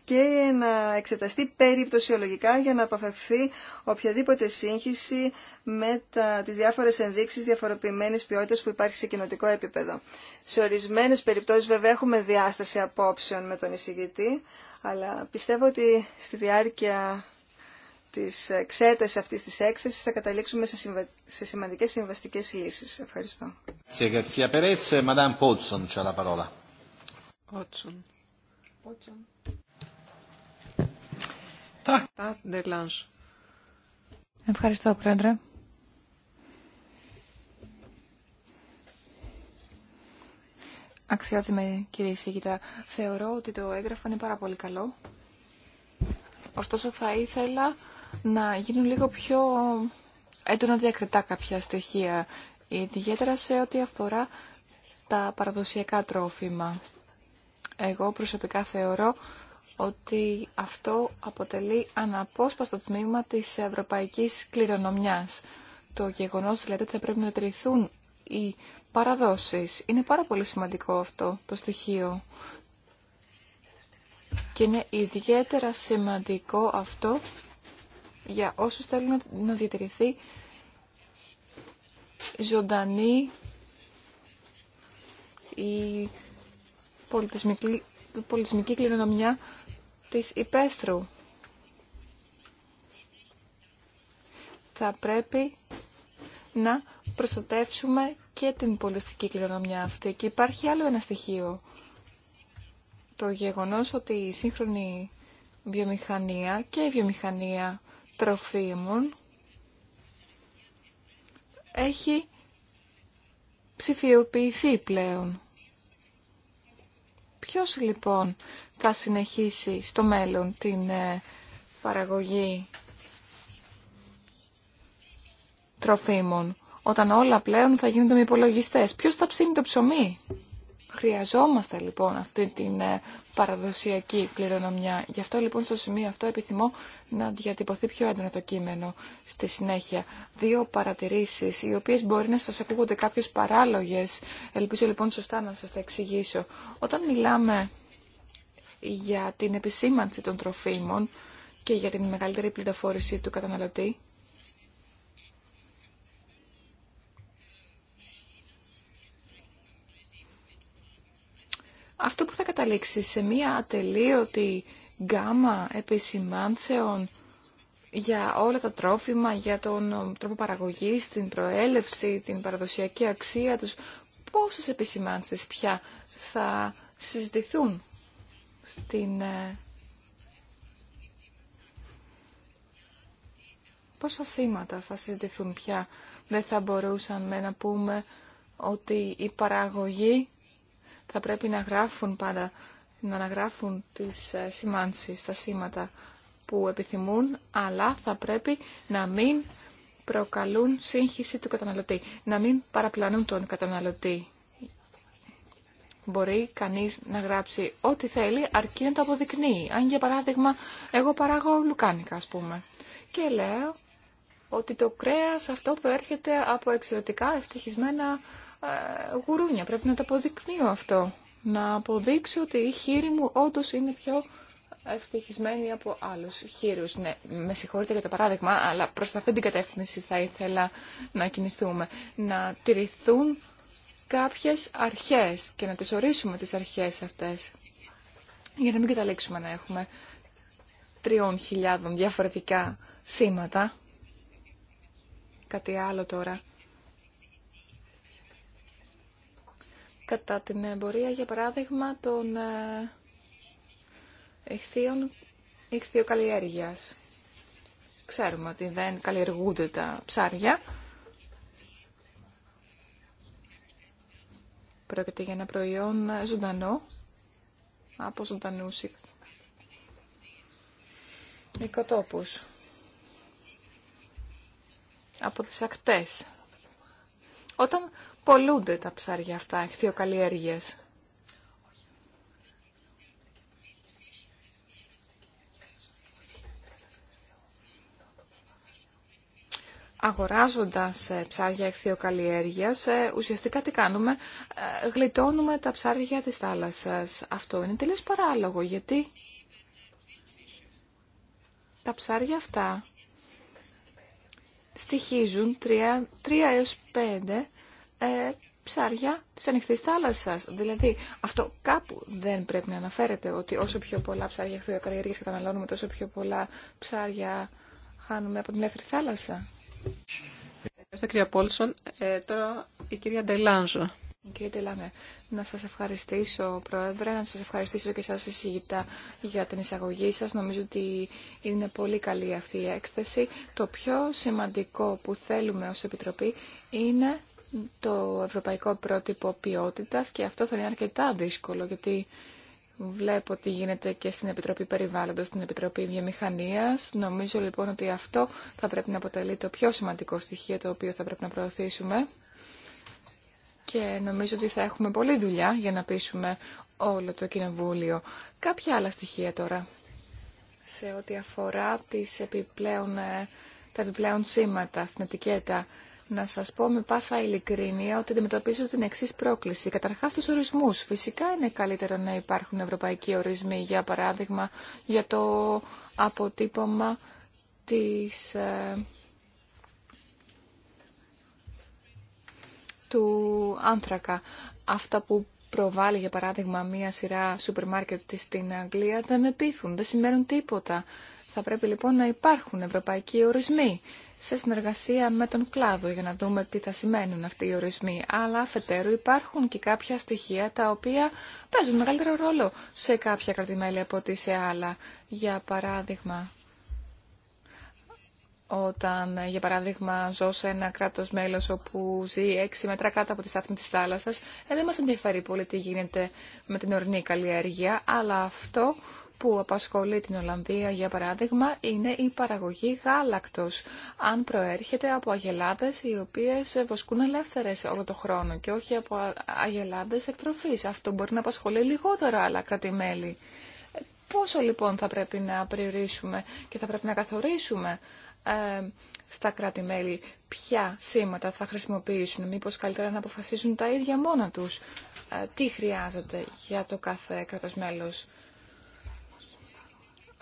και να εξεταστεί περιπτωσιολογικά για να αποφευθεί οποιαδήποτε σύγχυση με τι τις διάφορες ενδείξεις διαφοροποιημένης ποιότητας που υπάρχει σε κοινοτικό επίπεδο. Σε ορισμένες περιπτώσεις βέβαια έχουμε διάσταση απόψεων με τον εισηγητή, αλλά πιστεύω ότι στη διάρκεια της εξέτασης αυτής της έκθεσης θα καταλήξουμε σε, συμβα... σε σημαντικές συμβαστικές λύσεις. Ευχαριστώ. Ευχαριστώ, Πρόεδρε. Αξιότιμη κυρία Σίγητα, θεωρώ ότι το έγγραφο είναι πάρα πολύ καλό. Ωστόσο θα ήθελα να γίνουν λίγο πιο έντονα διακριτά κάποια στοιχεία, ιδιαίτερα σε ό,τι αφορά τα παραδοσιακά τρόφιμα. Εγώ προσωπικά θεωρώ ότι αυτό αποτελεί αναπόσπαστο τμήμα της ευρωπαϊκής κληρονομιάς. Το γεγονός δηλαδή ότι θα πρέπει να τριθούν οι παραδόσεις. Είναι πάρα πολύ σημαντικό αυτό το στοιχείο. Και είναι ιδιαίτερα σημαντικό αυτό για όσους θέλουν να διατηρηθεί ζωντανή η πολιτισμική, πολιτισμική κληρονομιά της υπαίθρου. Θα πρέπει να προστατεύσουμε και την πολιτιστική κληρονομιά αυτή. Και υπάρχει άλλο ένα στοιχείο. Το γεγονός ότι η σύγχρονη βιομηχανία και η βιομηχανία τροφίμων έχει ψηφιοποιηθεί πλέον. Ποιος λοιπόν θα συνεχίσει στο μέλλον την ε, παραγωγή τροφίμων, όταν όλα πλέον θα γίνονται με υπολογιστές. Ποιος θα ψήνει το ψωμί. Χρειαζόμαστε λοιπόν αυτή την ε, παραδοσιακή κληρονομιά. Γι' αυτό λοιπόν στο σημείο αυτό επιθυμώ να διατυπωθεί πιο έντονα το κείμενο στη συνέχεια. Δύο παρατηρήσεις οι οποίες μπορεί να σας ακούγονται κάποιες παράλογες. Ελπίζω λοιπόν σωστά να σας τα εξηγήσω. Όταν μιλάμε για την επισήμανση των τροφίμων και για την μεγαλύτερη πληροφόρηση του καταναλωτή, αυτό που θα καταλήξει σε μία ατελείωτη γκάμα επισημάνσεων για όλα τα τρόφιμα, για τον τρόπο παραγωγής, την προέλευση, την παραδοσιακή αξία τους. Πόσες επισημάνσεις πια θα συζητηθούν στην... Ε, πόσα σήματα θα συζητηθούν πια. Δεν θα μπορούσαμε να πούμε ότι η παραγωγή θα πρέπει να γράφουν πάντα, να αναγράφουν τις ε, σημάνσεις, τα σήματα που επιθυμούν, αλλά θα πρέπει να μην προκαλούν σύγχυση του καταναλωτή, να μην παραπλανούν τον καταναλωτή. Μπορεί κανείς να γράψει ό,τι θέλει, αρκεί να το αποδεικνύει. Αν για παράδειγμα, εγώ παράγω λουκάνικα, ας πούμε, και λέω ότι το κρέας αυτό προέρχεται από εξαιρετικά ευτυχισμένα ε, γουρούνια. Πρέπει να το αποδεικνύω αυτό. Να αποδείξω ότι η χείρη μου όντω είναι πιο ευτυχισμένη από άλλου χείρου. Ναι, με συγχωρείτε για το παράδειγμα, αλλά προ αυτή την κατεύθυνση θα ήθελα να κινηθούμε. Να τηρηθούν κάποιες αρχές και να τι ορίσουμε τις αρχές αυτές για να μην καταλήξουμε να έχουμε τριών χιλιάδων διαφορετικά σήματα. Κάτι άλλο τώρα κατά την εμπορία, για παράδειγμα, των ε, ηχθείων ηχθειοκαλλιέργειας. Ξέρουμε ότι δεν καλλιεργούνται τα ψάρια. Πρόκειται για ένα προϊόν ζωντανό, από ζωντανούς οικοτόπους, από τις ακτές. Όταν πολλούνται τα ψάρια αυτά, εχθειοκαλλιέργειες. Αγοράζοντας ε, ψάρια εχθειοκαλλιέργειας, ε, ουσιαστικά τι κάνουμε, ε, γλιτώνουμε τα ψάρια της θάλασσας. Αυτό είναι τελείως παράλογο, γιατί τα ψάρια αυτά στοιχίζουν 3, 3 έως 5 ε, ψάρια τη ανοιχτή θάλασσα. Δηλαδή, αυτό κάπου δεν πρέπει να αναφέρεται ότι όσο πιο πολλά ψάρια χθιοκαλλιεργείς καταναλώνουμε, τόσο πιο πολλά ψάρια χάνουμε από την ελεύθερη θάλασσα. Ευχαριστώ κυρία Πόλσον. Ε, τώρα η κυρία Ντελάνζο. Κύριε Τελάμε, να σας ευχαριστήσω, Πρόεδρε, να σας ευχαριστήσω και σας εισηγητά για την εισαγωγή σας. Νομίζω ότι είναι πολύ καλή αυτή η έκθεση. Το πιο σημαντικό που θέλουμε ως Επιτροπή είναι το ευρωπαϊκό πρότυπο ποιότητας και αυτό θα είναι αρκετά δύσκολο γιατί βλέπω ότι γίνεται και στην Επιτροπή Περιβάλλοντος, στην Επιτροπή Βιομηχανίας. Νομίζω λοιπόν ότι αυτό θα πρέπει να αποτελεί το πιο σημαντικό στοιχείο το οποίο θα πρέπει να προωθήσουμε και νομίζω ότι θα έχουμε πολλή δουλειά για να πείσουμε όλο το Κοινοβούλιο. Κάποια άλλα στοιχεία τώρα σε ό,τι αφορά τις επιπλέον, ε, τα επιπλέον σήματα στην ετικέτα να σας πω με πάσα ειλικρίνεια ότι αντιμετωπίζω την εξής πρόκληση. Καταρχάς τους ορισμούς. Φυσικά είναι καλύτερο να υπάρχουν ευρωπαϊκοί ορισμοί, για παράδειγμα, για το αποτύπωμα της, ε, του άνθρακα. Αυτά που προβάλλει, για παράδειγμα, μία σειρά σούπερ μάρκετ στην Αγγλία δεν με πείθουν, δεν σημαίνουν τίποτα. Θα πρέπει λοιπόν να υπάρχουν ευρωπαϊκοί ορισμοί σε συνεργασία με τον κλάδο για να δούμε τι θα σημαίνουν αυτοί οι ορισμοί. Αλλά αφετέρου υπάρχουν και κάποια στοιχεία τα οποία παίζουν μεγαλύτερο ρόλο σε κάποια κρατημέλη από ότι σε άλλα. Για παράδειγμα, όταν, για παράδειγμα, ζω σε ένα κράτος μέλος όπου ζει έξι μέτρα κάτω από τη στάθμη της θάλασσας, ε, δεν μας ενδιαφέρει πολύ τι γίνεται με την ορεινή καλλιέργεια, αλλά αυτό που απασχολεί την Ολλανδία, για παράδειγμα, είναι η παραγωγή γάλακτος. Αν προέρχεται από αγελάδες οι οποίες βοσκούν ελεύθερες όλο το χρόνο και όχι από αγελάδες εκτροφής. Αυτό μπορεί να απασχολεί λιγοτερα άλλα κρατημέλη. Πόσο λοιπόν θα πρέπει να περιορίσουμε και θα πρέπει να καθορίσουμε ε, στα κράτη-μέλη ποια σήματα θα χρησιμοποιήσουν, μήπως καλύτερα να αποφασίσουν τα ίδια μόνα τους, ε, τι χρειάζεται για το κάθε κράτος μέλος.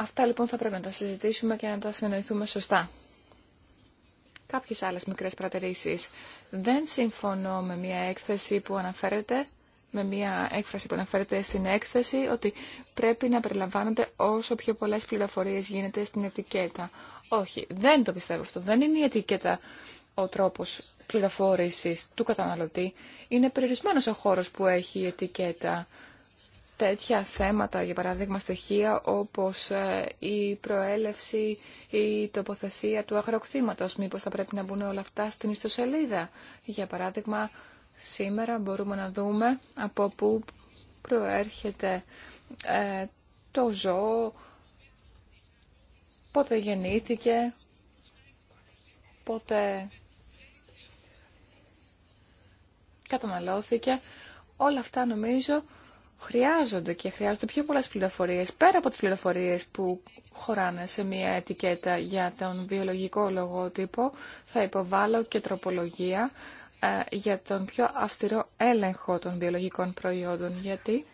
Αυτά λοιπόν θα πρέπει να τα συζητήσουμε και να τα συνεννοηθούμε σωστά. Κάποιες άλλες μικρές παρατηρήσεις. Δεν συμφωνώ με μια έκθεση που αναφέρεται, με μια έκφραση που αναφέρεται στην έκθεση, ότι πρέπει να περιλαμβάνονται όσο πιο πολλές πληροφορίες γίνεται στην ετικέτα. Όχι, δεν το πιστεύω αυτό. Δεν είναι η ετικέτα ο τρόπος πληροφόρησης του καταναλωτή. Είναι περιορισμένος ο χώρος που έχει η ετικέτα τέτοια θέματα, για παράδειγμα στοιχεία όπως ε, η προέλευση, η τοποθεσία του αγροκτήματος. Μήπως θα πρέπει να μπουν όλα αυτά στην ιστοσελίδα. Για παράδειγμα, σήμερα μπορούμε να δούμε από πού προέρχεται ε, το ζώο, πότε γεννήθηκε, πότε καταναλώθηκε. Όλα αυτά νομίζω χρειάζονται και χρειάζονται πιο πολλές πληροφορίες πέρα από τις πληροφορίες που χωράνε σε μια ετικέτα για τον βιολογικό λογότυπο θα υποβάλω και τροπολογία ε, για τον πιο αυστηρό έλεγχο των βιολογικών προϊόντων γιατί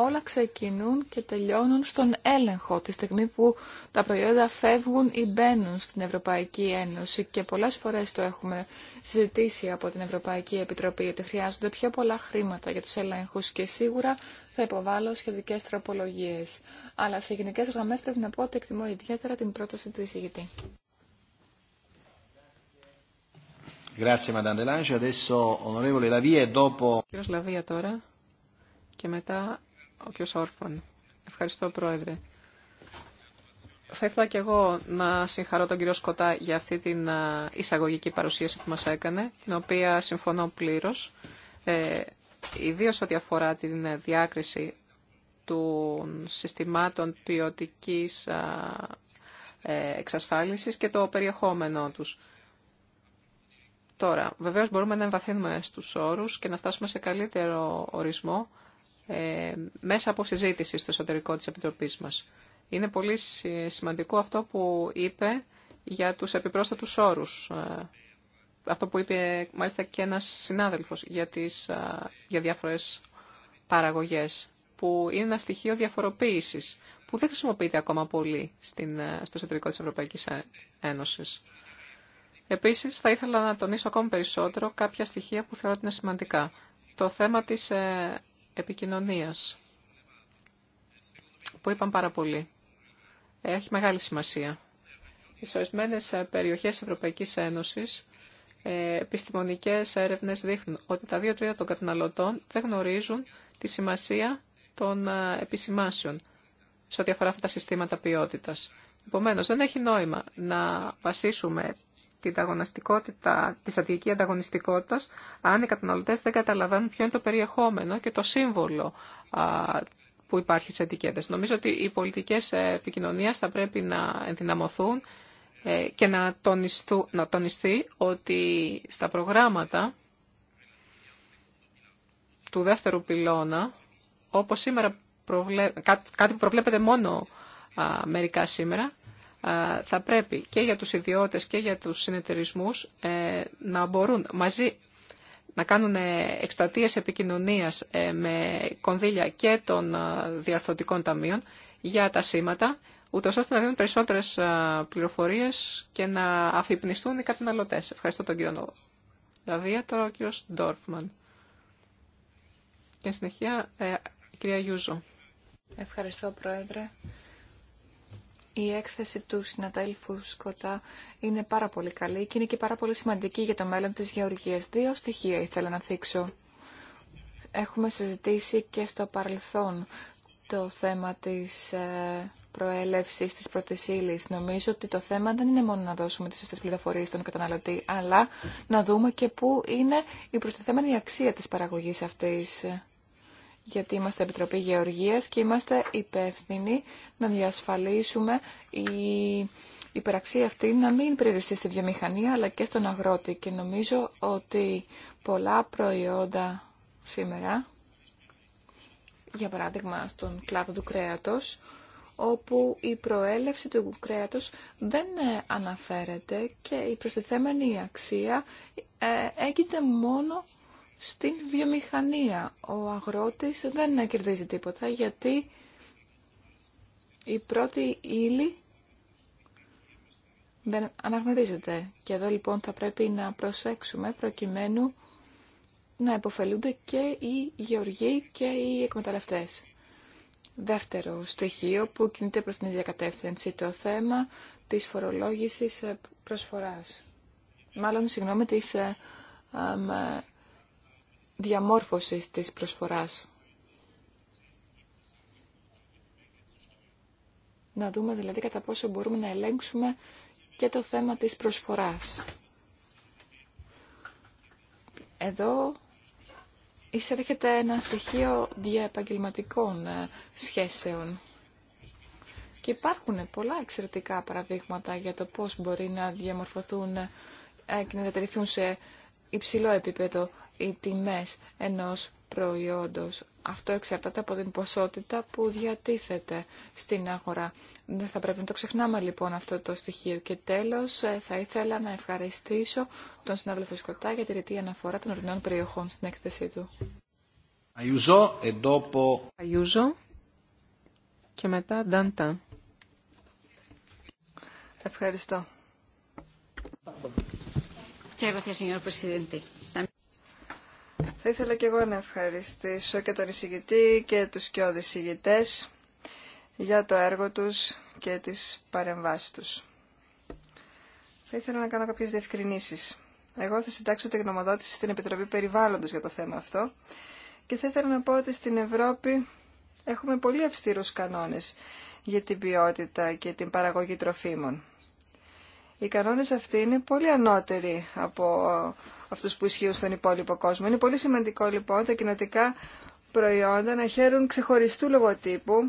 όλα ξεκινούν και τελειώνουν στον έλεγχο τη στιγμή που τα προϊόντα φεύγουν ή μπαίνουν στην Ευρωπαϊκή Ένωση και πολλές φορές το έχουμε συζητήσει από την Ευρωπαϊκή Επιτροπή ότι χρειάζονται πιο πολλά χρήματα για τους ελέγχους και σίγουρα θα υποβάλω σχετικέ τροπολογίες. Αλλά σε γενικέ γραμμές πρέπει να πω ότι εκτιμώ ιδιαίτερα την πρόταση του εισηγητή. E Κύριος Λαβία τώρα και μετά ο Όρφων. Ευχαριστώ, Πρόεδρε. Θα ήθελα και εγώ να συγχαρώ τον κύριο Σκοτά για αυτή την εισαγωγική παρουσίαση που μας έκανε, την οποία συμφωνώ πλήρως, ε, ιδίως ό,τι αφορά την διάκριση των συστημάτων ποιοτικής ε, εξασφάλισης και το περιεχόμενό τους. Τώρα, βεβαίως μπορούμε να εμβαθύνουμε στους όρους και να φτάσουμε σε καλύτερο ορισμό ε, μέσα από συζήτηση στο εσωτερικό της Επιτροπής μας. Είναι πολύ σημαντικό αυτό που είπε για τους επιπρόσθετους όρους. Ε, αυτό που είπε μάλιστα και ένας συνάδελφος για, τις, ε, για διάφορες παραγωγές, που είναι ένα στοιχείο διαφοροποίησης, που δεν χρησιμοποιείται ακόμα πολύ στην, στο εσωτερικό της Ευρωπαϊκής Ένωσης. Επίσης, θα ήθελα να τονίσω ακόμη περισσότερο κάποια στοιχεία που θεωρώ ότι είναι σημαντικά. Το θέμα της επικοινωνίας που είπαν πάρα πολύ. Ε, έχει μεγάλη σημασία. Σε ορισμένε ε, περιοχές Ευρωπαϊκής Ένωσης ε, επιστημονικές έρευνες δείχνουν ότι τα δύο τρία των καταναλωτών δεν γνωρίζουν τη σημασία των επισημάσεων σε ό,τι αφορά αυτά τα συστήματα ποιότητας. Επομένως, δεν έχει νόημα να βασίσουμε την ανταγωνιστικότητα, τη στρατηγική ανταγωνιστικότητα, αν οι καταναλωτέ δεν καταλαβαίνουν ποιο είναι το περιεχόμενο και το σύμβολο που υπάρχει σε ετικέτε. Νομίζω ότι οι πολιτικές επικοινωνία θα πρέπει να ενδυναμωθούν ε, και να, τονιστού, να τονιστεί ότι στα προγράμματα του δεύτερου πυλώνα, όπως σήμερα προβλέ... κάτι που προβλέπεται μόνο μερικά σήμερα, θα πρέπει και για τους ιδιώτες και για τους συνεταιρισμούς ε, να μπορούν μαζί να κάνουν ε, εκστατείες επικοινωνίας ε, με κονδύλια και των διαρθωτικών ταμείων για τα σήματα, ούτως ώστε να δίνουν περισσότερες πληροφορίες και να αφυπνιστούν οι καταναλωτές. Ευχαριστώ τον κύριο Δηλαδή, τώρα ο κύριος Ντόρφμαν. Και συνεχεία κυρία Γιούζο. Ευχαριστώ, Πρόεδρε. Η έκθεση του συναδέλφου Σκοτά είναι πάρα πολύ καλή και είναι και πάρα πολύ σημαντική για το μέλλον της γεωργίας. Δύο στοιχεία ήθελα να θίξω. Έχουμε συζητήσει και στο παρελθόν το θέμα της ε, προέλευσης της πρώτης ύλη. Νομίζω ότι το θέμα δεν είναι μόνο να δώσουμε τις σωστές πληροφορίες στον καταναλωτή, αλλά να δούμε και πού είναι η προστιθέμενη αξία της παραγωγής αυτής γιατί είμαστε Επιτροπή Γεωργίας και είμαστε υπεύθυνοι να διασφαλίσουμε η υπεραξία αυτή να μην περιοριστεί στη βιομηχανία αλλά και στον αγρότη. Και νομίζω ότι πολλά προϊόντα σήμερα, για παράδειγμα στον κλάδο του κρέατος, όπου η προέλευση του κρέατος δεν αναφέρεται και η προστιθέμενη αξία ε, έγινε μόνο στην βιομηχανία. Ο αγρότης δεν κερδίζει τίποτα γιατί η πρώτη ύλη δεν αναγνωρίζεται. Και εδώ λοιπόν θα πρέπει να προσέξουμε προκειμένου να υποφελούνται και οι γεωργοί και οι εκμεταλλευτές. Δεύτερο στοιχείο που κινείται προς την ίδια κατεύθυνση, το θέμα της φορολόγησης προσφοράς. Μάλλον, συγγνώμη, της ε, ε, διαμόρφωσης της προσφοράς. Να δούμε δηλαδή κατά πόσο μπορούμε να ελέγξουμε και το θέμα της προσφοράς. Εδώ εισέρχεται ένα στοιχείο διαεπαγγελματικών ε, σχέσεων. Και υπάρχουν πολλά εξαιρετικά παραδείγματα για το πώς μπορεί να διαμορφωθούν ε, και να διατηρηθούν σε υψηλό επίπεδο οι τιμές ενός προϊόντος. Αυτό εξαρτάται από την ποσότητα που διατίθεται στην αγορά. Δεν θα πρέπει να το ξεχνάμε λοιπόν αυτό το στοιχείο. Και τέλος ε, θα ήθελα να ευχαριστήσω τον συνάδελφο Σκοτά για τη ρητή αναφορά των ορεινών περιοχών στην έκθεσή του. Αιούζο, εντόπο... Αιούζο και μετά Ντάντα. Ευχαριστώ. gracias, señor θα ήθελα και εγώ να ευχαριστήσω και τον εισηγητή και τους και εισηγητές για το έργο τους και τις παρεμβάσεις τους. Θα ήθελα να κάνω κάποιες διευκρινήσεις. Εγώ θα συντάξω τη γνωμοδότηση στην Επιτροπή Περιβάλλοντος για το θέμα αυτό και θα ήθελα να πω ότι στην Ευρώπη έχουμε πολύ αυστηρούς κανόνες για την ποιότητα και την παραγωγή τροφίμων. Οι κανόνες αυτοί είναι πολύ ανώτεροι από αυτούς που ισχύουν στον υπόλοιπο κόσμο. Είναι πολύ σημαντικό λοιπόν τα κοινοτικά προϊόντα να χαίρουν ξεχωριστού λογοτύπου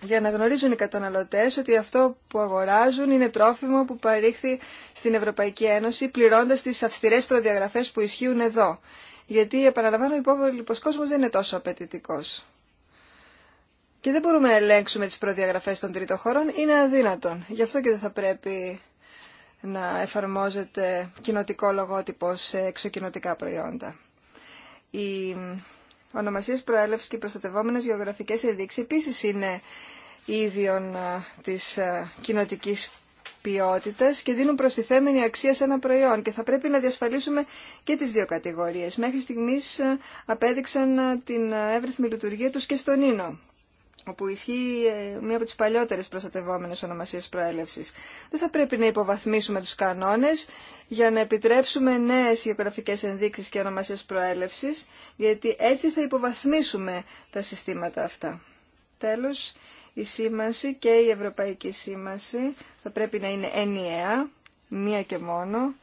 για να γνωρίζουν οι καταναλωτέ ότι αυτό που αγοράζουν είναι τρόφιμο που παρήχθη στην Ευρωπαϊκή Ένωση πληρώντας τις αυστηρές προδιαγραφές που ισχύουν εδώ. Γιατί, επαναλαμβάνω, ο υπόλοιπο κόσμο δεν είναι τόσο απαιτητικό. Και δεν μπορούμε να ελέγξουμε τις προδιαγραφές των τρίτων χωρών, είναι αδύνατον. Γι' αυτό και δεν θα πρέπει να εφαρμόζεται κοινοτικό λογότυπο σε εξωκοινοτικά προϊόντα. Οι ονομασίες προέλευσης και οι προστατευόμενες γεωγραφικές ενδείξεις επίσης είναι ίδιων της κοινοτικής ποιότητας και δίνουν προστιθέμενη αξία σε ένα προϊόν και θα πρέπει να διασφαλίσουμε και τις δύο κατηγορίες. Μέχρι στιγμής απέδειξαν την εύρυθμη λειτουργία τους και στον Ίνο όπου ισχύει ε, μία από τις παλιότερες προστατευόμενες ονομασίες προέλευσης. Δεν θα πρέπει να υποβαθμίσουμε τους κανόνες για να επιτρέψουμε νέες γεωγραφικές ενδείξεις και ονομασίες προέλευσης, γιατί έτσι θα υποβαθμίσουμε τα συστήματα αυτά. Τέλος, η σήμανση και η ευρωπαϊκή σήμανση θα πρέπει να είναι ενιαία, μία και μόνο,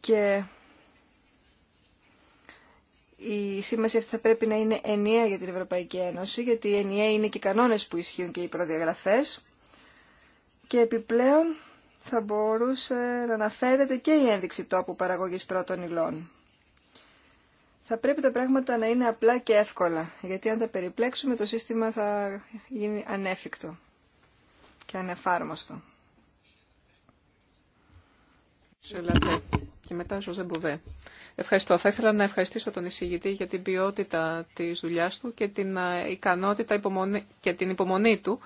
και η σήμασή αυτή θα πρέπει να είναι ενιαία για την Ευρωπαϊκή Ένωση, γιατί ενιαία είναι και οι κανόνες που ισχύουν και οι προδιαγραφές. Και επιπλέον θα μπορούσε να αναφέρεται και η ένδειξη τόπου παραγωγής πρώτων υλών. Θα πρέπει τα πράγματα να είναι απλά και εύκολα, γιατί αν τα περιπλέξουμε το σύστημα θα γίνει ανέφικτο και ανεφάρμοστο. Και μετά Ζωζέ Μποβέ. Ευχαριστώ. Θα ήθελα να ευχαριστήσω τον εισηγητή για την ποιότητα της δουλειάς του και την ικανότητα υπομονή, και την υπομονή του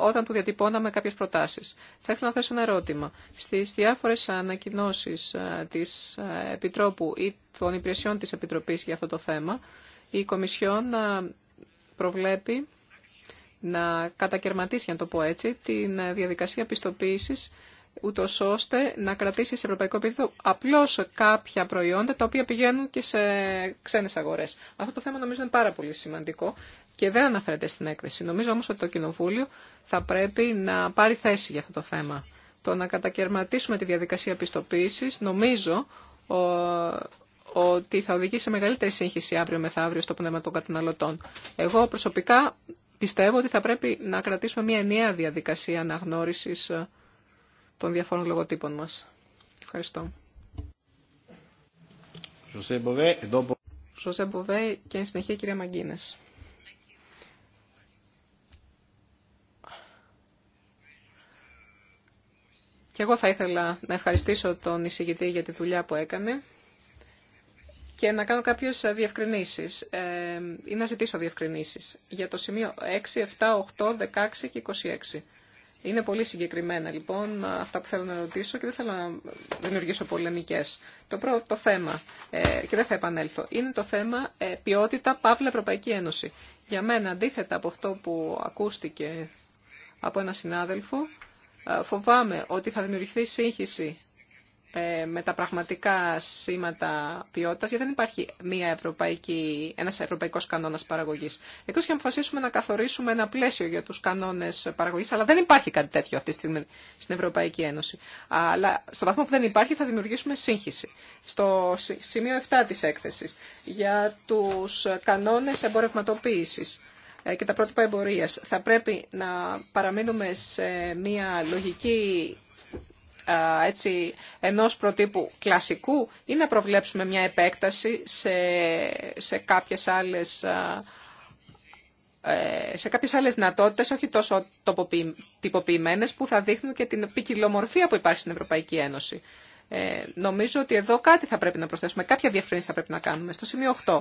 όταν του διατυπώναμε κάποιες προτάσεις. Θα ήθελα να θέσω ένα ερώτημα. Στις διάφορες ανακοινώσεις της Επιτρόπου ή των υπηρεσιών της Επιτροπής για αυτό το θέμα, η Κομισιόν προβλέπει να κατακαιρματίσει, να το πω έτσι, την διαδικασία πιστοποίησης ούτω ώστε να κρατήσει σε ευρωπαϊκό επίπεδο απλώ κάποια προϊόντα τα οποία πηγαίνουν και σε ξένε αγορέ. Αυτό το θέμα νομίζω είναι πάρα πολύ σημαντικό και δεν αναφέρεται στην έκθεση. Νομίζω όμω ότι το Κοινοβούλιο θα πρέπει να πάρει θέση για αυτό το θέμα. Το να κατακαιρματίσουμε τη διαδικασία πιστοποίηση νομίζω ότι θα οδηγήσει σε μεγαλύτερη σύγχυση αύριο μεθαύριο στο πνεύμα των καταναλωτών. Εγώ προσωπικά πιστεύω ότι θα πρέπει να κρατήσουμε μια ενιαία διαδικασία αναγνώρισης των διαφόρων λογοτύπων μας. Ευχαριστώ. Ζωσέ Μποβέ και εν συνεχεία κυρία Μαγκίνες. Και εγώ θα ήθελα να ευχαριστήσω τον εισηγητή για τη δουλειά που έκανε και να κάνω κάποιες διευκρινήσεις ε, ή να ζητήσω διευκρινήσεις για το σημείο 6, 7, 8, 16 και 26. Είναι πολύ συγκεκριμένα λοιπόν αυτά που θέλω να ρωτήσω και δεν θέλω να δημιουργήσω πολεμικέ. Το πρώτο θέμα, ε, και δεν θα επανέλθω, είναι το θέμα ε, ποιότητα Παύλα Ευρωπαϊκή Ένωση. Για μένα, αντίθετα από αυτό που ακούστηκε από ένα συνάδελφο, ε, φοβάμαι ότι θα δημιουργηθεί σύγχυση ε, με τα πραγματικά σήματα ποιότητα γιατί δεν υπάρχει μια ευρωπαϊκή, ένας ευρωπαϊκός κανόνας παραγωγής. Εκτός και να αποφασίσουμε να καθορίσουμε ένα πλαίσιο για τους κανόνες παραγωγής, αλλά δεν υπάρχει κάτι τέτοιο αυτή τη στιγμή στην Ευρωπαϊκή Ένωση. Αλλά στο βαθμό που δεν υπάρχει θα δημιουργήσουμε σύγχυση. Στο σημείο 7 της έκθεσης, για τους κανόνες εμπορευματοποίησης ε, και τα πρότυπα εμπορίας. Θα πρέπει να παραμείνουμε σε μια λογική έτσι, ενός προτύπου κλασικού ή να προβλέψουμε μια επέκταση σε, σε κάποιες άλλες ε, σε κάποιες άλλες δυνατότητες, όχι τόσο τυποποιημένες, που θα δείχνουν και την ποικιλομορφία που υπάρχει στην Ευρωπαϊκή Ένωση. Ε, νομίζω ότι εδώ κάτι θα πρέπει να προσθέσουμε, κάποια διευκρίνηση θα πρέπει να κάνουμε. Στο σημείο 8,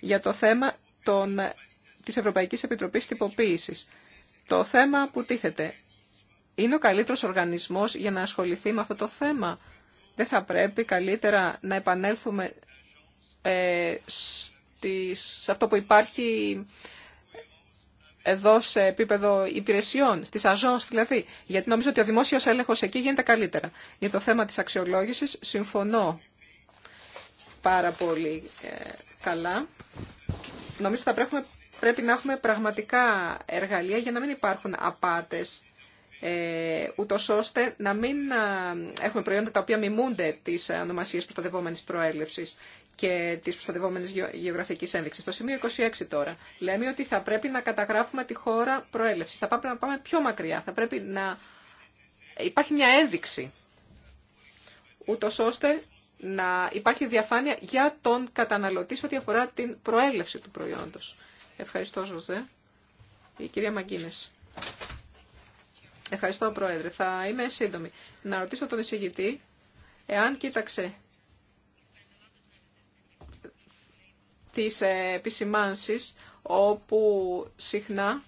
για το θέμα των, της Ευρωπαϊκής Επιτροπής Τυποποίησης. Το θέμα που τίθεται είναι ο καλύτερος οργανισμός για να ασχοληθεί με αυτό το θέμα. Δεν θα πρέπει καλύτερα να επανέλθουμε ε, στις, σε αυτό που υπάρχει εδώ σε επίπεδο υπηρεσιών, στις αζώνες δηλαδή. Γιατί νομίζω ότι ο δημόσιος έλεγχος εκεί γίνεται καλύτερα. Για το θέμα της αξιολόγησης συμφωνώ πάρα πολύ ε, καλά. Νομίζω ότι πρέπει, πρέπει να έχουμε πραγματικά εργαλεία για να μην υπάρχουν απάτες ε, ούτω ώστε να μην ε, έχουμε προϊόντα τα οποία μιμούνται τι ονομασίε προστατευόμενη προέλευση και τη προστατευόμενη γεωγραφική ένδειξη. Στο σημείο 26 τώρα λέμε ότι θα πρέπει να καταγράφουμε τη χώρα προέλευση. Θα πρέπει να πάμε πιο μακριά. Θα πρέπει να υπάρχει μια ένδειξη, ούτω ώστε να υπάρχει διαφάνεια για τον καταναλωτή σε ό,τι αφορά την προέλευση του προϊόντος. Ευχαριστώ, Ζωζέ. Η κυρία Μαγκίνες. Ευχαριστώ, Πρόεδρε. Θα είμαι σύντομη. Να ρωτήσω τον εισηγητή, εάν κοίταξε τις επισημάνσεις όπου συχνά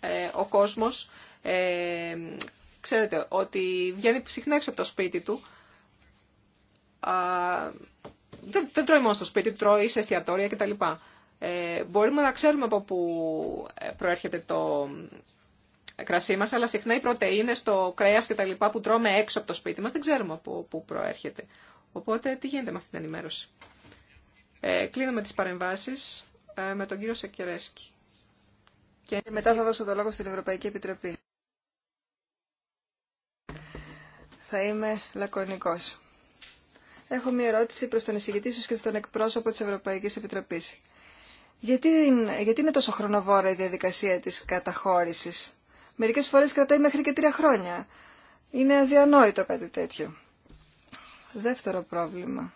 ε, ο κόσμος, ε, ξέρετε, ότι βγαίνει συχνά έξω από το σπίτι του, δεν, δεν τρώει μόνο στο σπίτι, τρώει σε εστιατόρια κτλ. Ε, μπορούμε να ξέρουμε από πού ε, προέρχεται το κρασί αλλά συχνά οι πρωτεΐνες, το κρέας και τα λοιπά που τρώμε έξω από το σπίτι μας, δεν ξέρουμε από πού προέρχεται. Οπότε τι γίνεται με αυτή την ενημέρωση. Ε, κλείνουμε τις παρεμβάσεις ε, με τον κύριο Σεκερέσκι. Και... μετά θα δώσω το λόγο στην Ευρωπαϊκή Επιτροπή. Θα είμαι λακωνικός. Έχω μία ερώτηση προς τον εισηγητή σας και στον εκπρόσωπο της Ευρωπαϊκής Επιτροπής. Γιατί, γιατί είναι τόσο χρονοβόρα η διαδικασία της καταχώρησης μερικές φορές κρατάει μέχρι και τρία χρόνια. Είναι αδιανόητο κάτι τέτοιο. Δεύτερο πρόβλημα.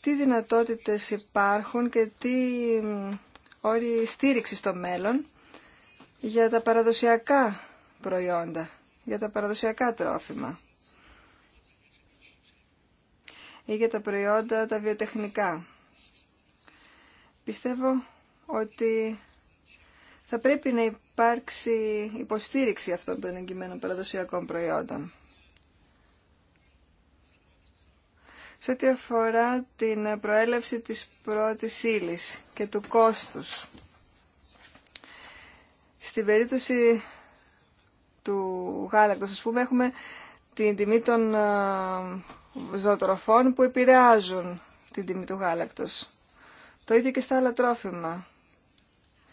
Τι δυνατότητες υπάρχουν και τι όροι στήριξη στο μέλλον για τα παραδοσιακά προϊόντα, για τα παραδοσιακά τρόφιμα ή για τα προϊόντα τα βιοτεχνικά. Πιστεύω ότι θα πρέπει να υπάρξει υποστήριξη αυτών των εγκυμένων παραδοσιακών προϊόντων. Σε ό,τι αφορά την προέλευση της πρώτης ύλη και του κόστους, στην περίπτωση του γάλακτος, ας πούμε, έχουμε την τιμή των ε, ζωοτροφών που επηρεάζουν την τιμή του γάλακτος. Το ίδιο και στα άλλα τρόφιμα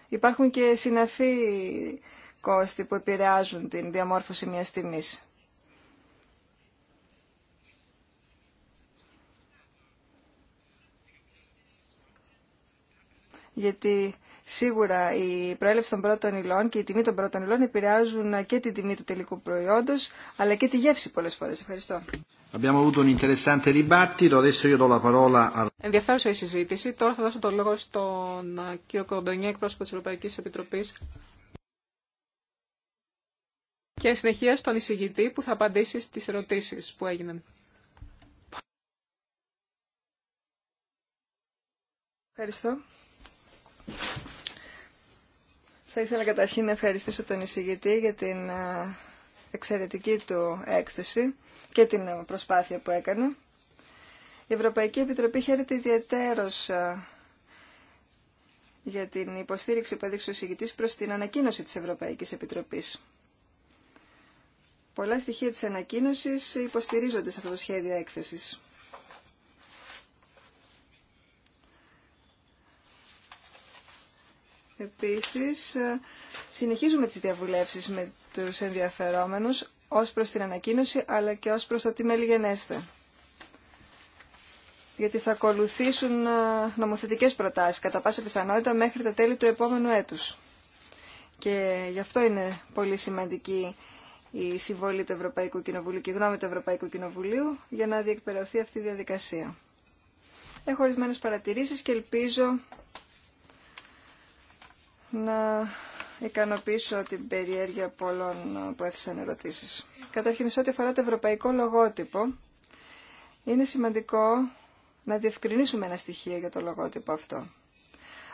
υπάρχουν και συναφή κόστη που επηρεάζουν την διαμόρφωση μιας τιμής. Γιατί σίγουρα η προέλευση των πρώτων υλών και η τιμή των πρώτων υλών επηρεάζουν και την τιμή του τελικού προϊόντος, αλλά και τη γεύση πολλές φορές. Ευχαριστώ. Ενδιαφέρουσα η συζήτηση. Τώρα θα δώσω το λόγο στον ε, κύριο Κορμπενιέ, εκπρόσωπο τη Ευρωπαϊκή Επιτροπή. Και συνεχεία στον εισηγητή που θα απαντήσει στι ερωτήσει που έγιναν. Ευχαριστώ. Θα ήθελα καταρχήν να ευχαριστήσω τον εισηγητή για την ε, εξαιρετική του έκθεση και την προσπάθεια που έκανε. Η Ευρωπαϊκή Επιτροπή χαίρεται ιδιαίτερος ε, για την υποστήριξη που έδειξε ο συγητής προς την ανακοίνωση της Ευρωπαϊκής Επιτροπής. Πολλά στοιχεία της ανακοίνωσης υποστηρίζονται σε αυτό το σχέδιο έκθεσης. Επίσης, ε, συνεχίζουμε τις διαβουλεύσεις με τους ενδιαφερόμενους, ως προς την ανακοίνωση αλλά και ως προς το τι μελιγενέστε. Γιατί θα ακολουθήσουν ε, νομοθετικές προτάσεις κατά πάσα πιθανότητα μέχρι τα τέλη του επόμενου έτους. Και γι' αυτό είναι πολύ σημαντική η συμβολή του Ευρωπαϊκού Κοινοβουλίου και η γνώμη του Ευρωπαϊκού Κοινοβουλίου για να διεκπαιρεωθεί αυτή η διαδικασία. Έχω ορισμένε παρατηρήσεις και ελπίζω να ικανοποιήσω την περιέργεια πολλών ε, που έθεσαν ερωτήσεις. Καταρχήν, σε ό,τι αφορά το ευρωπαϊκό λογότυπο, είναι σημαντικό να διευκρινίσουμε ένα στοιχείο για το λογότυπο αυτό.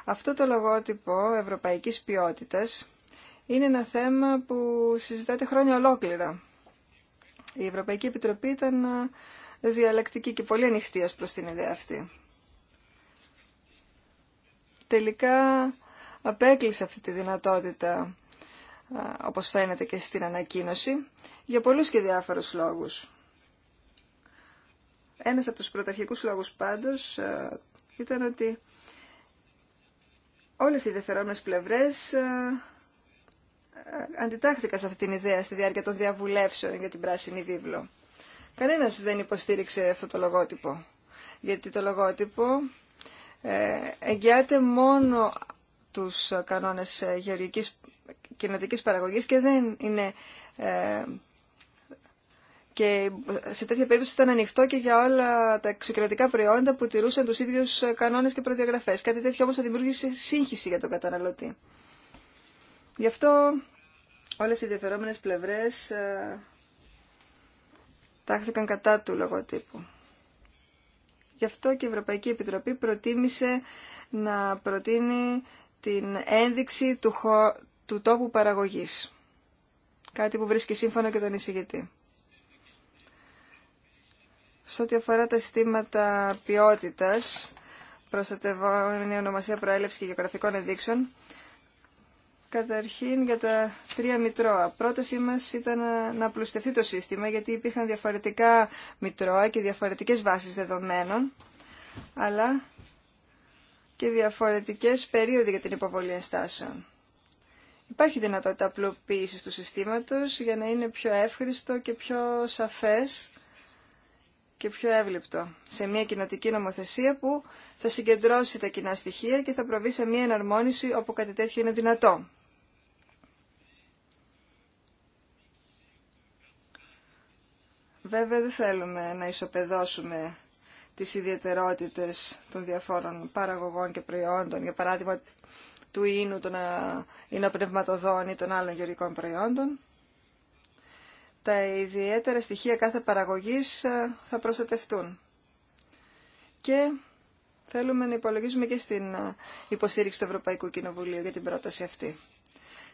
Αυτό το λογότυπο ευρωπαϊκής ποιότητας είναι ένα θέμα που συζητάται χρόνια ολόκληρα. Η Ευρωπαϊκή Επιτροπή ήταν ε, διαλεκτική και πολύ ανοιχτή ως προς την ιδέα αυτή. Τελικά απέκλεισε αυτή τη δυνατότητα, όπως φαίνεται και στην ανακοίνωση, για πολλούς και διάφορους λόγους. Ένας από τους πρωταρχικούς λόγους πάντως ήταν ότι όλες οι διαφερόμενες πλευρές αντιτάχθηκαν σε αυτή την ιδέα στη διάρκεια των διαβουλεύσεων για την πράσινη βίβλο. Κανένας δεν υποστήριξε αυτό το λογότυπο, γιατί το λογότυπο ε, εγγυάται μόνο τους ε, κανόνες ε, γεωργικής κοινοτικής παραγωγής και δεν είναι... Ε, και σε τέτοια περίπτωση ήταν ανοιχτό και για όλα τα εξωκρατικά προϊόντα που τηρούσαν τους ίδιους ε, κανόνες και προδιαγραφές. Κάτι τέτοιο όμως θα δημιούργησε σύγχυση για τον καταναλωτή. Γι' αυτό όλες οι ενδιαφερόμενες πλευρές ε, τάχθηκαν κατά του λογοτύπου. Γι' αυτό και η Ευρωπαϊκή Επιτροπή προτίμησε να προτείνει την ένδειξη του, του τόπου παραγωγής. Κάτι που βρίσκει σύμφωνο και τον εισηγητή. Σε ό,τι αφορά τα συστήματα ποιότητας, προστατευόμενη ονομασία προέλευση και γεωγραφικών ενδείξεων, Καταρχήν για τα τρία μητρώα. Πρότασή μας ήταν να απλουστευτεί το σύστημα γιατί υπήρχαν διαφορετικά μητρώα και διαφορετικές βάσεις δεδομένων, αλλά και διαφορετικές περίοδοι για την υποβολή ενστάσεων. Υπάρχει δυνατότητα απλοποίησης του συστήματος για να είναι πιο εύχριστο και πιο σαφές και πιο εύληπτο σε μια κοινοτική νομοθεσία που θα συγκεντρώσει τα κοινά στοιχεία και θα προβεί σε μια εναρμόνιση όπου κάτι τέτοιο είναι δυνατό. Βέβαια δεν θέλουμε να ισοπεδώσουμε τις ιδιαιτερότητες των διαφόρων παραγωγών και προϊόντων, για παράδειγμα του ίνου, των ινοπνευματοδών ή των άλλων γεωργικών προϊόντων. Τα ιδιαίτερα στοιχεία κάθε παραγωγής θα προστατευτούν. Και θέλουμε να υπολογίζουμε και στην υποστήριξη του Ευρωπαϊκού Κοινοβουλίου για την πρόταση αυτή.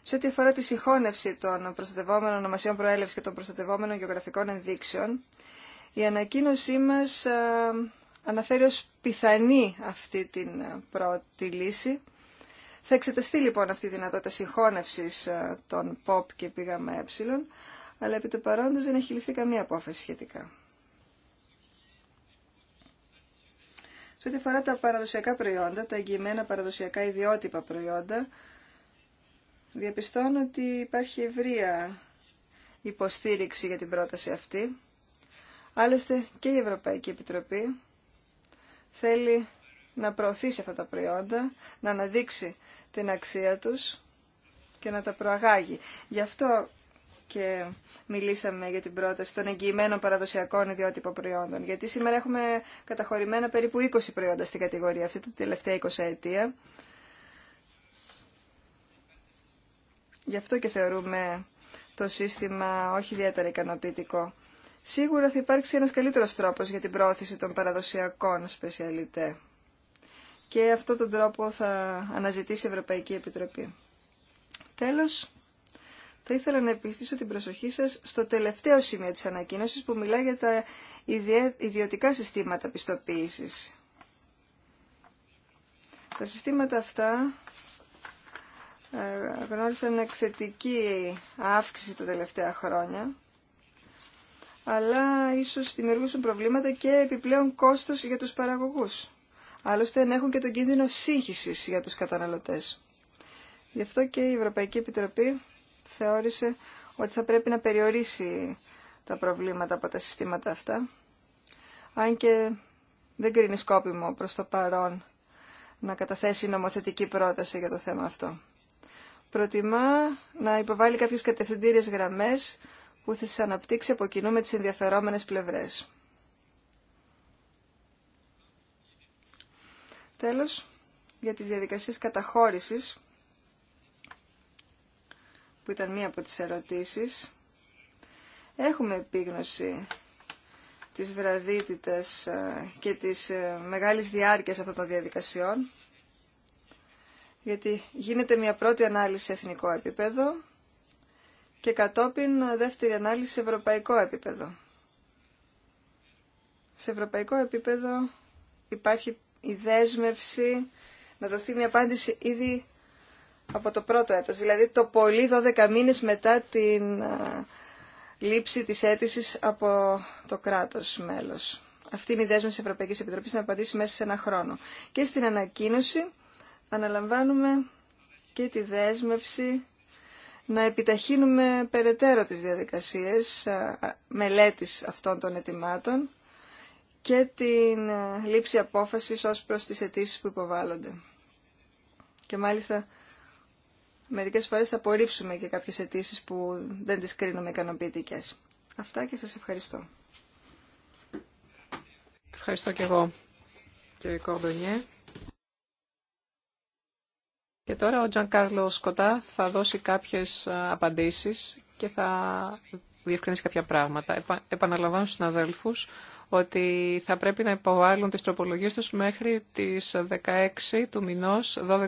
Σε ό,τι αφορά τη συγχώνευση των προστατευόμενων ονομασιών προέλευση και των προστατευόμενων γεωγραφικών ενδείξεων, η ανακοίνωσή μας ε, αναφέρει ως πιθανή αυτή την ε, πρώτη λύση. Θα εξεταστεί λοιπόν αυτή η δυνατότητα συγχώνευσης ε, των ΠΟΠ και πήγαμε ε, αλλά επί του παρόντος δεν έχει ληφθεί καμία απόφαση σχετικά. Σε ό,τι αφορά τα παραδοσιακά προϊόντα, τα εγγυημένα παραδοσιακά ιδιότυπα προϊόντα, διαπιστώνω ότι υπάρχει ευρεία υποστήριξη για την πρόταση αυτή. Άλλωστε και η Ευρωπαϊκή Επιτροπή θέλει να προωθήσει αυτά τα προϊόντα, να αναδείξει την αξία τους και να τα προαγάγει. Γι' αυτό και μιλήσαμε για την πρόταση των εγγυημένων παραδοσιακών ιδιότυπων προϊόντων. Γιατί σήμερα έχουμε καταχωρημένα περίπου 20 προϊόντα στην κατηγορία αυτή την τελευταία 20 ετία. Γι' αυτό και θεωρούμε το σύστημα όχι ιδιαίτερα ικανοποιητικό. Σίγουρα θα υπάρξει ένας καλύτερος τρόπος για την πρόωθηση των παραδοσιακών σπεσιαλιτέ. Και αυτόν τον τρόπο θα αναζητήσει η Ευρωπαϊκή Επιτροπή. Τέλος, θα ήθελα να επιστήσω την προσοχή σας στο τελευταίο σημείο της ανακοίνωσης που μιλά για τα ιδιωτικά συστήματα πιστοποίησης. Τα συστήματα αυτά ε, γνώρισαν εκθετική αύξηση τα τελευταία χρόνια αλλά ίσως δημιουργούσαν προβλήματα και επιπλέον κόστος για τους παραγωγούς. Άλλωστε ενέχουν και τον κίνδυνο σύγχυση για τους καταναλωτές. Γι' αυτό και η Ευρωπαϊκή Επιτροπή θεώρησε ότι θα πρέπει να περιορίσει τα προβλήματα από τα συστήματα αυτά, αν και δεν κρίνει σκόπιμο προς το παρόν να καταθέσει νομοθετική πρόταση για το θέμα αυτό. Προτιμά να υποβάλει κάποιες κατευθυντήριες γραμμές που θα σας αναπτύξει από κοινού με τις ενδιαφερόμενες πλευρές. Τέλος, για τις διαδικασίες καταχώρησης, που ήταν μία από τις ερωτήσεις, έχουμε επίγνωση της βραδύτητας ε, και της ε, μεγάλης διάρκειας αυτών των διαδικασιών, γιατί γίνεται μια πρώτη ανάλυση σε εθνικό επίπεδο και κατόπιν δεύτερη ανάλυση σε ευρωπαϊκό επίπεδο. Σε ευρωπαϊκό επίπεδο υπάρχει η δέσμευση να δοθεί μια απάντηση ήδη από το πρώτο έτος, δηλαδή το πολύ 12 μήνες μετά την λήψη της αίτηση από το κράτος μέλος. Αυτή είναι η δέσμευση της Ευρωπαϊκής Επιτροπής να απαντήσει μέσα σε ένα χρόνο. Και στην ανακοίνωση αναλαμβάνουμε και τη δέσμευση να επιταχύνουμε περαιτέρω τις διαδικασίες μελέτης αυτών των ετοιμάτων και την λήψη απόφασης ως προς τις αιτήσει που υποβάλλονται. Και μάλιστα μερικές φορές θα απορρίψουμε και κάποιες αιτήσει που δεν τις κρίνουμε ικανοποιητικέ. Αυτά και σας ευχαριστώ. Ευχαριστώ και εγώ κύριε Κορδονιέ. Και τώρα ο Τζαν Κάρλο Σκοτά θα δώσει κάποιες ε, απαντήσεις και θα διευκρινίσει κάποια πράγματα. επαναλαμβάνω στους αδέλφους ότι θα πρέπει να υποβάλουν τις τροπολογίες τους μέχρι τις 16 του μηνός, 12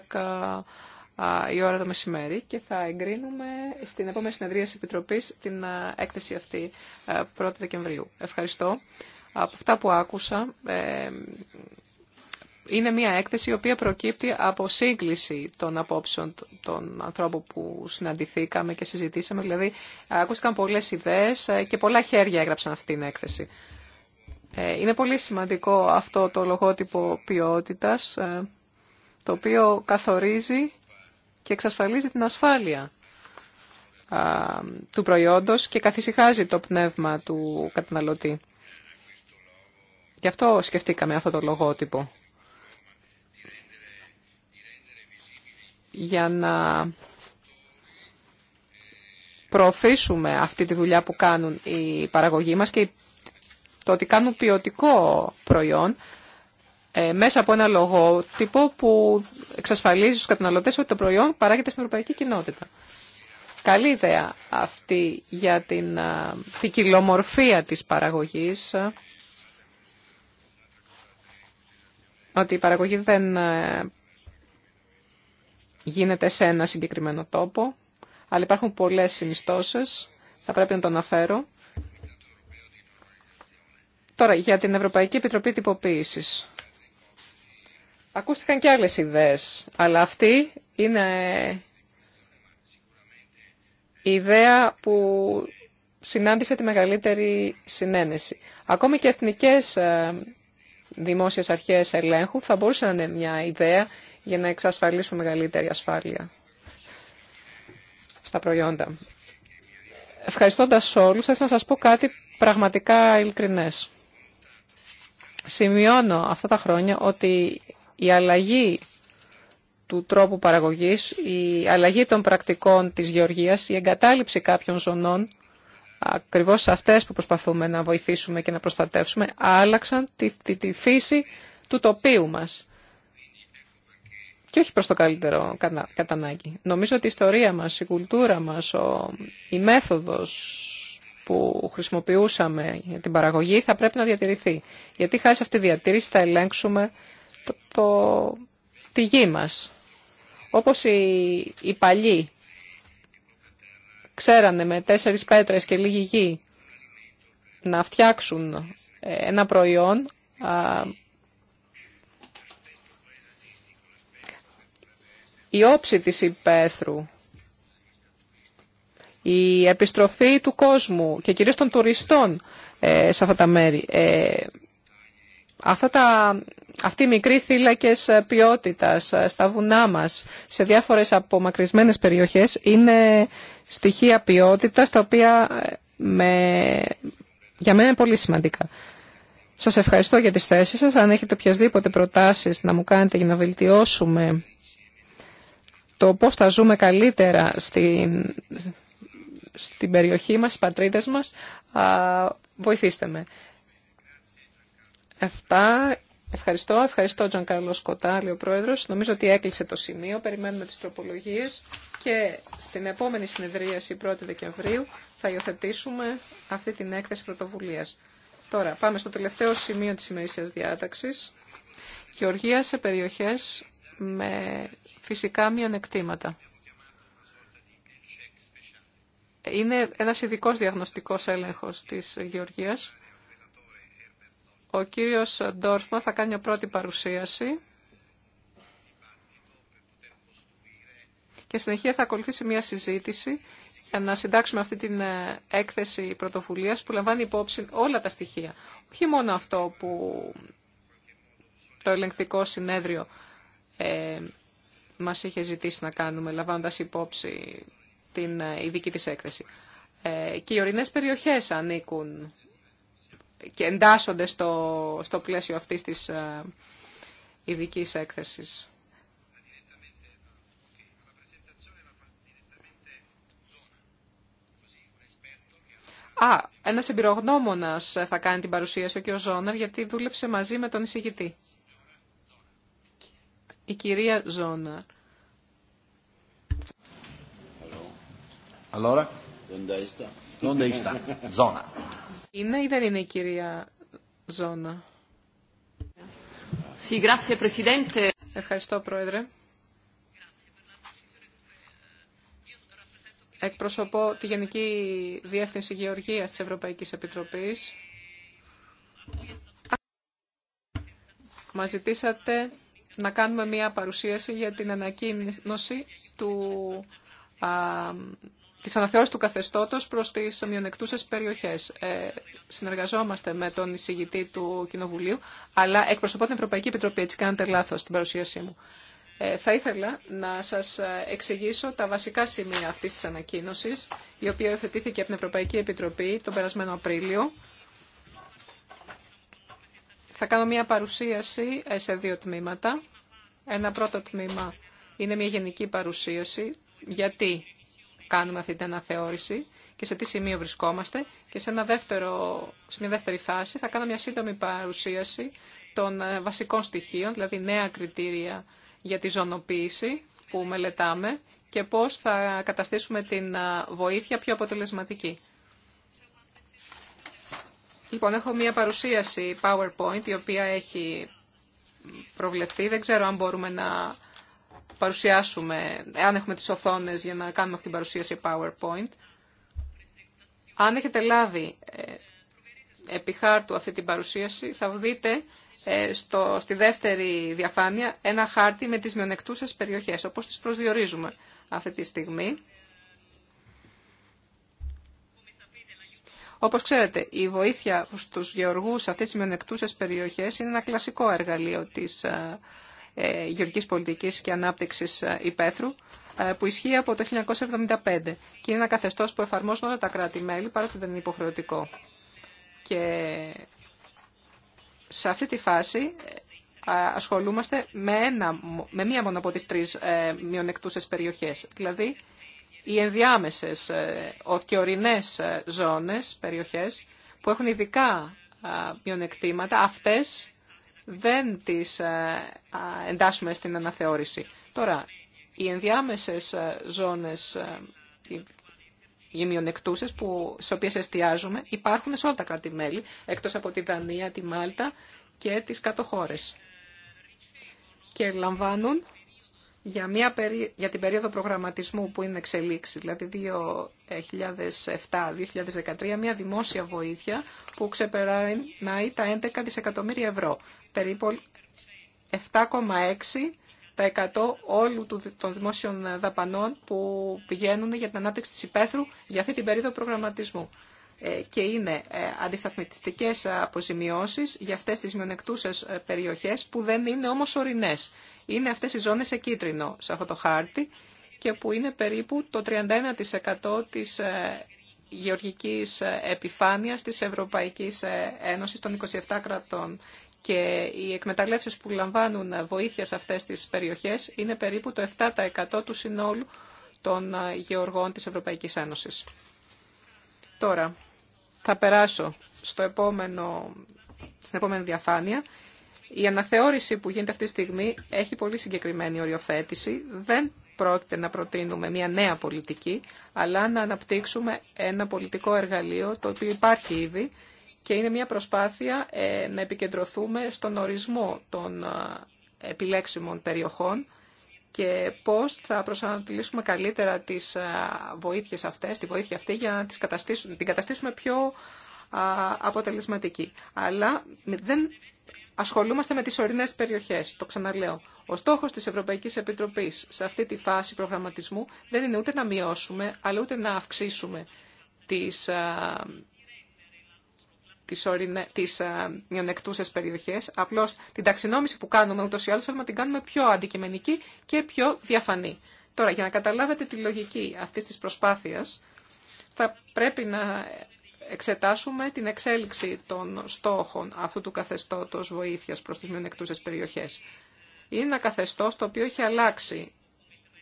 η ώρα το μεσημέρι και θα εγκρίνουμε στην επόμενη συνεδρία της Επιτροπής την ε, έκθεση αυτή 1η ε, Δεκεμβρίου. Ευχαριστώ. Από αυτά που άκουσα, είναι μια έκθεση η οποία προκύπτει από σύγκληση των απόψεων των ανθρώπων που συναντηθήκαμε και συζητήσαμε. Δηλαδή, ακούστηκαν πολλέ ιδέες ε, και πολλά χέρια έγραψαν αυτή την έκθεση. Ε, είναι πολύ σημαντικό αυτό το λογότυπο ποιότητας, ε, το οποίο καθορίζει και εξασφαλίζει την ασφάλεια του προϊόντος και καθησυχάζει το πνεύμα του καταναλωτή. Γι' αυτό σκεφτήκαμε αυτό το λογότυπο. για να προωθήσουμε αυτή τη δουλειά που κάνουν οι παραγωγοί μας και το ότι κάνουν ποιοτικό προϊόν ε, μέσα από ένα λογότυπο που εξασφαλίζει στους καταναλωτές ότι το προϊόν παράγεται στην ευρωπαϊκή κοινότητα. Καλή ιδέα αυτή για την ποικιλομορφία ε, της παραγωγής, ε, ότι η παραγωγή δεν γίνεται σε ένα συγκεκριμένο τόπο, αλλά υπάρχουν πολλές συνιστώσεις, θα πρέπει να το αναφέρω. Τώρα, για την Ευρωπαϊκή Επιτροπή Τυποποίησης. Ακούστηκαν και άλλες ιδέες, αλλά αυτή είναι η ιδέα που συνάντησε τη μεγαλύτερη συνένεση. Ακόμη και εθνικές ε, δημόσιες αρχές ελέγχου θα μπορούσε να είναι μια ιδέα για να εξασφαλίσουμε μεγαλύτερη ασφάλεια στα προϊόντα. Ευχαριστώντας όλους, θα ήθελα να σας πω κάτι πραγματικά ειλικρινές. Σημειώνω αυτά τα χρόνια ότι η αλλαγή του τρόπου παραγωγής, η αλλαγή των πρακτικών της γεωργίας, η εγκατάλειψη κάποιων ζωνών, ακριβώς αυτές που προσπαθούμε να βοηθήσουμε και να προστατεύσουμε, άλλαξαν τη, τη, τη φύση του τοπίου μας και όχι προς το καλύτερο κατά, ανάγκη. Νομίζω ότι η ιστορία μας, η κουλτούρα μας, ο, η μέθοδος που χρησιμοποιούσαμε για την παραγωγή θα πρέπει να διατηρηθεί. Γιατί χάρη σε αυτή τη διατήρηση θα ελέγξουμε το, το, τη γη μας. Όπως οι, οι παλιοί ξέρανε με τέσσερις πέτρες και λίγη γη να φτιάξουν ε, ένα προϊόν η όψη της υπαίθρου, η επιστροφή του κόσμου και κυρίως των τουριστών ε, σε αυτά τα μέρη. Ε, αυτά τα, αυτοί οι μικροί θύλακες ε, ποιότητας ε, στα βουνά μας, σε διάφορες απομακρυσμένες περιοχές, είναι στοιχεία ποιότητας τα οποία με, για μένα είναι πολύ σημαντικά. Σας ευχαριστώ για τις θέσεις σας. Αν έχετε οποιασδήποτε προτάσεις να μου κάνετε για να βελτιώσουμε το πώς θα ζούμε καλύτερα στην, στην περιοχή μας, στις πατρίδες μας, βοηθήστε με. Αυτά. Ευχαριστώ. Ευχαριστώ, Τζον Καρλό Σκοτάλη, ο Πρόεδρος. Νομίζω ότι έκλεισε το σημείο. Περιμένουμε τις τροπολογίες και στην επόμενη συνεδρίαση, 1η Δεκεμβρίου, θα υιοθετήσουμε αυτή την έκθεση πρωτοβουλίας. Τώρα, πάμε στο τελευταίο σημείο της ημερήσιας διάταξης. Γεωργία σε περιοχές με φυσικά μειονεκτήματα. Είναι ένας ειδικός διαγνωστικός έλεγχος της Γεωργίας. Ο κύριος Ντόρφμα θα κάνει μια πρώτη παρουσίαση και συνεχεία θα ακολουθήσει μια συζήτηση για να συντάξουμε αυτή την ε, έκθεση πρωτοβουλίας που λαμβάνει υπόψη όλα τα στοιχεία. Όχι μόνο αυτό που το ελεγκτικό συνέδριο ε, μας είχε ζητήσει να κάνουμε, λαμβάνοντας υπόψη την ειδική της έκθεση. Ε, και οι ορεινές περιοχές ανήκουν και εντάσσονται στο, στο πλαίσιο αυτής της ε, ειδική έκθεσης. Α, ένας εμπειρογνώμονας θα κάνει την παρουσίαση, ο κ. Ζόναρ, γιατί δούλεψε μαζί με τον εισηγητή η κυρία Ζώνα. Allora? Είναι ή δεν είναι η κυρία Ζώνα. ζωνα Ευχαριστώ, Πρόεδρε. Εκπροσωπώ τη Γενική Διεύθυνση Γεωργίας της Ευρωπαϊκής Επιτροπής. Μας ζητήσατε να κάνουμε μια παρουσίαση για την ανακοίνωση του, α, της αναθεώρησης του καθεστώτος προς τις μειονεκτούσες περιοχές. Ε, συνεργαζόμαστε με τον εισηγητή του Κοινοβουλίου, αλλά εκπροσωπώ την Ευρωπαϊκή Επιτροπή, έτσι κάνετε λάθος στην παρουσίασή μου. Ε, θα ήθελα να σας εξηγήσω τα βασικά σημεία αυτής της ανακοίνωσης, η οποία υιοθετήθηκε από την Ευρωπαϊκή Επιτροπή τον περασμένο Απρίλιο θα κάνω μια παρουσίαση ε, σε δύο τμήματα. Ένα πρώτο τμήμα είναι μια γενική παρουσίαση, γιατί κάνουμε αυτή την αναθεώρηση και σε τι σημείο βρισκόμαστε. Και σε, ένα δεύτερο, σε μια δεύτερη φάση θα κάνω μια σύντομη παρουσίαση των ε, βασικών στοιχείων, δηλαδή νέα κριτήρια για τη ζωνοποίηση που μελετάμε και πώς θα καταστήσουμε την ε, βοήθεια πιο αποτελεσματική. Λοιπόν, έχω μία παρουσίαση PowerPoint, η οποία έχει προβλεφθεί. Δεν ξέρω αν μπορούμε να παρουσιάσουμε, αν έχουμε τις οθόνες για να κάνουμε αυτή την παρουσίαση PowerPoint. Αν έχετε λάβει ε, επί χάρτου αυτή την παρουσίαση, θα δείτε ε, στο, στη δεύτερη διαφάνεια ένα χάρτη με τις μειονεκτούσες περιοχές, όπως τις προσδιορίζουμε αυτή τη στιγμή. Όπως ξέρετε, η βοήθεια στου γεωργού σε αυτές τι μειονεκτούσε περιοχές είναι ένα κλασικό εργαλείο της ε, πολιτική ε, πολιτικής και ανάπτυξης ε, υπαίθρου ε, που ισχύει από το 1975 και είναι ένα καθεστώς που εφαρμόζουν όλα τα κράτη-μέλη παρά ότι δεν είναι υποχρεωτικό. Και σε αυτή τη φάση ασχολούμαστε με, ένα, με μία μόνο από τις τρεις ε, μειονεκτούσες περιοχές. Δηλαδή, οι ενδιάμεσες ε, και ορεινές ε, ζώνες, περιοχές που έχουν ειδικά μειονεκτήματα, αυτές δεν τις ε, εντάσσουμε στην αναθεώρηση. Τώρα, οι ενδιάμεσες ζώνες, οι μειονεκτούσες που, σε οποίες εστιάζουμε υπάρχουν σε όλα τα κράτη-μέλη, εκτός από τη Δανία, τη Μάλτα και τις κάτω χώρες. Και λαμβάνουν για, μια περί... για την περίοδο προγραμματισμού που είναι εξελίξη, δηλαδή 2007-2013, ε, μια δημόσια βοήθεια που ξεπερνάει τα 11 δισεκατομμύρια ευρώ, περίπου 7,6% όλου των δημόσιων δαπανών που πηγαίνουν για την ανάπτυξη της υπαίθρου για αυτή την περίοδο προγραμματισμού. Ε, και είναι ε, αντισταθμιστικές αποζημιώσεις για αυτές τις μειονεκτούσες ε, περιοχές που δεν είναι όμως ορεινές. Είναι αυτές οι ζώνες σε κίτρινο σε αυτό το χάρτη και που είναι περίπου το 31% της γεωργικής επιφάνειας της Ευρωπαϊκής Ένωσης των 27 κρατών. Και οι εκμεταλλεύσεις που λαμβάνουν βοήθεια σε αυτές τις περιοχές είναι περίπου το 7% του συνόλου των γεωργών της Ευρωπαϊκής Ένωσης. Τώρα, θα περάσω στο επόμενο, στην επόμενη διαφάνεια. Η αναθεώρηση που γίνεται αυτή τη στιγμή έχει πολύ συγκεκριμένη οριοθέτηση. Δεν πρόκειται να προτείνουμε μια νέα πολιτική, αλλά να αναπτύξουμε ένα πολιτικό εργαλείο το οποίο υπάρχει ήδη και είναι μια προσπάθεια ε, να επικεντρωθούμε στον ορισμό των ε, επιλέξιμων περιοχών και πώς θα προσανατολίσουμε καλύτερα τις βοήθειες αυτές, τη βοήθεια αυτή για να τις την καταστήσουμε πιο αποτελεσματική. Αλλά δεν ασχολούμαστε με τις ορεινές περιοχές, το ξαναλέω. Ο στόχος της Ευρωπαϊκής Επιτροπής σε αυτή τη φάση προγραμματισμού δεν είναι ούτε να μειώσουμε, αλλά ούτε να αυξήσουμε τις τις, ορεινε, τις ε, μειονεκτούσες περιοχές. Απλώς την ταξινόμηση που κάνουμε ούτως ή άλλως θέλουμε να την κάνουμε πιο αντικειμενική και πιο διαφανή. Τώρα, για να καταλάβετε τη λογική αυτής της προσπάθειας, θα πρέπει να εξετάσουμε την εξέλιξη των στόχων αυτού του καθεστώτος βοήθειας προς τις μειονεκτούσες περιοχές. Είναι ένα καθεστώς το οποίο έχει αλλάξει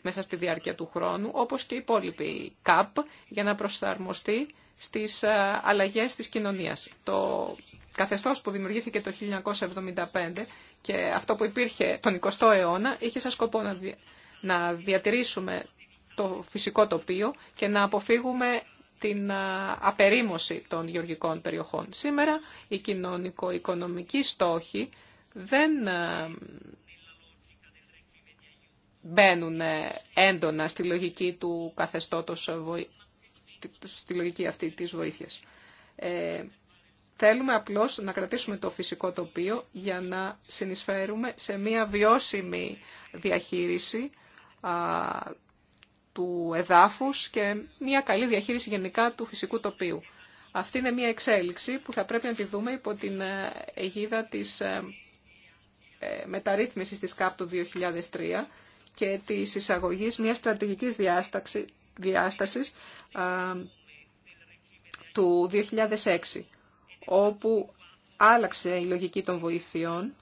μέσα στη διάρκεια του χρόνου, όπως και η υπόλοιπη ΚΑΠ, για να προσαρμοστεί στις ε, αλλαγές της κοινωνίας. Το καθεστώς που δημιουργήθηκε το 1975 και αυτό που υπήρχε τον 20ο αιώνα είχε σαν σκοπό να διατηρήσουμε το φυσικό τοπίο και να αποφύγουμε την ε, απερίμωση των γεωργικών περιοχών. Σήμερα οι κοινωνικο-οικονομικοί στόχοι δεν ε, μπαίνουν έντονα στη λογική του καθεστώτος στη λογική αυτή της βοήθειας. Ε, θέλουμε απλώς να κρατήσουμε το φυσικό τοπίο για να συνεισφέρουμε σε μια βιώσιμη διαχείριση του εδάφους και μια καλή διαχείριση γενικά του φυσικού τοπίου. Αυτή είναι μια εξέλιξη που θα πρέπει να τη δούμε υπό την ε, αιγίδα της ε, μεταρρύθμισης της ΚΑΠ του 2003 και της εισαγωγής μιας στρατηγικής διάσταξης, διάστασης του 2006, όπου άλλαξε η λογική των βοηθειών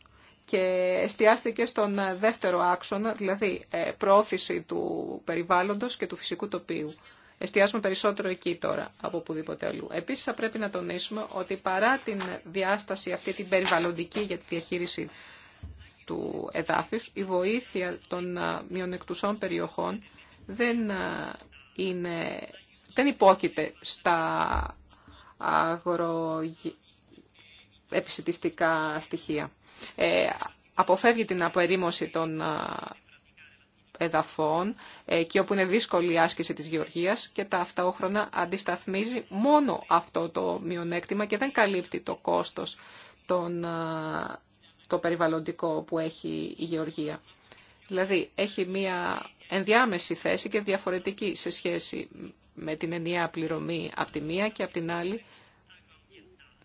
και εστιάστηκε στον δεύτερο άξονα, δηλαδή ε, προώθηση του περιβάλλοντος και του φυσικού τοπίου. Εστιάσουμε περισσότερο εκεί τώρα από οπουδήποτε αλλού. Επίσης θα πρέπει να τονίσουμε ότι παρά την διάσταση αυτή την περιβαλλοντική για τη διαχείριση του εδάφους, η βοήθεια των μειονεκτουσών περιοχών δεν είναι, δεν υπόκειται στα αγροεπιστητικά στοιχεία. Ε, αποφεύγει την απερίμωση των εδαφών ε, και όπου είναι δύσκολη η άσκηση της γεωργίας και τα αυταόχρονα αντισταθμίζει μόνο αυτό το μειονέκτημα και δεν καλύπτει το κόστος τον, το περιβαλλοντικό που έχει η γεωργία. Δηλαδή έχει μία ενδιάμεση θέση και διαφορετική σε σχέση με την ενιαία πληρωμή από τη μία και από την άλλη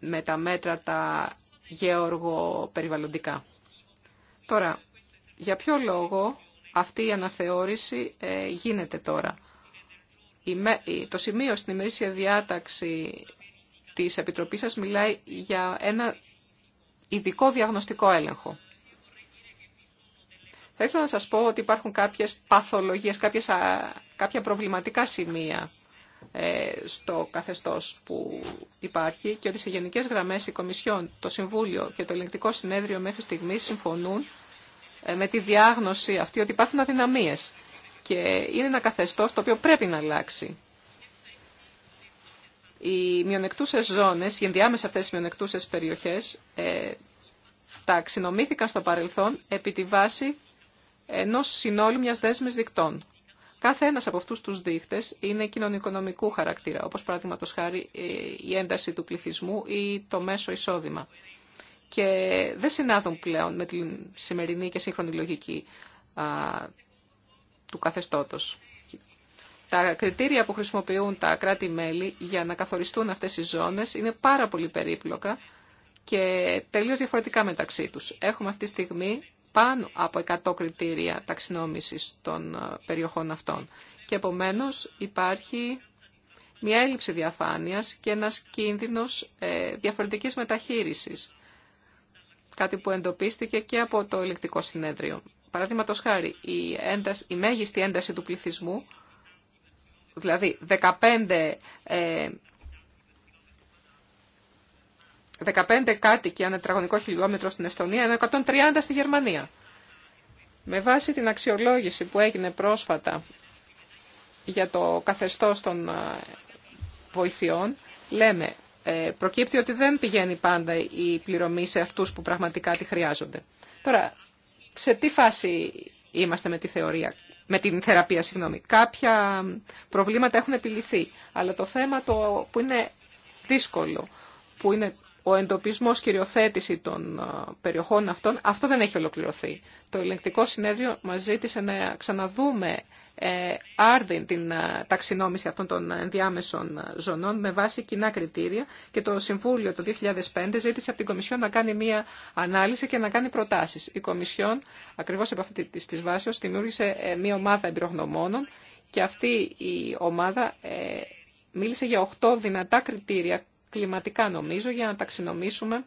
με τα μέτρα τα γεωργοπεριβαλλοντικά. Τώρα, για ποιο λόγο αυτή η αναθεώρηση ε, γίνεται τώρα. Το σημείο στην ημερήσια διάταξη της Επιτροπής σας μιλάει για ένα ειδικό διαγνωστικό έλεγχο. Θα ήθελα να σας πω ότι υπάρχουν κάποιες παθολογίες, κάποιες, κάποια προβληματικά σημεία ε, στο καθεστώς που υπάρχει και ότι σε γενικές γραμμές η Κομισιόν, το Συμβούλιο και το Ελεγκτικό Συνέδριο μέχρι στιγμή συμφωνούν ε, με τη διάγνωση αυτή ότι υπάρχουν αδυναμίες και είναι ένα καθεστώς το οποίο πρέπει να αλλάξει. Οι μειονεκτούσες ζώνες, οι ενδιάμεσα αυτές οι μειονεκτούσες περιοχές, ε, τα αξινομήθηκαν στο παρελθόν επί τη βάση Ενό συνόλου μιας δέσμη δικτών. Κάθε ένας από αυτούς τους δείχτε είναι κοινωνικονομικού χαρακτήρα, όπως παραδείγματο χάρη ε, η ένταση του πληθυσμού ή το μέσο εισόδημα. Και δεν συνάδουν πλέον με την σημερινή και σύγχρονη λογική α, του καθεστώτος. Τα κριτήρια που χρησιμοποιούν τα κράτη-μέλη για να καθοριστούν αυτέ οι ζώνες είναι πάρα πολύ περίπλοκα και τελείω διαφορετικά μεταξύ του. Έχουμε αυτή τη στιγμή πάνω από 100 κριτήρια ταξινόμησης των ε, περιοχών αυτών. Και επομένως υπάρχει μια έλλειψη διαφάνειας και ένας κίνδυνος ε, διαφορετικής μεταχείρισης. Κάτι που εντοπίστηκε και από το ελεκτικό συνέδριο. Παραδείγματος χάρη, η, ένταση, η μέγιστη ένταση του πληθυσμού, δηλαδή 15 15 κάτοικοι ένα τετραγωνικό χιλιόμετρο στην Εστονία, ενώ 130 στη Γερμανία. Με βάση την αξιολόγηση που έγινε πρόσφατα για το καθεστώς των ε, βοηθειών, λέμε, ε, προκύπτει ότι δεν πηγαίνει πάντα η πληρωμή σε αυτούς που πραγματικά τη χρειάζονται. Τώρα, σε τι φάση είμαστε με τη θεωρία, με την θεραπεία, συγγνώμη. Κάποια προβλήματα έχουν επιληθεί, αλλά το θέμα το που είναι δύσκολο, που είναι ο εντοπισμός και κυριοθέτηση των ε, περιοχών αυτών, αυτό δεν έχει ολοκληρωθεί. Το ελεγκτικό συνέδριο μας ζήτησε να ξαναδούμε ε, άρδιν την ε, ταξινόμηση αυτών των ενδιάμεσων ε, ζωνών με βάση κοινά κριτήρια και το Συμβούλιο το 2005 ζήτησε από την Κομισιόν να κάνει μία ανάλυση και να κάνει προτάσεις. Η Κομισιόν, ακριβώς από αυτή τη βάση, δημιούργησε μία ομάδα εμπειρογνωμόνων και αυτή η ομάδα μίλησε για 8 δυνατά κριτήρια κλιματικά νομίζω για να ταξινομήσουμε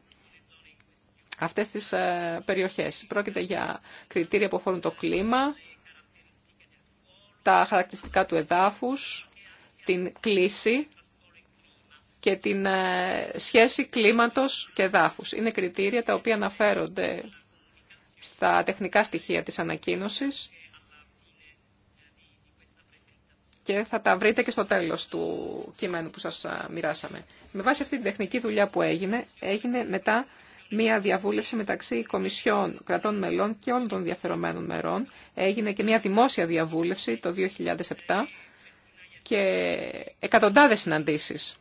αυτές τις ε, περιοχές. Πρόκειται για κριτήρια που αφορούν το κλίμα, τα χαρακτηριστικά του εδάφους, την κλίση και την ε, σχέση κλίματος και εδάφους. Είναι κριτήρια τα οποία αναφέρονται στα τεχνικά στοιχεία της ανακοίνωσης και θα τα βρείτε και στο τέλος του κειμένου που σας μοιράσαμε. Με βάση αυτή την τεχνική δουλειά που έγινε, έγινε μετά μία διαβούλευση μεταξύ κομισιών κρατών μελών και όλων των διαφερομένων μερών. Έγινε και μία δημόσια διαβούλευση το 2007 και εκατοντάδες συναντήσεις.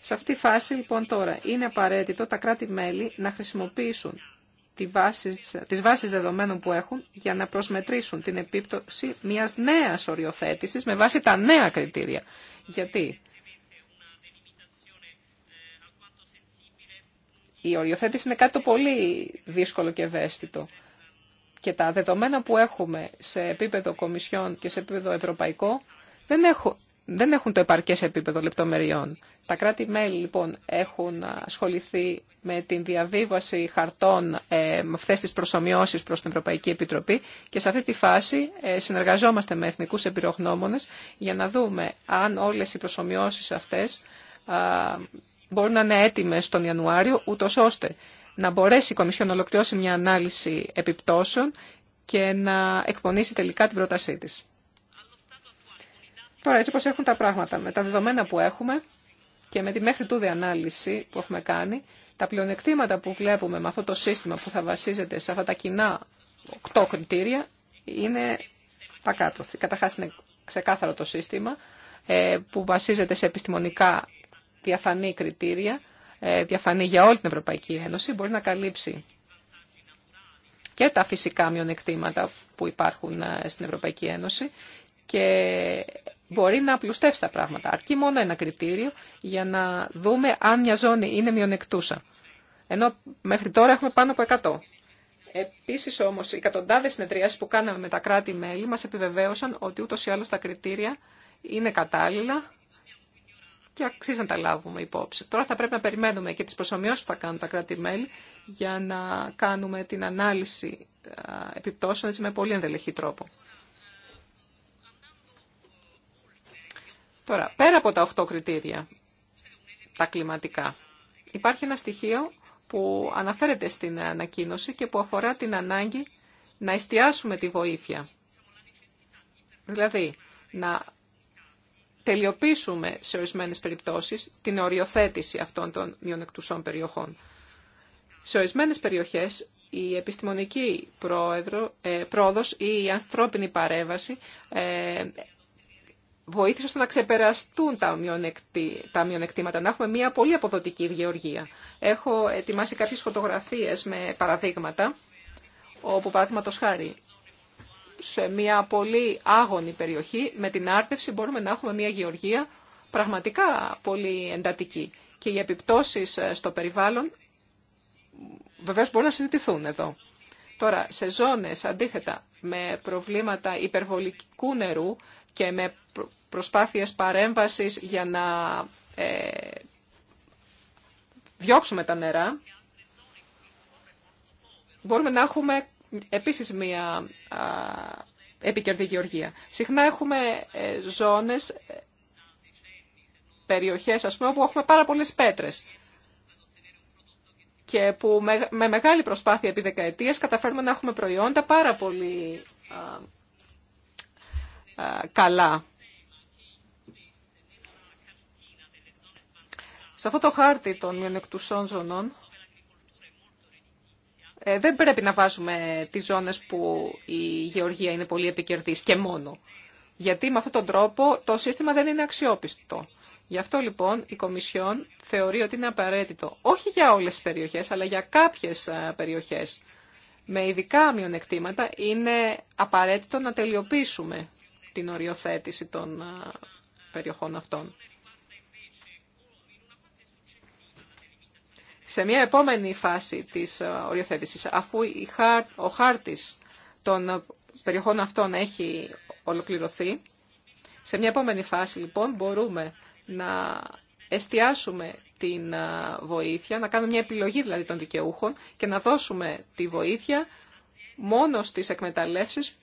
Σε αυτή τη φάση, λοιπόν, τώρα είναι απαραίτητο τα κράτη-μέλη να χρησιμοποιήσουν τη βάσης, τις βάσεις δεδομένων που έχουν για να προσμετρήσουν την επίπτωση μιας νέας οριοθέτησης με βάση τα νέα κριτήρια. Γιατί η οριοθέτηση είναι κάτι το πολύ δύσκολο και ευαίσθητο. Και τα δεδομένα που έχουμε σε επίπεδο Κομισιόν και σε επίπεδο Ευρωπαϊκό δεν, έχουν δεν έχουν το επαρκές επίπεδο λεπτομεριών. Τα κράτη-μέλη λοιπόν έχουν ασχοληθεί με την διαβίβαση χαρτών ε, με αυτές τις προσωμιώσεις προς την Ευρωπαϊκή Επιτροπή και σε αυτή τη φάση ε, συνεργαζόμαστε με εθνικούς εμπειρογνώμονες για να δούμε αν όλες οι προσωμιώσεις αυτές μπορούν να είναι έτοιμες τον Ιανουάριο ούτω ώστε να μπορέσει η Κομισιόν να ολοκληρώσει μια ανάλυση επιπτώσεων και να εκπονήσει τελικά την πρότασή της. Τώρα, έτσι όπως έχουν τα πράγματα, με τα δεδομένα που έχουμε και με τη μέχρι τούδη ανάλυση που έχουμε κάνει, τα πλεονεκτήματα που βλέπουμε με αυτό το σύστημα που θα βασίζεται σε αυτά τα κοινά οκτώ κριτήρια είναι τα κάτω. Καταρχά, είναι ξεκάθαρο το σύστημα ε, που βασίζεται σε επιστημονικά διαφανή κριτήρια, ε, διαφανή για όλη την Ευρωπαϊκή Ένωση, μπορεί να καλύψει και τα φυσικά μειονεκτήματα που υπάρχουν ε, στην Ευρωπαϊκή Ένωση και μπορεί να απλουστεύσει τα πράγματα. Αρκεί μόνο ένα κριτήριο για να δούμε αν μια ζώνη είναι μειονεκτούσα. Ενώ μέχρι τώρα έχουμε πάνω από 100. Επίση όμω, οι εκατοντάδε συνεδριάσει που κάναμε με τα κράτη-μέλη μα επιβεβαίωσαν ότι ούτω ή άλλω τα κριτήρια είναι κατάλληλα και αξίζει να τα λάβουμε υπόψη. Τώρα θα πρέπει να περιμένουμε και τι προσωμιώσει που θα κάνουν τα κράτη-μέλη για να κάνουμε την ανάλυση επιπτώσεων με πολύ ενδελεχή τρόπο. Τώρα, πέρα από τα 8 κριτήρια, τα κλιματικά, υπάρχει ένα στοιχείο που αναφέρεται στην ανακοίνωση και που αφορά την ανάγκη να εστιάσουμε τη βοήθεια. Δηλαδή, να τελειοποιήσουμε σε ορισμένες περιπτώσεις την οριοθέτηση αυτών των μειονεκτουσών περιοχών. Σε ορισμένες περιοχές η επιστημονική ε, πρόοδος ή η ανθρώπινη παρέμβαση ε, βοήθησε ώστε να ξεπεραστούν τα, μειονεκτή, τα μειονεκτήματα, να έχουμε μια πολύ αποδοτική γεωργία. Έχω ετοιμάσει κάποιες φωτογραφίες με παραδείγματα, όπου παραδείγματο χάρη σε μια πολύ άγονη περιοχή, με την άρτευση μπορούμε να έχουμε μια γεωργία πραγματικά πολύ εντατική. Και οι επιπτώσεις ε, στο περιβάλλον βεβαίως μπορούν να συζητηθούν εδώ. Τώρα, σε ζώνες αντίθετα με προβλήματα υπερβολικού νερού, και με προσπάθειες παρέμβασης για να ε, διώξουμε τα νερά, μπορούμε να έχουμε επίσης μία επικερδή γεωργία. Συχνά έχουμε ε, ζώνες, ε, περιοχές ας πούμε, όπου έχουμε πάρα πολλές πέτρες και που με, μεγάλη προσπάθεια επί δεκαετίες καταφέρουμε να έχουμε προϊόντα πάρα πολύ καλά. Σε αυτό το χάρτη των μειονεκτουσών ζωνών ε, δεν πρέπει να βάζουμε τις ζώνες που η γεωργία είναι πολύ επικερδής και μόνο. Γιατί με αυτόν τον τρόπο το σύστημα δεν είναι αξιόπιστο. Γι' αυτό λοιπόν η Κομισιόν θεωρεί ότι είναι απαραίτητο όχι για όλες τις περιοχές, αλλά για κάποιες περιοχές με ειδικά μειονεκτήματα είναι απαραίτητο να τελειοποιήσουμε την οριοθέτηση των ε, περιοχών αυτών. Σε μια επόμενη φάση της ε, οριοθέτησης, αφού ο χάρτης των ε, περιοχών αυτών έχει ολοκληρωθεί, σε μια επόμενη φάση λοιπόν μπορούμε να εστιάσουμε την βοήθεια, να κάνουμε μια επιλογή δηλαδή των δικαιούχων και να δώσουμε τη βοήθεια μόνο στις εκμεταλλεύσεις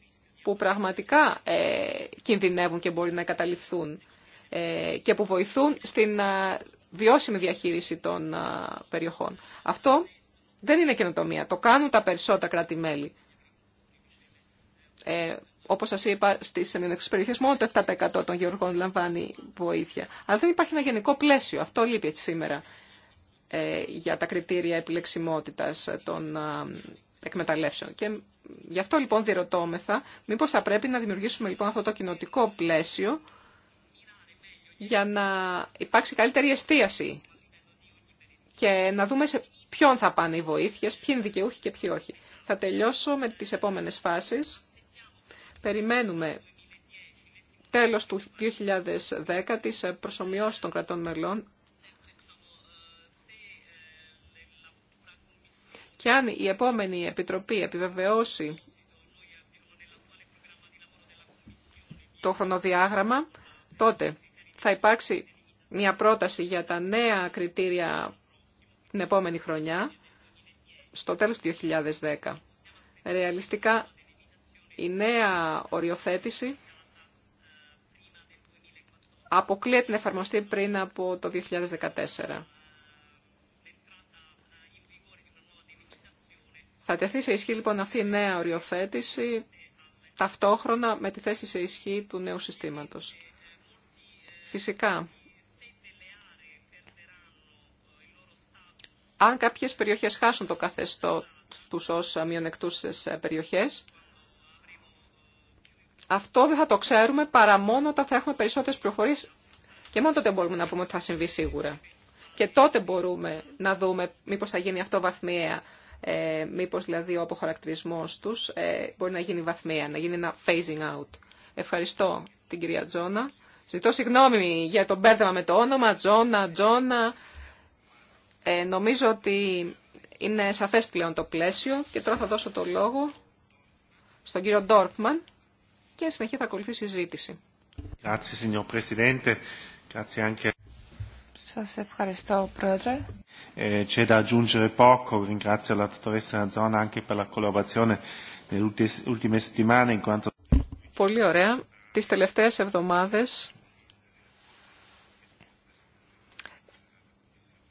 που πραγματικά ε, κινδυνεύουν και μπορεί να καταληφθούν ε, και που βοηθούν στην ε, βιώσιμη διαχείριση των περιοχών. Αυτό δεν είναι καινοτομία. Το κάνουν τα περισσότερα κράτη-μέλη. Ε, Όπω σα είπα, στι ενδεχτέ περιοχέ μόνο το 7% των γεωργών λαμβάνει βοήθεια. Αλλά δεν υπάρχει ένα γενικό πλαίσιο. Αυτό λείπει σήμερα για τα κριτήρια επιλεξιμότητα των και γι' αυτό λοιπόν διερωτώμεθα μήπως θα πρέπει να δημιουργήσουμε λοιπόν αυτό το κοινοτικό πλαίσιο για να υπάρξει καλύτερη εστίαση και να δούμε σε ποιον θα πάνε οι βοήθειες, ποιοι είναι δικαιούχοι και ποιοι όχι. Θα τελειώσω με τις επόμενες φάσεις. Περιμένουμε τέλος του 2010 τις προσωμιώσεις των κρατών μελών Και αν η επόμενη Επιτροπή επιβεβαιώσει το χρονοδιάγραμμα, τότε θα υπάρξει μια πρόταση για τα νέα κριτήρια την επόμενη χρονιά, στο τέλος του 2010. Ρεαλιστικά, η νέα οριοθέτηση αποκλείεται να εφαρμοστεί πριν από το 2014. Θα τεθεί σε ισχύ λοιπόν αυτή η νέα οριοθέτηση ταυτόχρονα με τη θέση σε ισχύ του νέου συστήματος. Φυσικά, αν κάποιες περιοχές χάσουν το καθεστώ τους ως μειονεκτούσες περιοχές, αυτό δεν θα το ξέρουμε παρά μόνο όταν θα έχουμε περισσότερες πληροφορίες και μόνο τότε μπορούμε να πούμε ότι θα συμβεί σίγουρα. Και τότε μπορούμε να δούμε μήπως θα γίνει αυτό βαθμιαία ε, μήπως δηλαδή ο αποχαρακτηρισμός τους ε, μπορεί να γίνει βαθμία, να γίνει ένα phasing out. Ευχαριστώ την κυρία Τζόνα. Ζητώ συγγνώμη για το μπέρδεμα με το όνομα, Τζόνα, Τζόνα. Ε, νομίζω ότι είναι σαφές πλέον το πλαίσιο και τώρα θα δώσω το λόγο στον κύριο Ντόρφμαν και συνεχεία θα ακολουθεί η συζήτηση. Σας ευχαριστώ, Πρόεδρε. Ε, c'è da aggiungere poco, ringrazio la dottoressa Nazzona anche per la collaborazione nelle ultime settimane in quanto... Πολύ ωραία. Τις τελευταίες εβδομάδες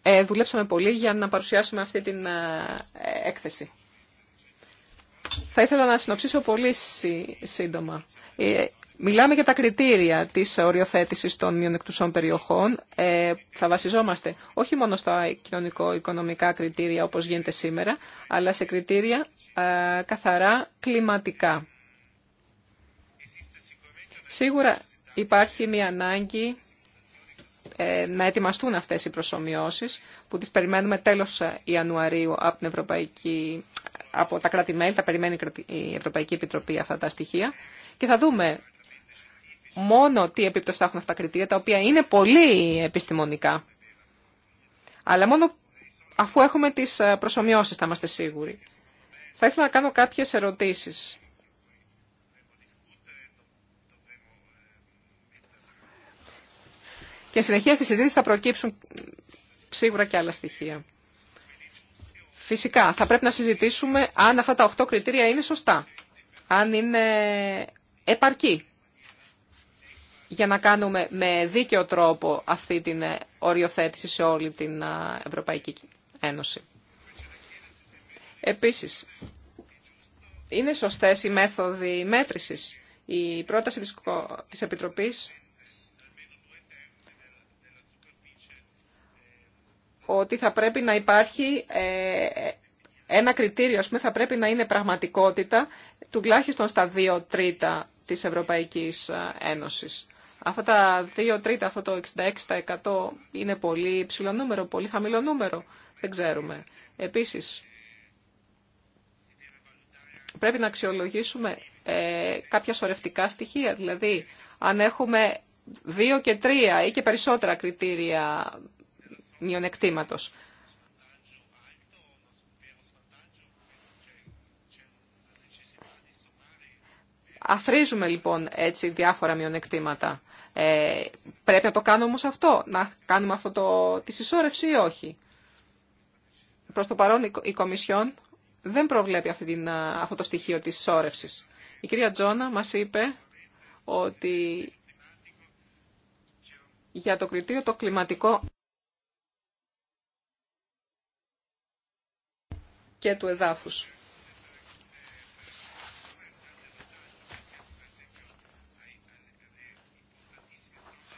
ε, δουλέψαμε πολύ για να παρουσιάσουμε αυτή την ε, έκθεση. Θα ήθελα να συνοψίσω πολύ σύ, σύντομα. Ε, Μιλάμε για τα κριτήρια της οριοθέτησης των μειονεκτουσών περιοχών. Ε, θα βασιζόμαστε όχι μόνο στα κοινωνικο-οικονομικά κριτήρια όπως γίνεται σήμερα, αλλά σε κριτήρια καθαρά κλιματικά. Σίγουρα υπάρχει μια ανάγκη ε, να ετοιμαστούν αυτές οι προσωμιώσεις που τις περιμένουμε τέλος Ιανουαρίου από, την Ευρωπαϊκή, από τα κράτη-μέλη, τα περιμένει η Ευρωπαϊκή Επιτροπή αυτά τα στοιχεία και θα δούμε μόνο τι επίπτωση θα έχουν αυτά τα κριτήρια, τα οποία είναι πολύ επιστημονικά. Αλλά μόνο αφού έχουμε τις ε, προσωμιώσεις θα είμαστε σίγουροι. Θα ήθελα να κάνω κάποιες ερωτήσεις. Και συνεχεία στη συζήτηση θα προκύψουν σίγουρα και άλλα στοιχεία. Φυσικά, θα πρέπει να συζητήσουμε αν αυτά τα 8 κριτήρια είναι σωστά, αν είναι επαρκή για να κάνουμε με δίκαιο τρόπο αυτή την ε, οριοθέτηση σε όλη την Ευρωπαϊκή Ένωση. Επίσης, είναι σωστές οι μέθοδοι μέτρησης. Η πρόταση της Επιτροπής ότι θα πρέπει να υπάρχει ε, ένα κριτήριο, ας πούμε, θα πρέπει να είναι πραγματικότητα τουλάχιστον στα δύο τρίτα της Ευρωπαϊκής Ένωσης. Αυτά τα 2 τρίτα, αυτό το 66% είναι πολύ υψηλό νούμερο, πολύ χαμηλό νούμερο. Δεν ξέρουμε. Επίσης, πρέπει να αξιολογήσουμε ε, κάποια σορευτικά στοιχεία. Δηλαδή, αν έχουμε δύο και 3 ή και περισσότερα κριτήρια μειονεκτήματος. Αφρίζουμε λοιπόν έτσι διάφορα μειονεκτήματα. Ε, πρέπει να το κάνουμε όμως αυτό, να κάνουμε αυτό τη συσσόρευση ή όχι. Προς το παρόν η Κομισιόν δεν προβλέπει αυτή την, αυτό το στοιχείο της συσσόρευσης. Η κυρία Τζόνα μας είπε ότι για το κριτήριο το κλιματικό και του εδάφους.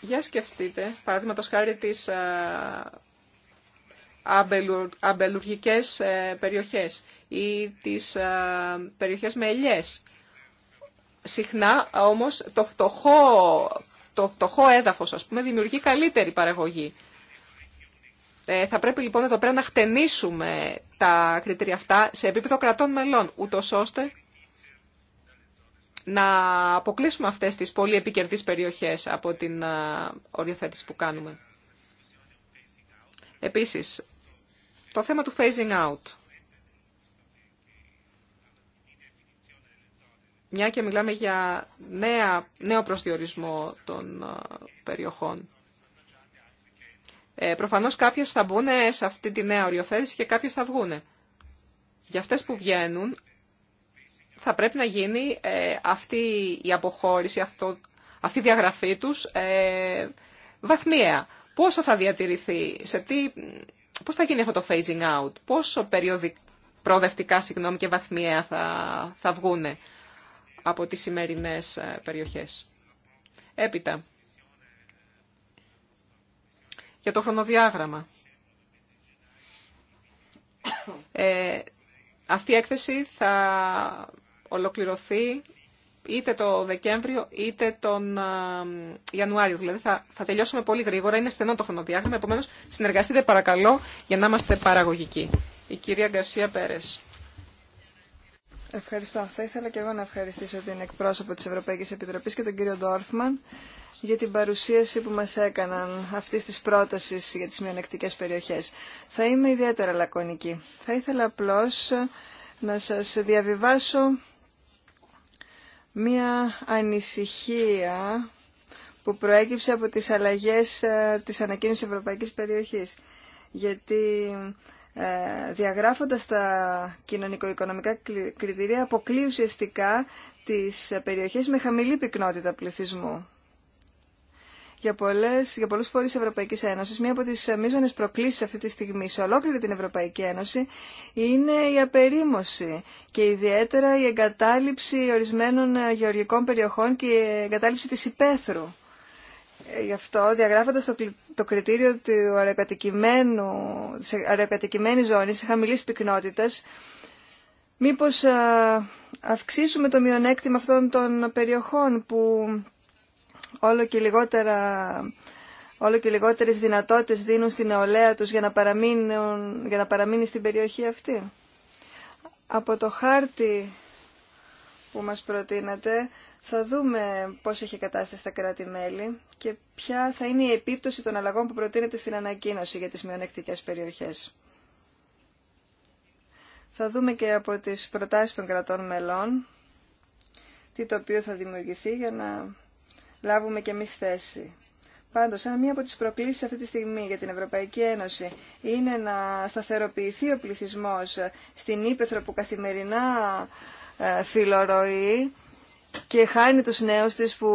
Για σκεφτείτε, παραδείγματος χάρη τις αμπελουργικές ε, περιοχές ή τις περιοχές με ελιές. Συχνά όμως το φτωχό, το φτωχό έδαφος ας πούμε δημιουργεί καλύτερη παραγωγή. Ε, θα πρέπει λοιπόν εδώ πέρα να χτενίσουμε τα κριτήρια αυτά σε επίπεδο κρατών μελών, ούτω ώστε να αποκλείσουμε αυτές τις πολύ επικερδείς περιοχές από την οριοθέτηση που κάνουμε. Επίσης, το θέμα του phasing out. Μια και μιλάμε για νέα, νέο προσδιορισμό των περιοχών. Ε, προφανώς κάποιες θα μπουν σε αυτή τη νέα οριοθέτηση και κάποιες θα βγουνε. Για αυτές που βγαίνουν, θα πρέπει να γίνει ε, αυτή η αποχώρηση, αυτό, αυτή η διαγραφή τους ε, βαθμιαία. Πόσο θα διατηρηθεί, σε τι, πώς θα γίνει αυτό το phasing out, πόσο περιοδικ, προοδευτικά συγγνώμη, και βαθμιαία θα, θα βγούνε από τις σημερινές ε, περιοχές. Έπειτα, για το χρονοδιάγραμμα. Ε, αυτή η έκθεση θα ολοκληρωθεί είτε το Δεκέμβριο είτε τον Ιανουάριο. Δηλαδή θα, θα τελειώσουμε πολύ γρήγορα, είναι στενό το χρονοδιάγραμμα, επομένως συνεργαστείτε παρακαλώ για να είμαστε παραγωγικοί. Η κυρία Γκαρσία Πέρες. Ευχαριστώ. Θα ήθελα και εγώ να ευχαριστήσω την εκπρόσωπο της Ευρωπαϊκής Επιτροπής και τον κύριο Ντόρφμαν για την παρουσίαση που μας έκαναν αυτή της πρότασης για τις μειονεκτικές περιοχές. Θα είμαι ιδιαίτερα λακωνική. Θα ήθελα απλώς να σας διαβιβάσω μία ανησυχία που προέκυψε από τις αλλαγές ε, της ανακοίνωσης ευρωπαϊκής περιοχής. Γιατί ε, διαγράφοντας τα κοινωνικο-οικονομικά κριτηρία αποκλεί ουσιαστικά τις περιοχές με χαμηλή πυκνότητα πληθυσμού για, πολλές, για πολλούς φορείς Ευρωπαϊκής Ένωσης, μία από τις μείζονες προκλήσεις αυτή τη στιγμή σε ολόκληρη την Ευρωπαϊκή Ένωση είναι η απερίμωση και ιδιαίτερα η εγκατάλειψη ορισμένων ε, γεωργικών περιοχών και η εγκατάλειψη της υπαίθρου. Ε, γι' αυτό διαγράφοντας το, κριτήριο του αεροκατοικημένου, της αεροκατοικημένης ζώνης, της χαμηλής πυκνότητας, μήπως ε, αυξήσουμε το μειονέκτημα αυτών των περιοχών που όλο και λιγότερα όλο και λιγότερες δυνατότητες δίνουν στην νεολαία τους για να, παραμείνουν, για να παραμείνει στην περιοχή αυτή. Από το χάρτη που μας προτείνατε θα δούμε πώς έχει κατάσταση στα κράτη-μέλη και ποια θα είναι η επίπτωση των αλλαγών που προτείνεται στην ανακοίνωση για τις μειονεκτικές περιοχές. Θα δούμε και από τις προτάσεις των κρατών μελών τι το οποίο θα δημιουργηθεί για να λάβουμε και εμείς θέση. Πάντως, αν μία από τις προκλήσεις αυτή τη στιγμή για την Ευρωπαϊκή Ένωση είναι να σταθεροποιηθεί ο πληθυσμός στην ύπεθρο που καθημερινά ε, φιλορροεί και χάνει τους νέους της που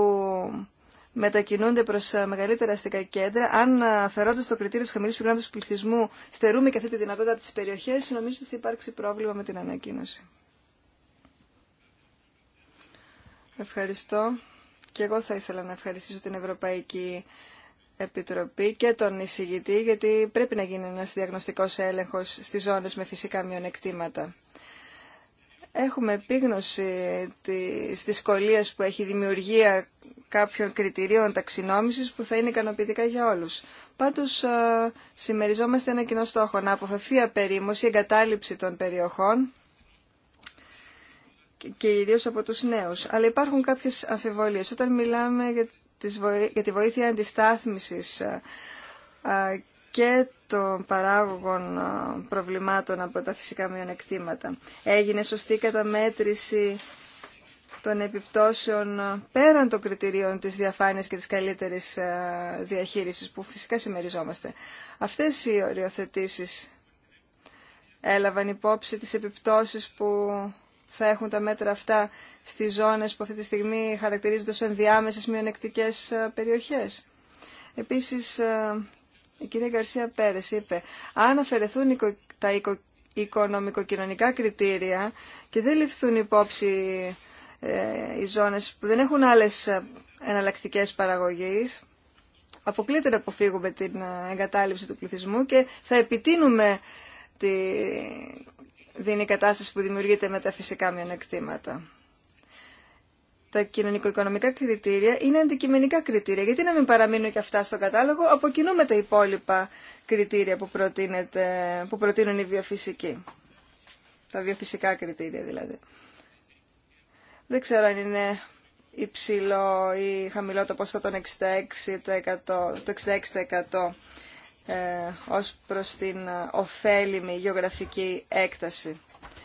μετακινούνται προς ε, μεγαλύτερα αστικά κέντρα. Αν αφαιρώντα ε, το κριτήριο της χαμηλής του πληθυσμού, στερούμε και αυτή τη δυνατότητα από τις περιοχέ, νομίζω ότι θα υπάρξει πρόβλημα με την ανακοίνωση. Ευχαριστώ. Και εγώ θα ήθελα να ευχαριστήσω την Ευρωπαϊκή Επιτροπή και τον εισηγητή, γιατί πρέπει να γίνει ένας διαγνωστικός έλεγχος στις ζώνες με φυσικά μειονεκτήματα. Έχουμε επίγνωση της δυσκολίας που έχει δημιουργία κάποιων κριτηρίων ταξινόμησης που θα είναι ικανοποιητικά για όλους. Πάντως, συμμεριζόμαστε ένα κοινό στόχο, να αποφευθεί απερίμωση, εγκατάλειψη των περιοχών και ιδίω από τους νέους. Αλλά υπάρχουν κάποιες αμφιβολίες. Όταν μιλάμε για, τη βοήθεια αντιστάθμισης ε, ε, και των παράγωγων ε, προβλημάτων από τα φυσικά μειονεκτήματα. Έγινε σωστή καταμέτρηση των επιπτώσεων πέραν των κριτηρίων της διαφάνειας και της καλύτερης διαχείρισης που φυσικά συμμεριζόμαστε. Αυτές οι οριοθετήσεις έλαβαν υπόψη τις επιπτώσεις που θα έχουν τα μέτρα αυτά στις ζώνες που αυτή τη στιγμή χαρακτηρίζονται ως ενδιάμεσες μειονεκτικές ε, περιοχές. Επίσης, ε, η κυρία Γκαρσία Πέρες είπε, αν αφαιρεθούν τα οικονομικοκοινωνικά κριτήρια και δεν ληφθούν υπόψη ε, οι ζώνες που δεν έχουν άλλες εναλλακτικές παραγωγής, αποκλείται να αποφύγουμε την εγκατάλειψη του πληθυσμού και θα επιτείνουμε δίνει η κατάσταση που δημιουργείται με τα φυσικά μειονεκτήματα. Τα κοινωνικο-οικονομικά κριτήρια είναι αντικειμενικά κριτήρια. Γιατί να μην παραμείνουν και αυτά στο κατάλογο, αποκοινούμε τα υπόλοιπα κριτήρια που, που προτείνουν οι βιοφυσικοί. Τα βιοφυσικά κριτήρια δηλαδή. Δεν ξέρω αν είναι υψηλό ή χαμηλό το ποσό των το 66% ε, ως προς την ε, ωφέλιμη γεωγραφική έκταση.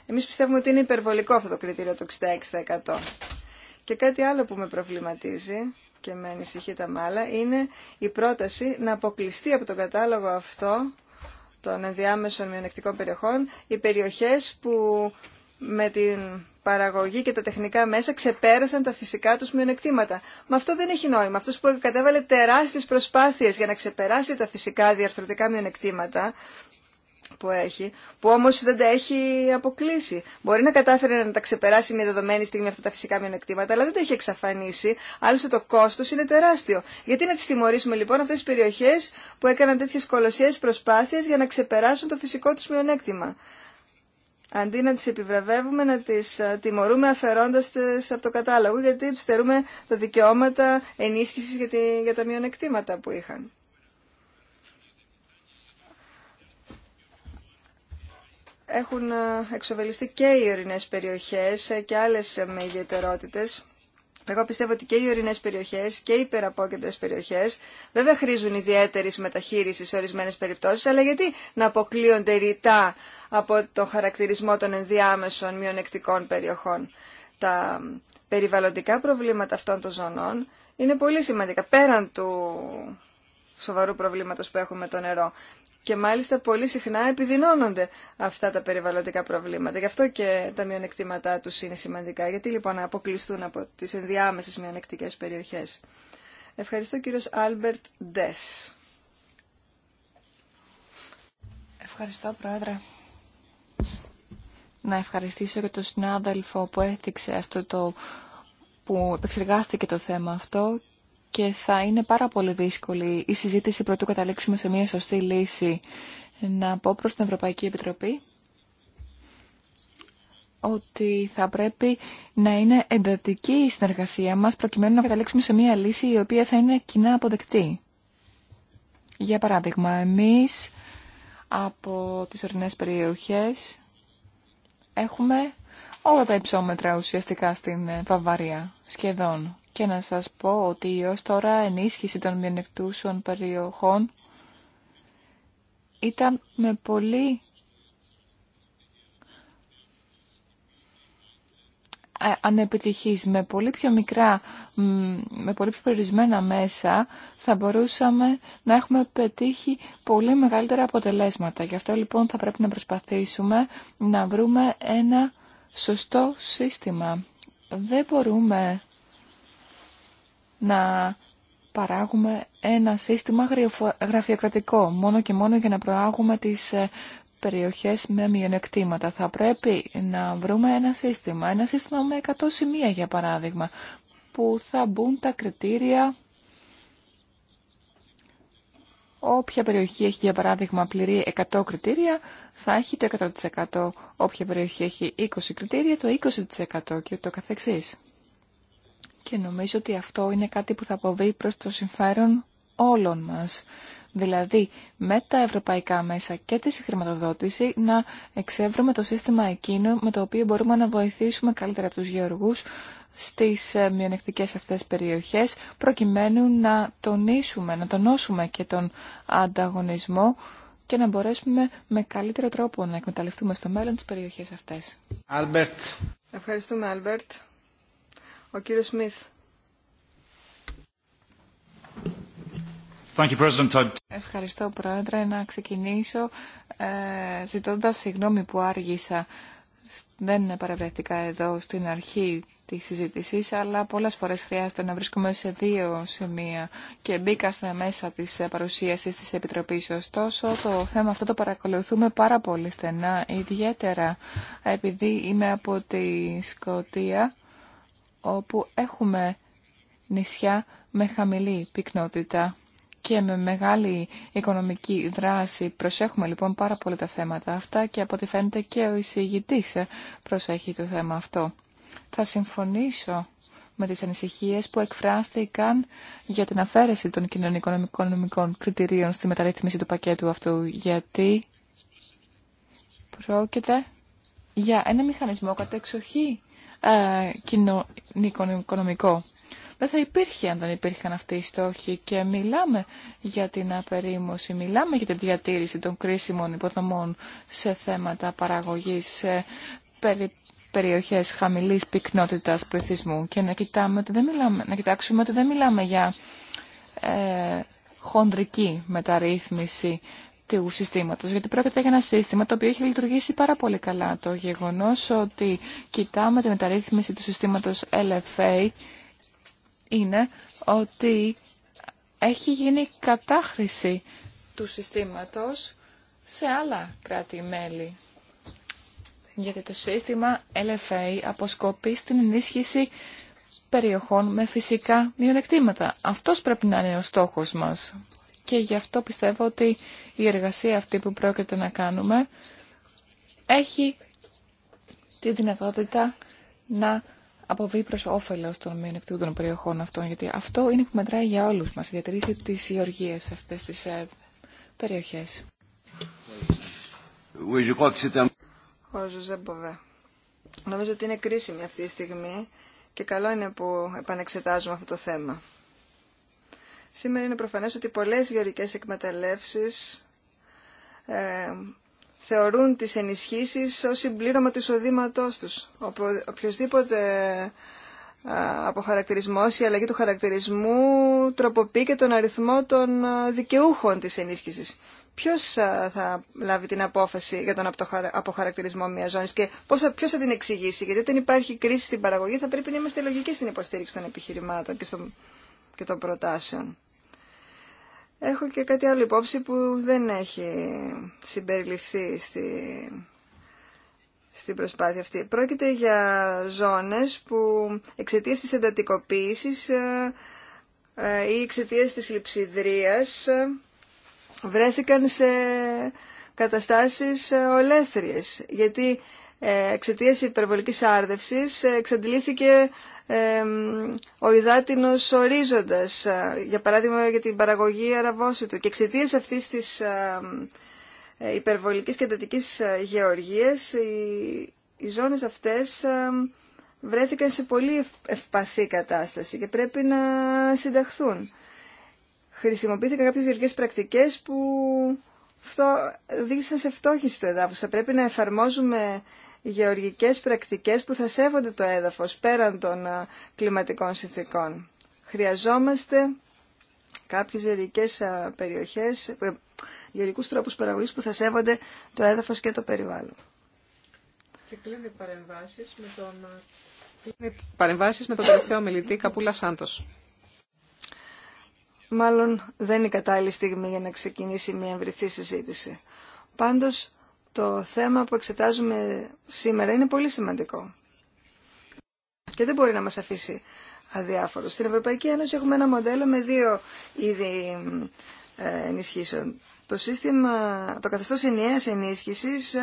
Εμείς πιστεύουμε ότι είναι υπερβολικό αυτό το κριτήριο του 66%. Και κάτι άλλο που με προβληματίζει και με ανησυχεί τα μάλα είναι η πρόταση να αποκλειστεί από τον κατάλογο αυτό των ενδιάμεσων μειονεκτικών περιοχών οι περιοχές που με την παραγωγή και τα τεχνικά μέσα ξεπέρασαν τα φυσικά τους μειονεκτήματα. Μα αυτό δεν έχει νόημα. Αυτός που κατέβαλε τεράστιες προσπάθειες για να ξεπεράσει τα φυσικά διαρθρωτικά μειονεκτήματα που έχει, που όμως δεν τα έχει αποκλείσει. Μπορεί να κατάφερε να τα ξεπεράσει μια δεδομένη στιγμή αυτά τα φυσικά μειονεκτήματα, αλλά δεν τα έχει εξαφανίσει. Άλλωστε το κόστος είναι τεράστιο. Γιατί να τις τιμωρήσουμε λοιπόν αυτές τις περιοχές που έκαναν τέτοιες κολοσσιαίες προσπάθειες για να ξεπεράσουν το φυσικό τους μειονέκτημα αντί να τις επιβραβεύουμε, να τις ε, τιμωρούμε αφαιρώντας τις από το κατάλογο, γιατί τους θερούμε τα δικαιώματα ενίσχυσης για, για τα μειονεκτήματα που είχαν. Έχουν ε, εξοβελιστεί και οι ορεινές περιοχές ε, και άλλες με ιδιαιτερότητες εγώ πιστεύω ότι και οι ορεινέ περιοχές και οι υπεραπόκεντρε περιοχές βέβαια χρήζουν ιδιαίτερη μεταχείρισης σε ορισμένε περιπτώσεις, αλλά γιατί να αποκλείονται ρητά από τον χαρακτηρισμό των ενδιάμεσων μειονεκτικών περιοχών. Τα περιβαλλοντικά προβλήματα αυτών των ζωνών είναι πολύ σημαντικά, πέραν του σοβαρού προβλήματος που έχουμε με το νερό και μάλιστα πολύ συχνά επιδεινώνονται αυτά τα περιβαλλοντικά προβλήματα. Γι' αυτό και τα μειονεκτήματά τους είναι σημαντικά. Γιατί λοιπόν να αποκλειστούν από τις ενδιάμεσες μειονεκτικές περιοχές. Ευχαριστώ κύριος Άλμπερτ Ντες. Ευχαριστώ Πρόεδρε. Να ευχαριστήσω και τον συνάδελφο που έθιξε αυτό το που επεξεργάστηκε το θέμα αυτό και θα είναι πάρα πολύ δύσκολη η συζήτηση πρωτού καταλήξουμε σε μια σωστή λύση. Να πω προς την Ευρωπαϊκή Επιτροπή ότι θα πρέπει να είναι εντατική η συνεργασία μας προκειμένου να καταλήξουμε σε μια λύση η οποία θα είναι κοινά αποδεκτή. Για παράδειγμα, εμείς από τις ορεινές περιοχές έχουμε όλα τα υψόμετρα ουσιαστικά στην Βαυαρία, σχεδόν και να σας πω ότι ως τώρα ενίσχυση των μειονεκτούσεων περιοχών ήταν με πολύ ε, ανεπιτυχής, με πολύ πιο μικρά, με πολύ πιο περιορισμένα μέσα, θα μπορούσαμε να έχουμε πετύχει πολύ μεγαλύτερα αποτελέσματα. Γι' αυτό λοιπόν θα πρέπει να προσπαθήσουμε να βρούμε ένα σωστό σύστημα. Δεν μπορούμε να παράγουμε ένα σύστημα γραφειοκρατικό, μόνο και μόνο για να προάγουμε τις ε, περιοχές με μειονεκτήματα. Θα πρέπει να βρούμε ένα σύστημα, ένα σύστημα με 100 σημεία για παράδειγμα, που θα μπουν τα κριτήρια Όποια περιοχή έχει για παράδειγμα πληρεί 100 κριτήρια θα έχει το 100%. Όποια περιοχή έχει 20 κριτήρια το 20% και το καθεξής και νομίζω ότι αυτό είναι κάτι που θα αποβεί προς το συμφέρον όλων μας. Δηλαδή, με τα ευρωπαϊκά μέσα και τη συγχρηματοδότηση να εξεύρουμε το σύστημα εκείνο με το οποίο μπορούμε να βοηθήσουμε καλύτερα τους γεωργούς στις ε, μειονεκτικές αυτές περιοχές προκειμένου να τονίσουμε, να τονώσουμε και τον ανταγωνισμό και να μπορέσουμε με καλύτερο τρόπο να εκμεταλλευτούμε στο μέλλον τις περιοχές αυτές. Albert. Ευχαριστούμε, Albert. Ο κύριος Σμιθ. Ευχαριστώ, Πρόεδρε. Να ξεκινήσω ε, ζητώντας συγγνώμη που άργησα. Δεν παραβρέθηκα εδώ στην αρχή της συζήτησης, αλλά πολλές φορές χρειάζεται να βρίσκομαι σε δύο σημεία και μπήκα στα μέσα της παρουσίασης της Επιτροπής. Ωστόσο, το θέμα αυτό το παρακολουθούμε πάρα πολύ στενά, ιδιαίτερα επειδή είμαι από τη Σκοτία όπου έχουμε νησιά με χαμηλή πυκνότητα και με μεγάλη οικονομική δράση. Προσέχουμε λοιπόν πάρα πολύ τα θέματα αυτά και από ό,τι φαίνεται και ο εισηγητής ε, προσέχει το θέμα αυτό. Θα συμφωνήσω με τις ανησυχίες που εκφράστηκαν για την αφαίρεση των κοινωνικών κριτηρίων στη μεταρρύθμιση του πακέτου αυτού, γιατί πρόκειται για ένα μηχανισμό κατεξοχή ε, κοινωνικό οικονομικό. Δεν θα υπήρχε αν δεν υπήρχαν αυτοί οι στόχοι και μιλάμε για την απερίμωση, μιλάμε για τη διατήρηση των κρίσιμων υποδομών σε θέματα παραγωγής σε περι, περιοχές χαμηλής πυκνότητας πληθυσμού και να, κοιτάμε ότι δεν μιλάμε, να κοιτάξουμε ότι δεν μιλάμε για ε, χοντρική μεταρρύθμιση του συστήματος, γιατί πρόκειται για ένα σύστημα το οποίο έχει λειτουργήσει πάρα πολύ καλά. Το γεγονός ότι κοιτάμε τη μεταρρύθμιση του συστήματος LFA είναι ότι έχει γίνει κατάχρηση του συστήματος σε άλλα κράτη-μέλη. Γιατί το σύστημα LFA αποσκοπεί στην ενίσχυση περιοχών με φυσικά μειονεκτήματα. Αυτός πρέπει να είναι ο στόχος μας και γι' αυτό πιστεύω ότι η εργασία αυτή που πρόκειται να κάνουμε έχει τη δυνατότητα να αποβεί προς όφελος των μειονεκτούντων περιοχών αυτών, γιατί αυτό είναι που μετράει για όλους μας, η διατηρήση της σε αυτές τις ε, περιοχές. Νομίζω ότι είναι κρίσιμη αυτή η στιγμή και καλό είναι που επανεξετάζουμε αυτό το θέμα. Σήμερα είναι προφανές ότι πολλές γεωρικές εκμεταλλεύσεις ε, θεωρούν τις ενισχύσεις ως συμπλήρωμα του εισοδήματός τους. Οπο, οποιοςδήποτε ε, αποχαρακτηρισμός ή αλλαγή του χαρακτηρισμού τροποποιεί και τον αριθμό των ε, δικαιούχων της ενίσχυσης. Ποιος ε, θα λάβει την απόφαση για τον αποχαρακτηρισμό μιας ζώνης και ποιος θα την εξηγήσει, γιατί όταν υπάρχει κρίση στην παραγωγή θα πρέπει να είμαστε λογικοί στην υποστήριξη των επιχειρημάτων και στον και των Έχω και κάτι άλλο υπόψη που δεν έχει συμπεριληφθεί στη, στην προσπάθεια αυτή. Πρόκειται για ζώνες που εξαιτία της εντατικοποίησης ε, ε, ή εξαιτία της λειψιδρίας ε, βρέθηκαν σε καταστάσεις ολέθριες. Γιατί εξαιτία υπερβολικής άρδευσης εξαντλήθηκε ο υδάτινος ορίζοντας, ε, για παράδειγμα για την παραγωγή αραβόσιτου. Και εξαιτία αυτής της ε, ε, υπερβολικής και εντατικής γεωργίας, οι ζώνες αυτές βρέθηκαν σε πολύ ευπαθή κατάσταση και πρέπει να συνταχθούν. Χρησιμοποιήθηκαν κάποιες γεωργικές πρακτικές που αυτό σε φτώχηση το εδάφους. Θα πρέπει να εφαρμόζουμε γεωργικές πρακτικές που θα σέβονται το έδαφος πέραν των κλιματικών συνθήκων. Χρειαζόμαστε κάποιες γεωργικές περιοχές, ε, γεωργικούς τρόπους παραγωγής που θα σέβονται το έδαφος και το περιβάλλον. Και κλείνει παρεμβάσεις με τον, με τον τελευταίο μιλητή Καπούλα Σάντος. Μάλλον δεν είναι η κατάλληλη στιγμή για να ξεκινήσει μια ευρυθή συζήτηση. Πάντως το θέμα που εξετάζουμε σήμερα είναι πολύ σημαντικό και δεν μπορεί να μας αφήσει αδιάφορο. Στην Ευρωπαϊκή Ένωση έχουμε ένα μοντέλο με δύο είδη ε, ενισχύσεων. Το, σύστημα, το καθεστώς ενιαίας ενίσχυσης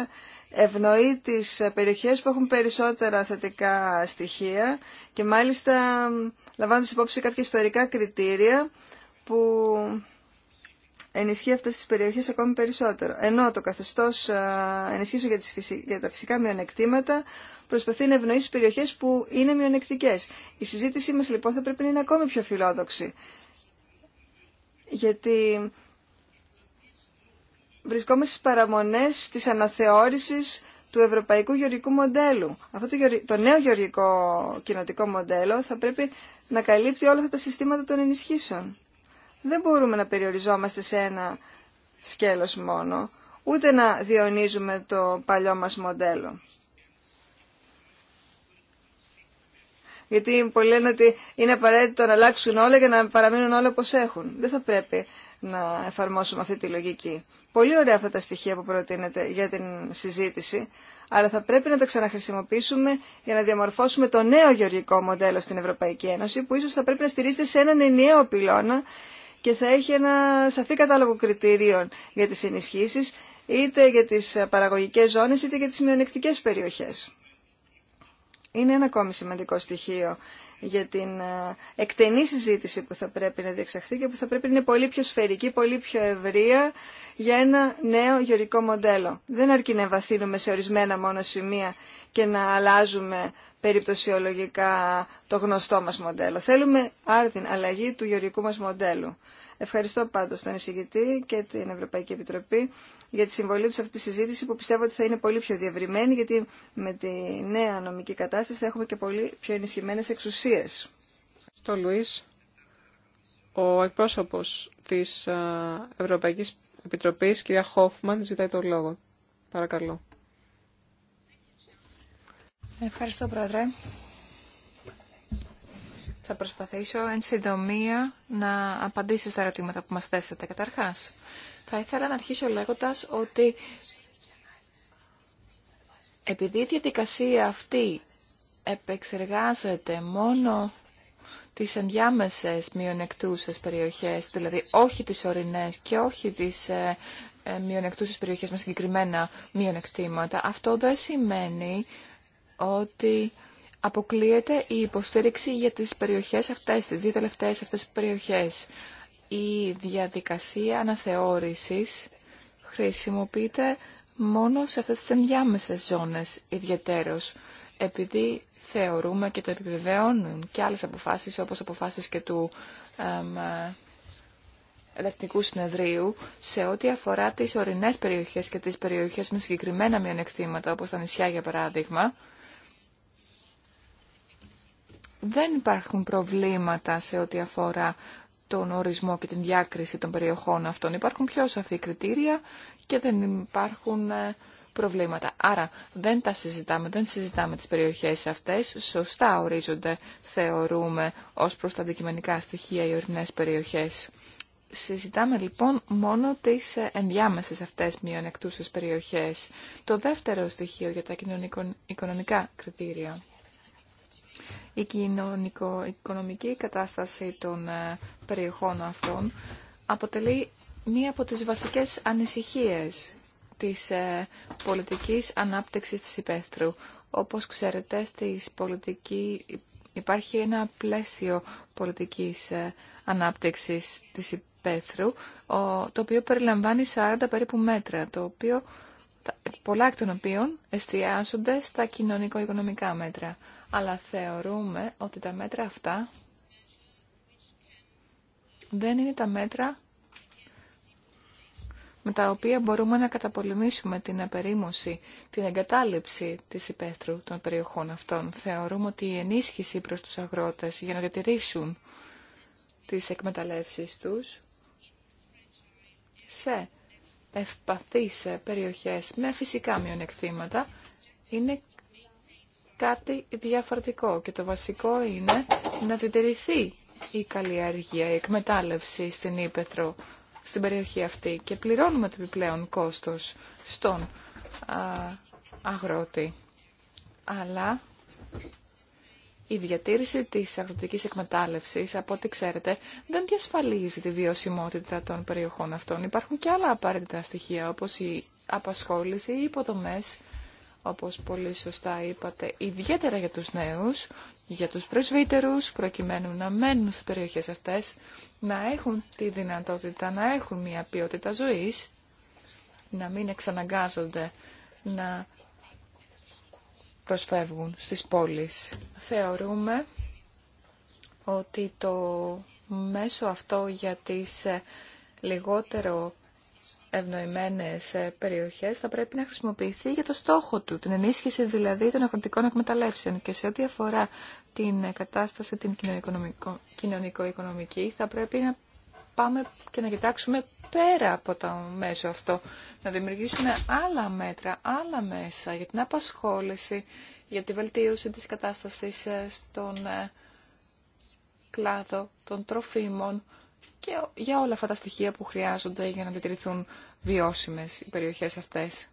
ευνοεί τις περιοχές που έχουν περισσότερα θετικά στοιχεία και μάλιστα λαμβάνοντας υπόψη κάποια ιστορικά κριτήρια που ενισχύει αυτές τις περιοχές ακόμη περισσότερο. Ενώ το καθεστώς ενισχύσεων για, για τα φυσικά μειονεκτήματα προσπαθεί να ευνοήσει περιοχές που είναι μειονεκτικές. Η συζήτησή μας λοιπόν θα πρέπει να είναι ακόμη πιο φιλόδοξη. Γιατί βρισκόμαστε στις παραμονές της αναθεώρησης του ευρωπαϊκού γεωργικού μοντέλου. Αυτό το, νέο γεωργικό κοινοτικό μοντέλο θα πρέπει να καλύπτει όλα αυτά τα συστήματα των ενισχύσεων δεν μπορούμε να περιοριζόμαστε σε ένα σκέλος μόνο, ούτε να διονίζουμε το παλιό μας μοντέλο. Γιατί πολλοί λένε ότι είναι απαραίτητο να αλλάξουν όλα και να παραμείνουν όλα όπως έχουν. Δεν θα πρέπει να εφαρμόσουμε αυτή τη λογική. Πολύ ωραία αυτά τα στοιχεία που προτείνετε για την συζήτηση, αλλά θα πρέπει να τα ξαναχρησιμοποιήσουμε για να διαμορφώσουμε το νέο γεωργικό μοντέλο στην Ευρωπαϊκή Ένωση, που ίσως θα πρέπει να στηρίζεται σε έναν ενιαίο πυλώνα και θα έχει ένα σαφή κατάλογο κριτηρίων για τις ενισχύσεις, είτε για τις παραγωγικές ζώνες, είτε για τις μειονεκτικές περιοχές. Είναι ένα ακόμη σημαντικό στοιχείο για την ε, εκτενή συζήτηση που θα πρέπει να διεξαχθεί και που θα πρέπει να είναι πολύ πιο σφαιρική, πολύ πιο ευρεία για ένα νέο γεωρικό μοντέλο. Δεν αρκεί να εμβαθύνουμε σε ορισμένα μόνο σημεία και να αλλάζουμε περιπτωσιολογικά το γνωστό μας μοντέλο. Θέλουμε άρδιν αλλαγή του γεωρικού μας μοντέλου. Ευχαριστώ πάντως τον εισηγητή και την Ευρωπαϊκή Επιτροπή για τη συμβολή του σε αυτή τη συζήτηση που πιστεύω ότι θα είναι πολύ πιο διευρυμένη γιατί με τη νέα νομική κατάσταση θα έχουμε και πολύ πιο ενισχυμένες εξουσίες. Στο Λουίς, ο εκπρόσωπος της ε, Ευρωπαϊκής Επιτροπής, κυρία Χόφμαν, ζητάει το λόγο. Παρακαλώ. Ευχαριστώ, Πρόεδρε. Θα προσπαθήσω εν συντομία να απαντήσω στα ερωτήματα που μας θέσατε. Καταρχάς, θα ήθελα να αρχίσω λέγοντας ότι επειδή η διαδικασία αυτή επεξεργάζεται μόνο τις ενδιάμεσες μειονεκτούσες περιοχές, δηλαδή όχι τις ορεινές και όχι τις ε, ε, μειονεκτούσες περιοχές με συγκεκριμένα μειονεκτήματα, αυτό δεν σημαίνει ότι αποκλείεται η υποστήριξη για τις περιοχές αυτές, τις δύο τελευταίες αυτές περιοχές η διαδικασία αναθεώρησης χρησιμοποιείται μόνο σε αυτές τις ενδιάμεσες ζώνες ιδιαιτέρως, επειδή θεωρούμε και το επιβεβαιώνουν και άλλες αποφάσεις, όπως αποφάσεις και του ελεκτικού συνεδρίου, σε ό,τι αφορά τις ορεινές περιοχές και τις περιοχές με συγκεκριμένα μειονεκτήματα, όπως τα νησιά για παράδειγμα, δεν υπάρχουν προβλήματα σε ό,τι αφορά τον ορισμό και την διάκριση των περιοχών αυτών. Υπάρχουν πιο σαφή κριτήρια και δεν υπάρχουν ε, προβλήματα. Άρα δεν τα συζητάμε, δεν συζητάμε τις περιοχές αυτές. Σωστά ορίζονται, θεωρούμε, ως προς τα αντικειμενικά στοιχεία οι ορεινές περιοχές. Συζητάμε λοιπόν μόνο τις ε, ενδιάμεσες αυτές μειονεκτούσες περιοχές. Το δεύτερο στοιχείο για τα κοινωνικο-οικονομικά κριτήρια η κοινωνικο-οικονομική κατάσταση των ε, περιοχών αυτών αποτελεί μία από τις βασικές ανησυχίες της ε, πολιτικής ανάπτυξης της υπαίθρου. Όπως ξέρετε, στις πολιτική υπάρχει ένα πλαίσιο πολιτικής ε, ανάπτυξης της υπαίθρου, το οποίο περιλαμβάνει 40 περίπου μέτρα, το οποίο, πολλά εκ των οποίων εστιάζονται στα κοινωνικο-οικονομικά μέτρα αλλά θεωρούμε ότι τα μέτρα αυτά δεν είναι τα μέτρα με τα οποία μπορούμε να καταπολεμήσουμε την απερίμωση, την εγκατάλειψη της υπαίθρου των περιοχών αυτών. Θεωρούμε ότι η ενίσχυση προς τους αγρότες για να διατηρήσουν τις εκμεταλλεύσεις τους σε ευπαθείς περιοχές με φυσικά μειονεκτήματα είναι κάτι διαφορετικό και το βασικό είναι να διτηρηθεί η καλλιέργεια, η εκμετάλλευση στην Ήπεθρο, στην περιοχή αυτή και πληρώνουμε το επιπλέον κόστος στον αγρότη. Αλλά η διατήρηση της αγροτικής εκμετάλλευσης, από ό,τι ξέρετε, δεν διασφαλίζει τη βιωσιμότητα των περιοχών αυτών. Υπάρχουν και άλλα απαραίτητα στοιχεία, όπως η απασχόληση, οι υποδομές όπως πολύ σωστά είπατε, ιδιαίτερα για τους νέους, για τους πρεσβύτερους, προκειμένου να μένουν στις περιοχές αυτές, να έχουν τη δυνατότητα να έχουν μια ποιότητα ζωής, να μην εξαναγκάζονται να προσφεύγουν στις πόλεις. Θεωρούμε ότι το μέσο αυτό για τις ε, λιγότερο ευνοημένες ε, περιοχές θα πρέπει να χρησιμοποιηθεί για το στόχο του, την ενίσχυση δηλαδή των αγροτικών εκμεταλλεύσεων και σε ό,τι αφορά την ε, κατάσταση την κοινωνικο-οικονομική θα πρέπει να πάμε και να κοιτάξουμε πέρα από το μέσο αυτό, να δημιουργήσουμε άλλα μέτρα, άλλα μέσα για την απασχόληση, για τη βελτίωση της κατάστασης ε, στον κλάδο των τροφίμων, και για όλα αυτά τα στοιχεία που χρειάζονται για να διατηρηθούν βιώσιμες οι περιοχές αυτές.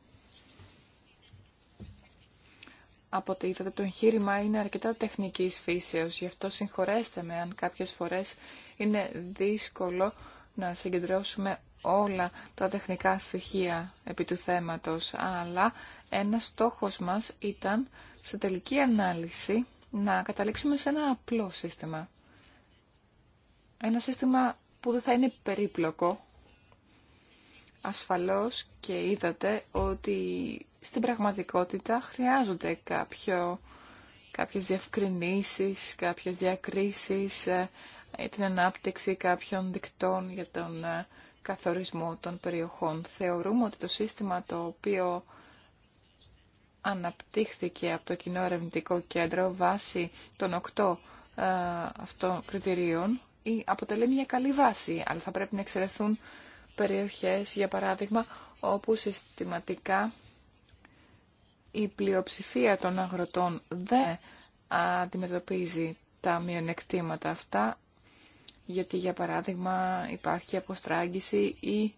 Από ό,τι είδατε, το εγχείρημα είναι αρκετά τεχνικής φύσεως, γι' αυτό συγχωρέστε με αν κάποιες φορές είναι δύσκολο να συγκεντρώσουμε όλα τα τεχνικά στοιχεία επί του θέματος, αλλά ένας στόχος μας ήταν σε τελική ανάλυση να καταλήξουμε σε ένα απλό σύστημα. Ένα σύστημα που δεν θα είναι περίπλοκο. Ασφαλώς και είδατε ότι στην πραγματικότητα χρειάζονται κάποιο, κάποιες διευκρινήσεις, κάποιες διακρίσεις, ε, την ανάπτυξη κάποιων δικτών για τον ε, καθορισμό των περιοχών. Θεωρούμε ότι το σύστημα το οποίο αναπτύχθηκε από το Κοινό Ερευνητικό Κέντρο βάσει των οκτώ ε, αυτών κριτηρίων αποτελεί μια καλή βάση, αλλά θα πρέπει να εξαιρεθούν περιοχές, για παράδειγμα, όπου συστηματικά η πλειοψηφία των αγροτών δεν αντιμετωπίζει τα μειονεκτήματα αυτά, γιατί για παράδειγμα υπάρχει αποστράγγιση ή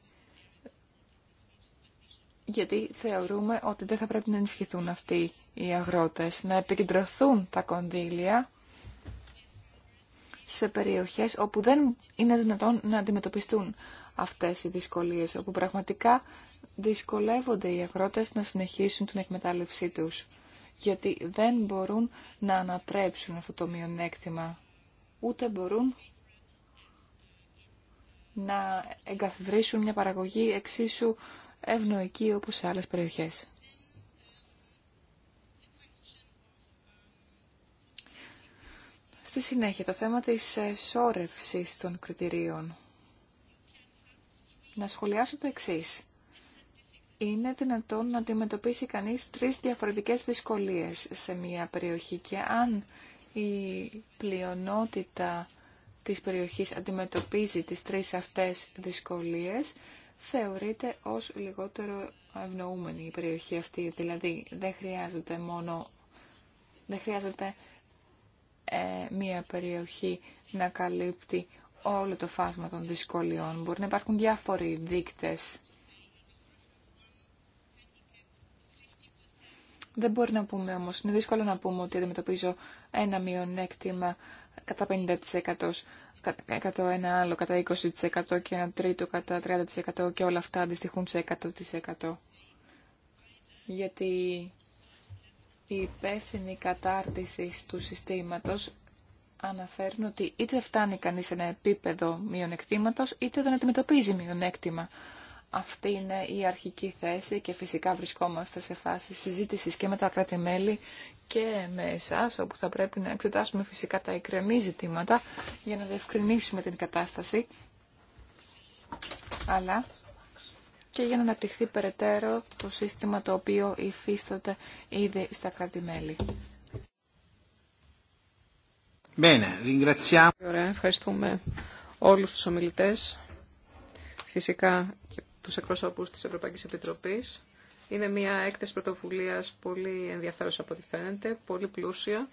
γιατί θεωρούμε ότι δεν θα πρέπει να ενισχυθούν αυτοί οι αγρότες, να επικεντρωθούν τα κονδύλια σε περιοχές όπου δεν είναι δυνατόν να αντιμετωπιστούν αυτές οι δυσκολίες, όπου πραγματικά δυσκολεύονται οι αγρότες να συνεχίσουν την εκμετάλλευσή τους, γιατί δεν μπορούν να ανατρέψουν αυτό το μειονέκτημα, ούτε μπορούν να εγκαθιδρύσουν μια παραγωγή εξίσου ευνοϊκή όπως σε άλλες περιοχές. Στη συνέχεια, το θέμα της ε, σώρευσης των κριτηρίων. Να σχολιάσω το εξής. Είναι δυνατόν να αντιμετωπίσει κανείς τρεις διαφορετικές δυσκολίες σε μια περιοχή και αν η πλειονότητα της περιοχής αντιμετωπίζει τις τρεις αυτές δυσκολίες, θεωρείται ως λιγότερο ευνοούμενη η περιοχή αυτή. Δηλαδή δεν χρειάζεται μόνο δεν χρειάζεται ε, μία περιοχή να καλύπτει όλο το φάσμα των δυσκολιών. Μπορεί να υπάρχουν διάφοροι δείκτες. Δεν μπορεί να πούμε όμως, είναι δύσκολο να πούμε ότι αντιμετωπίζω ένα μειονέκτημα κατά 50%, κατά ένα άλλο κατά 20% και ένα τρίτο κατά 30% και όλα αυτά αντιστοιχούν σε 100%. Γιατί η υπεύθυνη κατάρτιση του συστήματος αναφέρουν ότι είτε φτάνει κανείς σε ένα επίπεδο μειονεκτήματος, είτε δεν αντιμετωπίζει μειονέκτημα. Αυτή είναι η αρχική θέση και φυσικά βρισκόμαστε σε φάση συζήτησης και με τα κράτη-μέλη και με εσάς, όπου θα πρέπει να εξετάσουμε φυσικά τα εκκρεμή ζητήματα για να διευκρινίσουμε την κατάσταση. Αλλά και για να αναπτυχθεί περαιτέρω το σύστημα το οποίο υφίσταται ήδη στα κράτη-μέλη. Ωραία, ευχαριστούμε όλους τους ομιλητές, φυσικά και τους εκπροσώπους της Ευρωπαϊκής Επιτροπής. Είναι μια έκθεση πρωτοβουλίας πολύ ενδιαφέρουσα από ό,τι φαίνεται, πολύ πλούσια.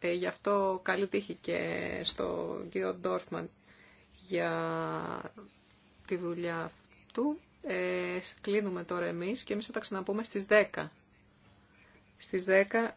Ε, γι' αυτό καλή τύχη και στον κύριο Ντόρφμαν για τη δουλειά του. Ε, κλείνουμε τώρα εμείς και εμείς θα τα ξαναπούμε στις 10. Στις 10